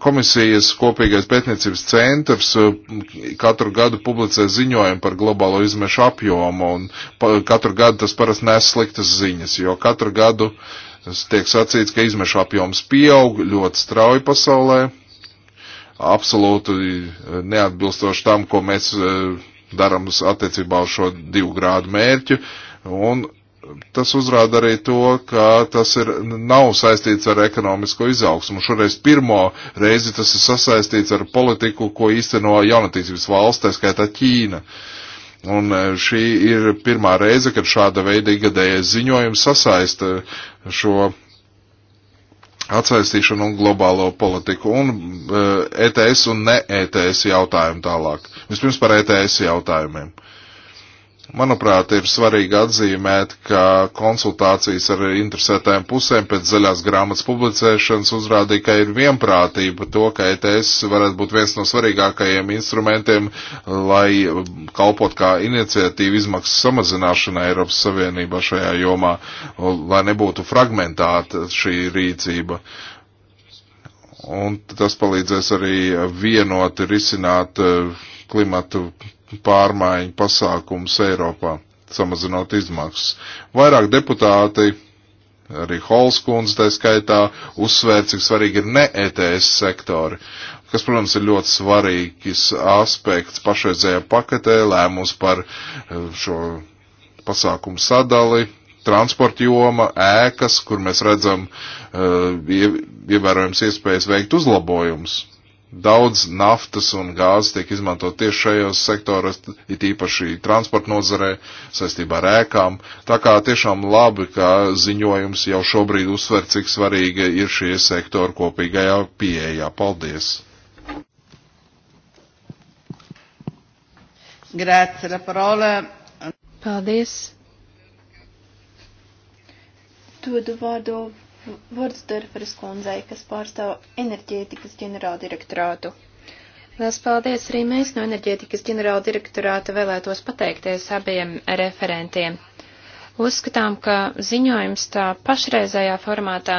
Komisijas kopīgais pētniecības centrs eh, katru gadu publicē ziņojumu par globālo izmešu apjomu, un katru gadu tas parasti nes sliktas ziņas, jo katru gadu tiek sacīts, ka izmešu apjoms pieaug ļoti strauji pasaulē, absolūti eh, neatbilstoši tam, ko mēs eh, darām attiecībā uz šo divu grādu mērķu, un Tas uzrāda arī to, ka tas ir, nav saistīts ar ekonomisko izaugsmu. Šoreiz pirmo reizi tas ir sasaistīts ar politiku, ko īsteno jaunatīstības valsts, tā skaitā Ķīna. Un e, šī ir pirmā reize, kad šāda veida igadējais ziņojums sasaista e, šo atsaistīšanu un globālo politiku un ETS e un ne ETS jautājumu tālāk. Vispirms par ETS jautājumiem. Manuprāt, ir svarīgi atzīmēt, ka konsultācijas ar interesētajām pusēm pēc zaļās grāmatas publicēšanas uzrādīja, ka ir vienprātība par to, ka ETS varētu būt viens no svarīgākajiem instrumentiem, lai kalpot kā iniciatīva izmaksu samazināšanai Eiropas Savienībā šajā jomā, lai nebūtu fragmentāta šī rīcība. Un tas palīdzēs arī vienoti risināt eh, klimatu pārmaiņu pasākums Eiropā, samazinot izmaksas. Vairāk deputāti, arī Holskunds tā skaitā, uzsvēr, cik svarīgi ir ne ETS sektori, kas, protams, ir ļoti svarīgs aspekts pašreizējā paketē, lēmums par eh, šo pasākumu sadali, transporta joma, ēkas, kur mēs redzam eh, ievērojams iespējas veikt uzlabojumus daudz naftas un gāzes tiek izmantot tieši šajos sektoros, it īpaši transporta nozarē, saistībā ar ēkām. Tā kā tiešām labi, ka ziņojums jau šobrīd uzsver, cik svarīga ir šie sektori kopīgajā pieejā. Paldies! Grāci, la parola. Paldies. Dodu vārdu Vārds Dörferis kundzei, kas pārstāv enerģētikas ģenerāldirektorātu. Lielas paldies arī mēs no enerģētikas ģenerāldirektorāta vēlētos pateikties abiem referentiem. Uzskatām, ka ziņojums tā pašreizējā formātā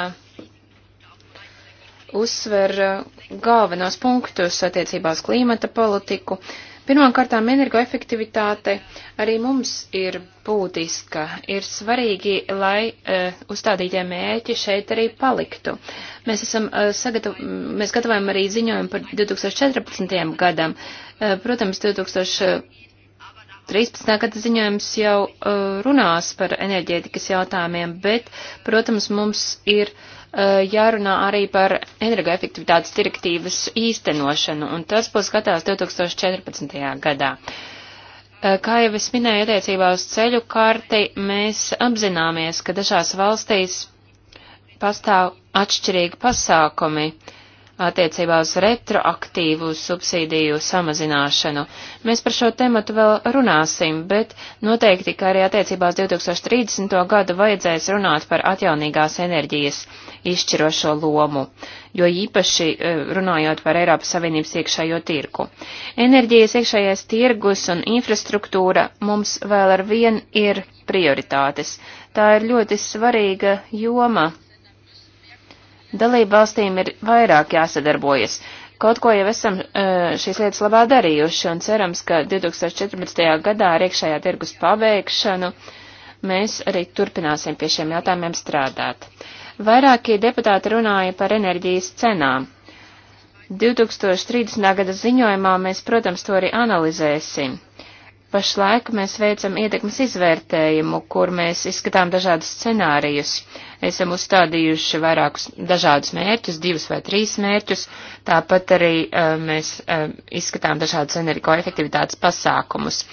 uzsver galvenos punktus attiecībā uz klimata politiku, uh, Pirmkārtām energoefektivitāte arī mums ir būtiska. Ir svarīgi, lai uh, uzstādītie mērķi šeit arī paliktu. Mēs, esam, uh, eh, sagatav, mēs gatavojam arī ziņojumu par 2014. gadam. Uh, protams, 2013. gada ziņojums jau uh, runās par enerģētikas jautājumiem, bet, protams, mums ir. Uh, Eh, jārunā arī par energoefektivitātes direktīvas īstenošanu, un tas būs skatās 2014. gadā. Eh, kā jau es minēju attiecībā uz ceļu karti, mēs apzināmies, ka dažās valstīs pastāv atšķirīgi pasākumi. Uh, attiecībā uz retroaktīvu subsīdiju samazināšanu. Mēs par šo tematu vēl runāsim, bet noteikti, ka arī attiecībā uz 2030. gadu vajadzēs runāt par atjaunīgās enerģijas izšķirošo lomu, jo īpaši e, runājot par Eiropas Savienības iekšējo tirku. Enerģijas iekšējais tirgus un infrastruktūra mums vēl ar vien ir prioritātes. Tā ir ļoti svarīga joma Dalība valstīm ir vairāk jāsadarbojas. Kaut ko jau esam eh, šīs lietas labā darījuši un cerams, ka 2014. gadā ar iekšējā tirgus pabeigšanu mēs arī turpināsim pie šiem jautājumiem strādāt. Vairākie deputāti runāja par enerģijas cenām. 2030. gada ziņojumā mēs, protams, to arī analizēsim pašlaik mēs veicam ietekmes izvērtējumu, kur mēs izskatām dažādus scenārijus. Esam uzstādījuši vairākus dažādus mērķus, divus vai trīs mērķus, tāpat arī uh, mēs uh, izskatām dažādus energoefektivitātes pasākumus.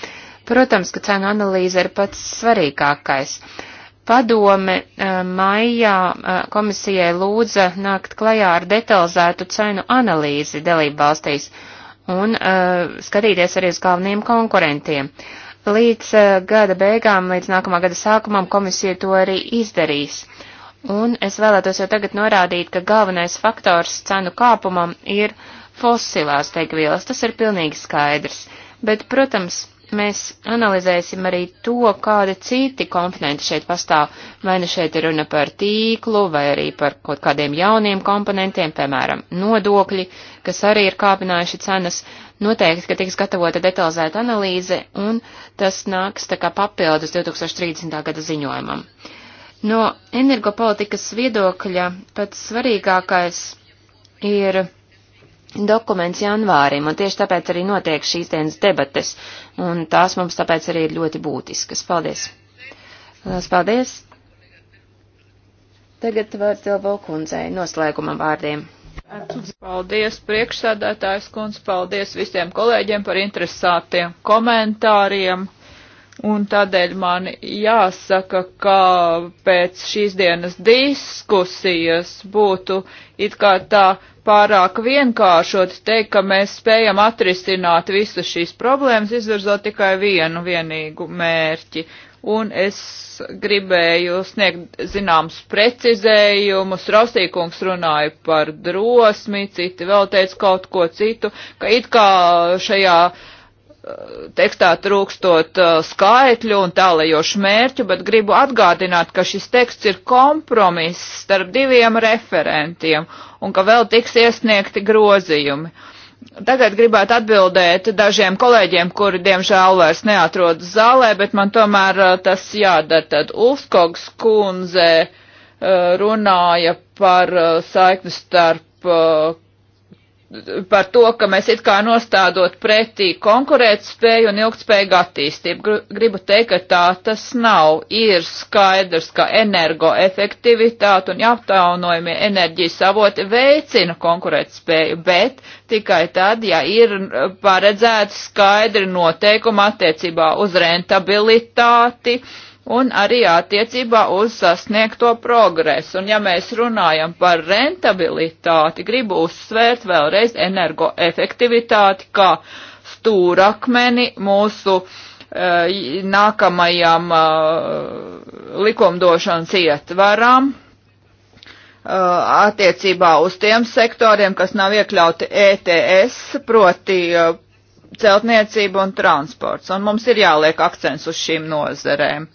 Protams, ka cenu analīze ir pats svarīgākais. Padome uh, maijā uh, komisijai lūdza nākt klajā ar detalizētu cenu analīzi dalību valstīs un uh, skatīties arī uz galveniem konkurentiem. Līdz uh, gada beigām, līdz nākamā gada sākumam komisija to arī izdarīs. Un es vēlētos jau tagad norādīt, ka galvenais faktors cenu kāpumam ir fosilās degvielas, tas ir pilnīgi skaidrs. Bet, protams, mēs analizēsim arī to, kādi citi komponenti šeit pastāv, vai nu šeit ir runa par tīklu, vai arī par kaut kādiem jauniem komponentiem, piemēram, nodokļi, kas arī ir kāpinājuši cenas. Noteikti, ka tiks gatavota detalizēta analīze, un tas nāks tā kā papildus 2030. gada ziņojumam. No energopolitikas viedokļa pats svarīgākais ir dokuments janvārim, un tieši tāpēc arī notiek šīs dienas debates, un tās mums tāpēc arī ir ļoti būtiskas. Paldies! Lielas paldies! Tagad vārds Elbo kundzei noslēguma vārdiem. Paldies priekšsādātājs kundz, paldies visiem kolēģiem par interesātiem komentāriem. Un tādēļ man jāsaka, ka pēc šīs dienas diskusijas būtu it kā tā pārāk vienkāršot teikt, ka mēs spējam atrisināt visas šīs problēmas, izvirzot tikai vienu vienīgu mērķi. Un es gribēju sniegt zināms precizējumus, Raustīkungs runāja par drosmi, citi vēl teica kaut ko citu, ka it kā šajā uh, tekstā trūkstot uh, skaitļu un tālējošu mērķu, bet gribu atgādināt, ka šis teksts ir kompromiss starp diviem referentiem un ka vēl tiks iesniegti grozījumi. Tagad gribētu atbildēt dažiem kolēģiem, kuri diemžēl vairs neatrodas zālē, bet man tomēr uh, tas jādara. Tad Ulfskogs kundze uh, runāja par saikni starp par to, ka mēs it kā nostādot pretī konkurētspēju un ilgtspējīgu attīstību. Gribu teikt, ka tā tas nav. Ir skaidrs, ka energoefektivitāte un aptaunojumie enerģijas avoti veicina konkurētspēju, bet tikai tad, ja ir paredzēti skaidri noteikumi attiecībā uz rentabilitāti, uh, un arī attiecībā uz sasniegto progresu. Un ja mēs runājam par rentabilitāti, gribu uzsvērt vēlreiz energoefektivitāti kā stūrakmeni mūsu uh, nākamajam uh, likumdošanas ietvaram uh, attiecībā uz tiem sektoriem, kas nav iekļauti ETS, proti celtniecība un transports. Un mums ir jāliek akcents uz šīm nozerēm.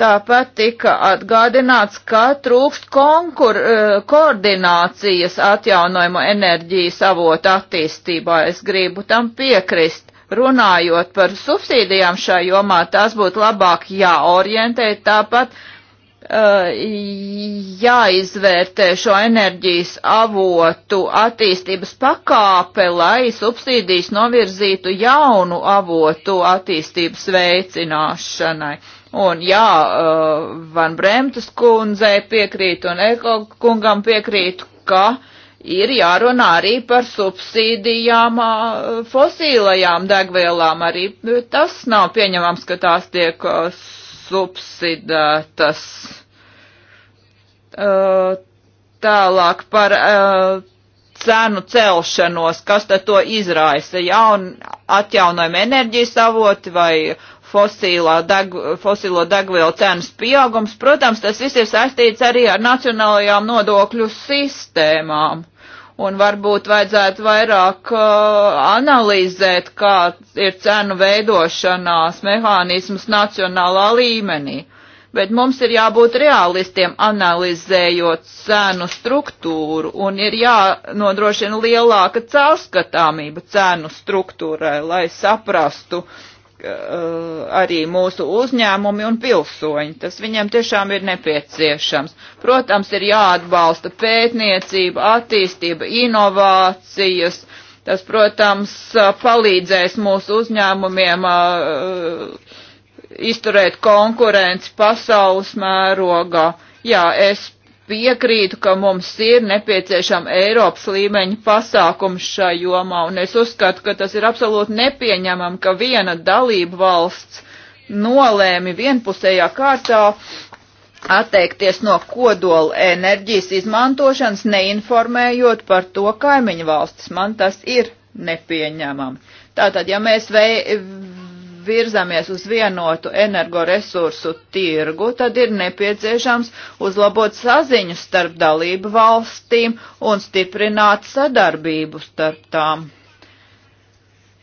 Tāpat tika atgādināts, ka trūkst konkur, eh, koordinācijas atjaunojumu enerģijas avotu attīstībā. Es gribu tam piekrist. Runājot par subsīdijām šajā jomā, tās būtu labāk jāorientē, tāpat uh, jāizvērtē šo enerģijas avotu attīstības pakāpe, lai subsīdijas novirzītu jaunu avotu attīstības veicināšanai. Uh, Un jā, uh, Van Bremtas kundzei piekrīt un Eko kungam piekrīt, ka ir jārunā arī par subsīdijām uh, fosīlajām degvielām. Arī tas nav pieņemams, ka tās tiek uh, subsidētas. Uh, tālāk par uh, cenu celšanos, kas tad to izraisa, jaun atjaunojumi enerģijas avoti vai deg, fosilo degvielu cenas pieaugums. Protams, tas viss ir saistīts arī ar nacionālajām nodokļu sistēmām. Un varbūt vajadzētu vairāk uh, analizēt, kā ir cenu veidošanās mehānisms nacionālā līmenī. Bet mums ir jābūt realistiem analizējot cenu struktūru un ir jānodrošina lielāka caurskatāmība cenu struktūrai, lai saprastu uh, arī mūsu uzņēmumi un pilsoņi. Tas viņiem tiešām ir nepieciešams. Protams, ir jāatbalsta pētniecība, attīstība, inovācijas. Tas, protams, palīdzēs mūsu uzņēmumiem uh, izturēt konkurenci pasaules mērogā. Jā, es piekrītu, ka mums ir nepieciešama Eiropas līmeņa pasākums šai jomā, un es uzskatu, ka tas ir absolūti nepieņemam, ka viena dalība valsts nolēmi vienpusējā kārtā atteikties no kodola enerģijas izmantošanas, neinformējot par to kaimiņu valstis. Man tas ir nepieņemam. Tātad, ja mēs vei, virzamies uz vienotu energoresursu tirgu, tad ir nepieciešams uzlabot saziņu starp dalību valstīm un stiprināt sadarbību starp tām.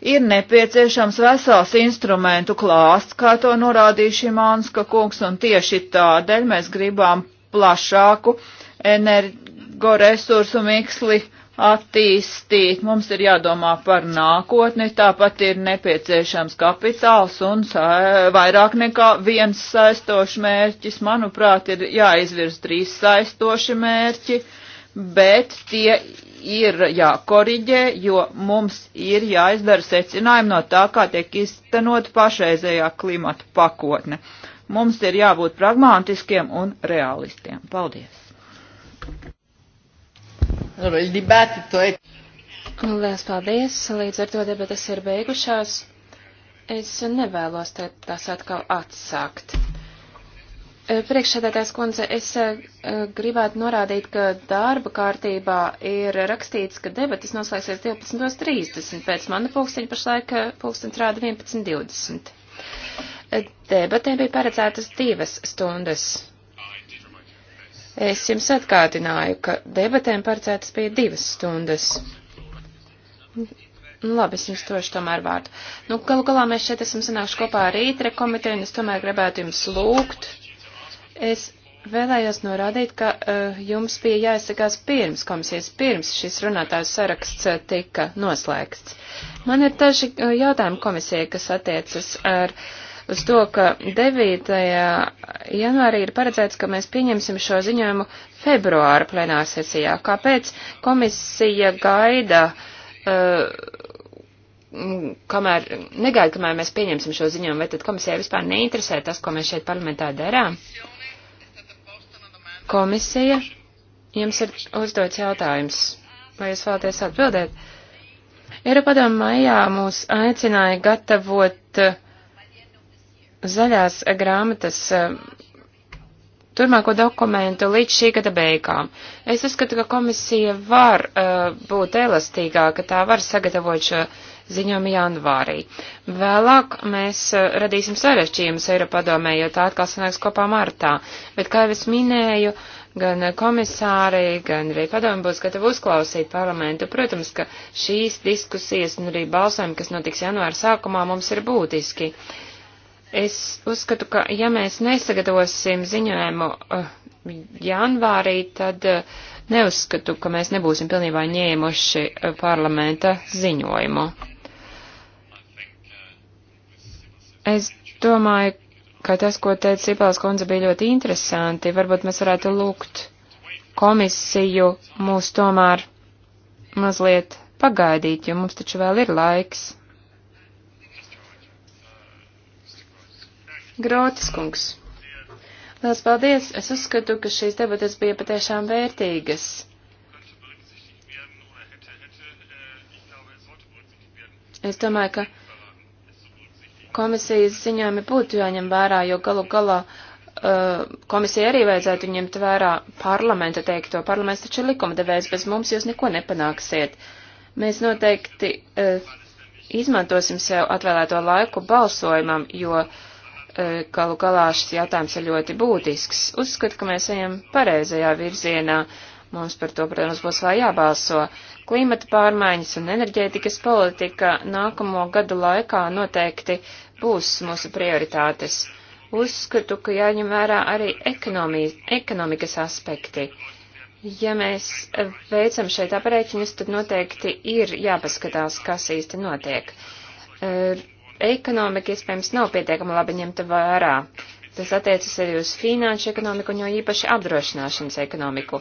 Ir nepieciešams vesels instrumentu klāsts, kā to norādīja Šimānska kungs, un tieši tādēļ mēs gribam plašāku energoresursu miksli attīstīt, mums ir jādomā par nākotni, tāpat ir nepieciešams kapitāls un vairāk nekā viens saistošs mērķis. Manuprāt, ir jāizvirz trīs saistoši mērķi, bet tie ir jākoriģē, jo mums ir jāizdara secinājumi no tā, kā tiek iztenot pašreizējā klimata pakotne. Mums ir jābūt pragmātiskiem un realistiem. Paldies! Nu, Lielas paldies! Līdz ar to debatas ir beigušās. Es nevēlos te tās atkal atsākt. E, priekšsēdētājs kundze, es e, gribētu norādīt, ka darba kārtībā ir rakstīts, ka debatas noslēgsies 12.30, pēc mana pulksteņa pašlaik e, pulksteņa rāda 11.20. Debatēm bija paredzētas divas stundas. Es jums atgādināju, ka debatēm paredzētas bija divas stundas. Nu, labi, es jums došu tomēr vārdu. Nu, galu galā mēs šeit esam sanākuši kopā ar Rītre komiteju, un es tomēr gribētu jums lūgt. Es vēlējos norādīt, ka uh, jums bija jāizsakās pirms komisijas, pirms šis runātājs saraksts uh, tika noslēgts. Man ir daži uh, jautājumi komisijai, kas attiecas ar. Uh, uz to, ka 9. janvārī ir paredzēts, ka mēs pieņemsim šo ziņojumu februāra plenārsesijā. Kāpēc komisija gaida, uh, kamēr, negaida, kamēr mēs pieņemsim šo ziņojumu, vai tad komisijai vispār neinteresē tas, ko mēs šeit parlamentā darām? Komisija, jums ir uzdots jautājums. Vai jūs vēlaties atbildēt? Eiropadoma maijā mūs aicināja gatavot uh, zaļās grāmatas eh, turmāko dokumentu līdz šī gada beigām. Es uzskatu, ka komisija var uh, būt elastīgāka, tā var sagatavot šo ziņojumu janvārī. Vēlāk mēs uh, radīsim sarešķījumus Eiropadomē, jo tā atkal sanāks kopā martā. Bet, kā jau es minēju, gan komisāri, gan arī padomu būs gatavi uzklausīt parlamentu. Protams, ka šīs diskusijas un arī balsojumi, kas notiks janvāra sākumā, mums ir būtiski. Uh, Es uzskatu, ka ja mēs nesagatavosim ziņojumu uh, janvārī, tad uh, neuzskatu, ka mēs nebūsim pilnībā ņēmuši uh, parlamenta ziņojumu. Es domāju, ka tas, ko teica Sipels kundze, bija ļoti interesanti. Varbūt mēs varētu lūgt komisiju mūs tomēr mazliet pagaidīt, jo mums taču vēl ir laiks. Grotis kungs. Lielas paldies! Es uzskatu, ka šīs debatas bija patiešām vērtīgas. Es domāju, ka komisijas ziņojumi būtu jāņem vērā, jo galu galā uh, komisija arī vajadzētu ņemt vērā parlamenta teikto. Parlaments taču ir likumdevējs, bez mums jūs neko nepanāksiet. Mēs noteikti uh, izmantosim sev atvēlēto laiku balsojumam, jo uh, galu e, galā šis jautājums ir ļoti būtisks. Uzskatu, ka mēs ejam pareizajā virzienā. Mums par to, protams, būs vēl jābalso. Klimata pārmaiņas un enerģētikas politika nākamo gadu laikā noteikti būs mūsu prioritātes. Uzskatu, ka jāņem vērā arī ekonomijas, ekonomikas aspekti. Ja mēs veicam šeit aprēķinus, tad noteikti ir jāpaskatās, kas īsti notiek e, ekonomika iespējams nav pietiekami labi ņemta vērā. Tas attiecas arī uz finanšu ekonomiku un jo īpaši apdrošināšanas ekonomiku.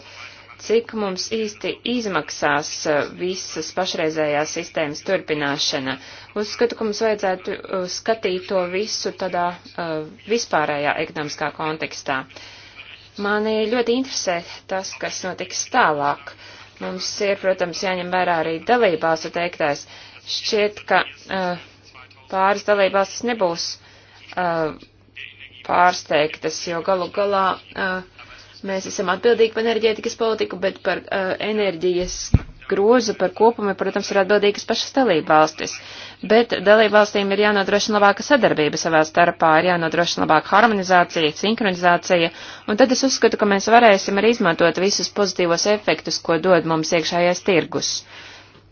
Cik mums īsti izmaksās uh, visas pašreizējās sistēmas turpināšana? Uzskatu, ka mums vajadzētu uh, skatīt to visu tādā uh, vispārējā ekonomiskā kontekstā. Mani ļoti interesē tas, kas notiks tālāk. Mums ir, protams, jāņem vērā arī dalībās teiktais. Šķiet, ka uh, pāris dalībvalstis nebūs uh, pārsteigtas, jo galu galā uh, mēs esam atbildīgi par enerģētikas politiku, bet par uh, enerģijas grozu par kopumu, protams, ir atbildīgas pašas dalībvalstis. Bet dalībvalstīm ir jānodrošina labāka sadarbība savā starpā, ir jānodrošina labāka harmonizācija, sinhronizācija, un tad es uzskatu, ka mēs varēsim arī izmantot visus pozitīvos efektus, ko dod mums iekšējais tirgus. Uh,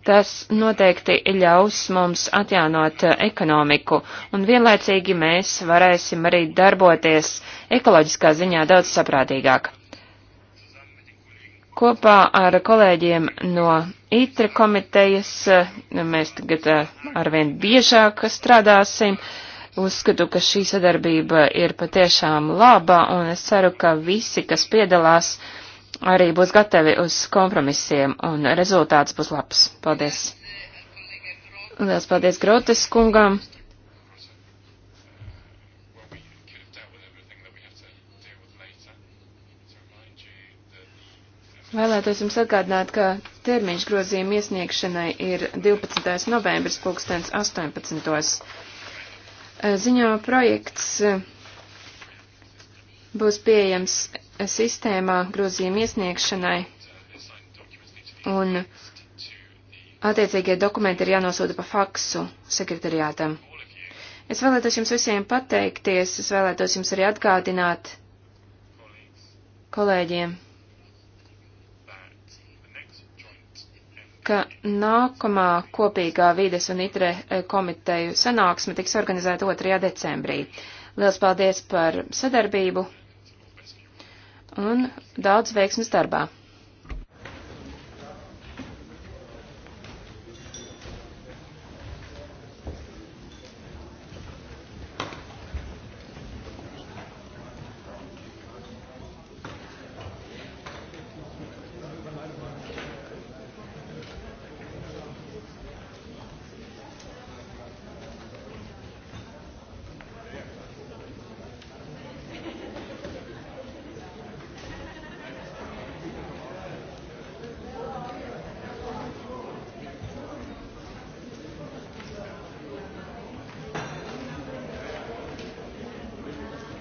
Tas noteikti ļaus mums atjaunot eh, ekonomiku, un vienlaicīgi mēs varēsim arī darboties ekoloģiskā ziņā daudz saprātīgāk. Kopā ar kolēģiem no ITRE komitejas eh, mēs tagad eh, arvien biežāk strādāsim. Uzskatu, ka šī sadarbība ir patiešām laba, un es ceru, ka visi, kas piedalās, uh, arī būs gatavi uz kompromisiem un rezultāts būs labs. Paldies! Lielas paldies Grotes kungam! Vēlētos jums atgādināt, ka termiņš grozījuma iesniegšanai ir 12. novembris 2018. Ziņo projekts būs pieejams sistēmā grozījuma iesniegšanai, un attiecīgie dokumenti ir jānosūta pa faksu sekretariātam. Es vēlētos jums visiem pateikties, es vēlētos jums arī atgādināt kolēģiem, ka nākamā kopīgā vides un itre e, komiteju sanāksme tiks organizēta 2. decembrī. Liels paldies par sadarbību! un daudz veiksmes darbā.